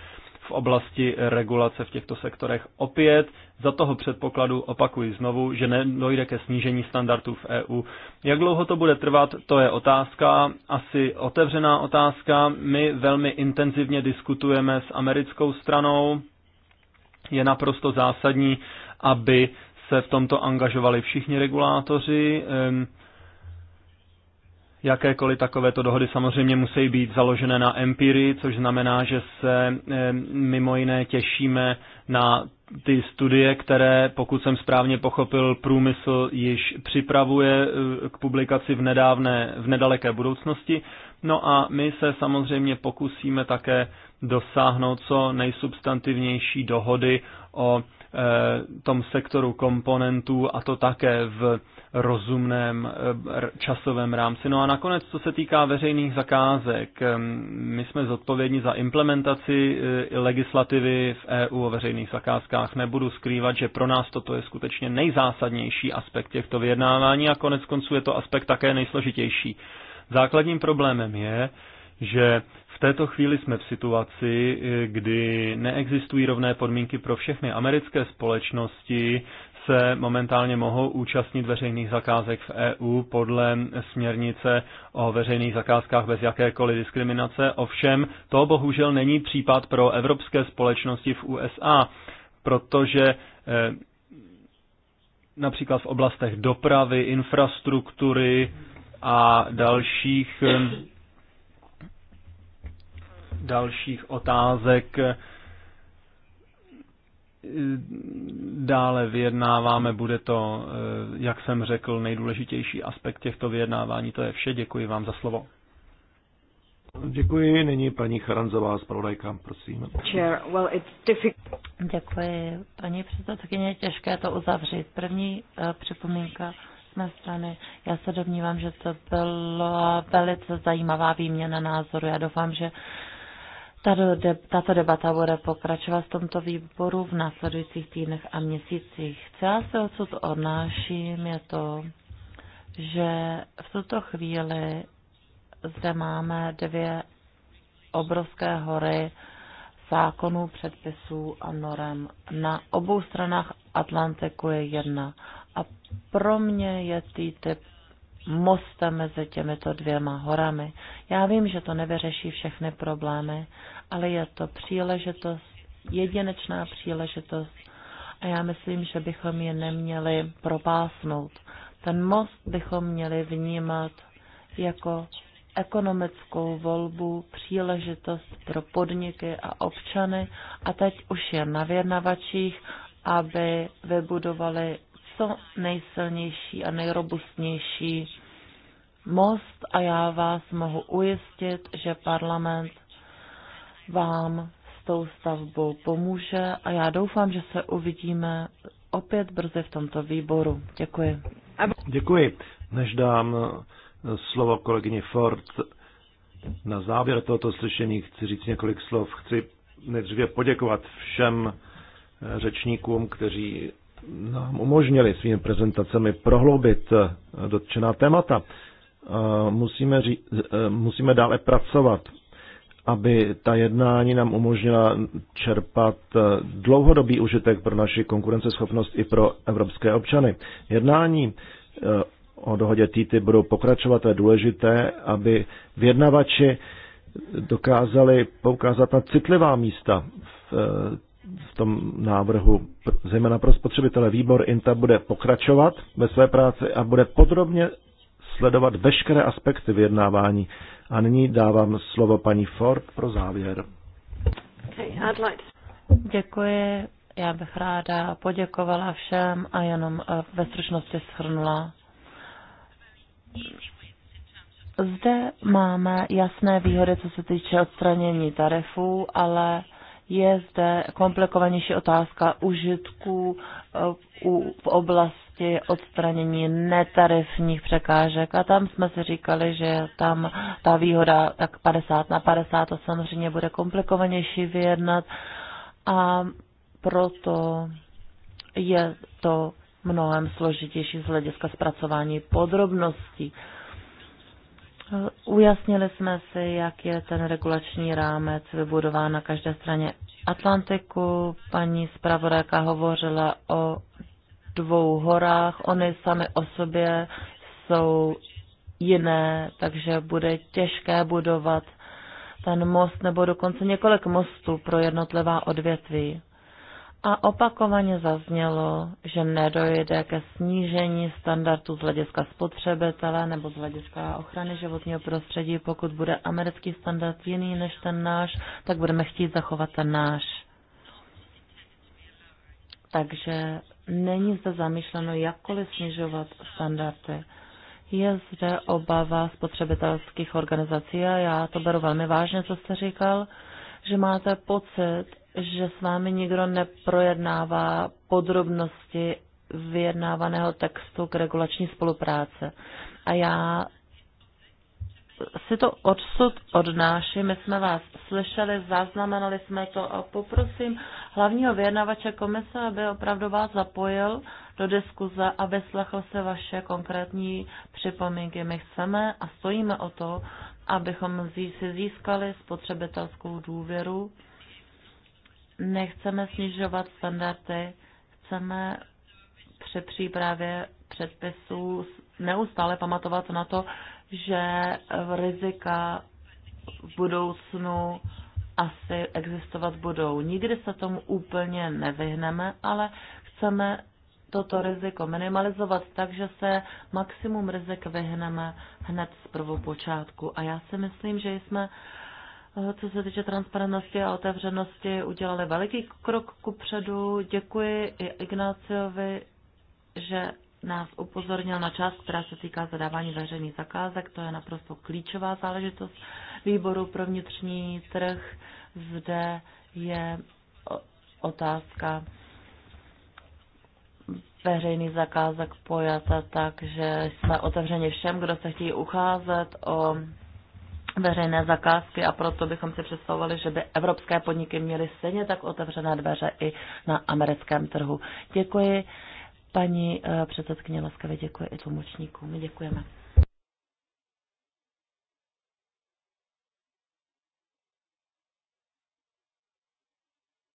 Speaker 2: v oblasti regulace v těchto sektorech. Opět za toho předpokladu opakuji znovu, že nedojde ke snížení standardů v EU. Jak dlouho to bude trvat, to je otázka, asi otevřená otázka. My velmi intenzivně diskutujeme s americkou stranou. Je naprosto zásadní, aby se v tomto angažovali všichni regulátoři. Ehm, Jakékoliv takovéto dohody samozřejmě musí být založené na empirii, což znamená, že se eh, mimo jiné těšíme na ty studie, které, pokud jsem správně pochopil, průmysl již připravuje eh, k publikaci v, nedávné, v nedaleké budoucnosti. No a my se samozřejmě pokusíme také dosáhnout co nejsubstantivnější dohody o Eh, tom sektoru komponentů a to také v rozumném eh, časovém rámci. No a nakonec, co se týká veřejných zakázek, eh, my jsme zodpovědní za implementaci legislativy v EU o veřejných zakázkách. Nebudu skrývat, že pro nás toto je skutečně nejzásadnější aspekt těchto vyjednávání a konec konců je to aspekt také nejsložitější. Základním problémem je, že této chvíli jsme v situaci, kdy neexistují rovné podmínky pro všechny. Americké společnosti se momentálně mohou účastnit veřejných zakázek v EU podle směrnice o veřejných zakázkách bez jakékoliv diskriminace. Ovšem, to bohužel není případ pro evropské společnosti v USA, protože eh, například v oblastech dopravy, infrastruktury a dalších eh, dalších otázek. Dále vyjednáváme, bude to, eh, jak jsem řekl, nejdůležitější aspekt těchto vyjednávání. To je vše, děkuji vám za slovo.
Speaker 3: Děkuji, nyní paní Charanzová z Prodajka, prosím.
Speaker 4: Děkuji, paní předsedkyně, těžké to uzavřít. První eh, připomínka z mé strany. Já se domnívám, že to byla velice zajímavá výměna názoru. Já doufám, že tato debata bude pokračovat v tomto výboru v následujících týdnech a měsících. Co já se odsud odnáším je to, že v tuto chvíli zde máme dvě obrovské hory zákonů, předpisů a norem. Na obou stranách Atlantiku je jedna. A pro mě je TTIP mosta mezi těmito dvěma horami. Já vím, že to nevyřeší všechny problémy, ale je to příležitost, jedinečná příležitost a já myslím, že bychom je neměli propásnout. Ten most bychom měli vnímat jako ekonomickou volbu, příležitost pro podniky a občany a teď už je na vědnavačích, aby vybudovali co nejsilnější a nejrobustnější most a já vás mohu ujistit, že parlament vám s tou stavbou pomůže a já doufám, že se uvidíme opět brzy v tomto výboru. Děkuji.
Speaker 3: Děkuji. Než dám eh, slovo kolegyni Ford, na závěr tohoto slyšení chci říct několik slov. Chci nejdříve poděkovat všem eh, řečníkům, kteří nám umožnili svými prezentacemi prohloubit eh, dotčená témata. Eh, musíme, ří, eh, musíme dále pracovat, aby ta jednání nám umožnila čerpat dlouhodobý užitek pro naši konkurenceschopnost i pro evropské občany. Jednání o dohodě TTI budou pokračovat, je důležité, aby vyjednavači dokázali poukázat na citlivá místa v v tom návrhu, zejména pro spotřebitele, výbor INTA bude pokračovat ve své práci a bude podrobně sledovat veškeré aspekty vyjednávání. A nyní dávám slovo paní Ford pro závěr.
Speaker 4: Děkuji. Já bych ráda poděkovala všem a jenom eh, ve stručnosti shrnula. Zde máme jasné výhody, co se týče odstranění tarifů, ale je zde komplikovanější otázka užitků eh, v oblasti odstranění netarifních překážek a tam jsme si říkali, že tam ta výhoda tak 50 na 50 to samozřejmě bude komplikovanější vyjednat a proto je to mnohem složitější z hlediska zpracování podrobností. Eh, ujasnili jsme si, jak je ten regulační rámec vybudován na každé straně Atlantiku. Paní zpravodajka hovořila o dvou horách. Ony samy o sobě jsou jiné, takže bude těžké budovat ten most nebo dokonce několik mostů pro jednotlivá odvětví a opakovaně zaznělo, že nedojde ke snížení standardů z hlediska spotřebitele nebo z hlediska ochrany životního prostředí. Pokud bude americký standard jiný než ten náš, tak budeme chtít zachovat ten náš. Takže není zde zamýšleno jakkoliv snižovat standardy. Je zde obava spotřebitelských organizací a já to beru velmi vážně, co jste říkal, že máte pocit, že s vámi nikdo neprojednává podrobnosti vyjednávaného textu k regulační spolupráce. A já si to odsud odnáším, my jsme vás slyšeli, zaznamenali jsme to a poprosím hlavního vyjednavače komise, aby opravdu vás zapojil do diskuze a vyslechl se vaše konkrétní připomínky. My chceme a stojíme o to, abychom si získali spotřebitelskou důvěru nechceme snižovat standardy, chceme při přípravě předpisů neustále pamatovat na to, že rizika v budoucnu asi existovat budou. Nikdy se tomu úplně nevyhneme, ale chceme toto riziko minimalizovat tak, že se maximum rizik vyhneme hned z prvopočátku. A já si myslím, že jsme uh, Eh, co se týče transparentnosti a otevřenosti, udělali veliký krok ku předu. Děkuji i Ignáciovi, že nás upozornil na část, která se týká zadávání veřejných zakázek. To je naprosto klíčová záležitost výboru pro vnitřní trh. Zde je otázka veřejný zakázek pojata tak, že jsme otevřeni všem, kdo se chtějí ucházet o veřejné zakázky a proto bychom si představovali, že by evropské podniky měly stejně tak otevřené dveře i na americkém trhu. Děkuji paní eh, předsedkyně Laskavě, děkuji i
Speaker 1: tlumočníkům. Děkujeme.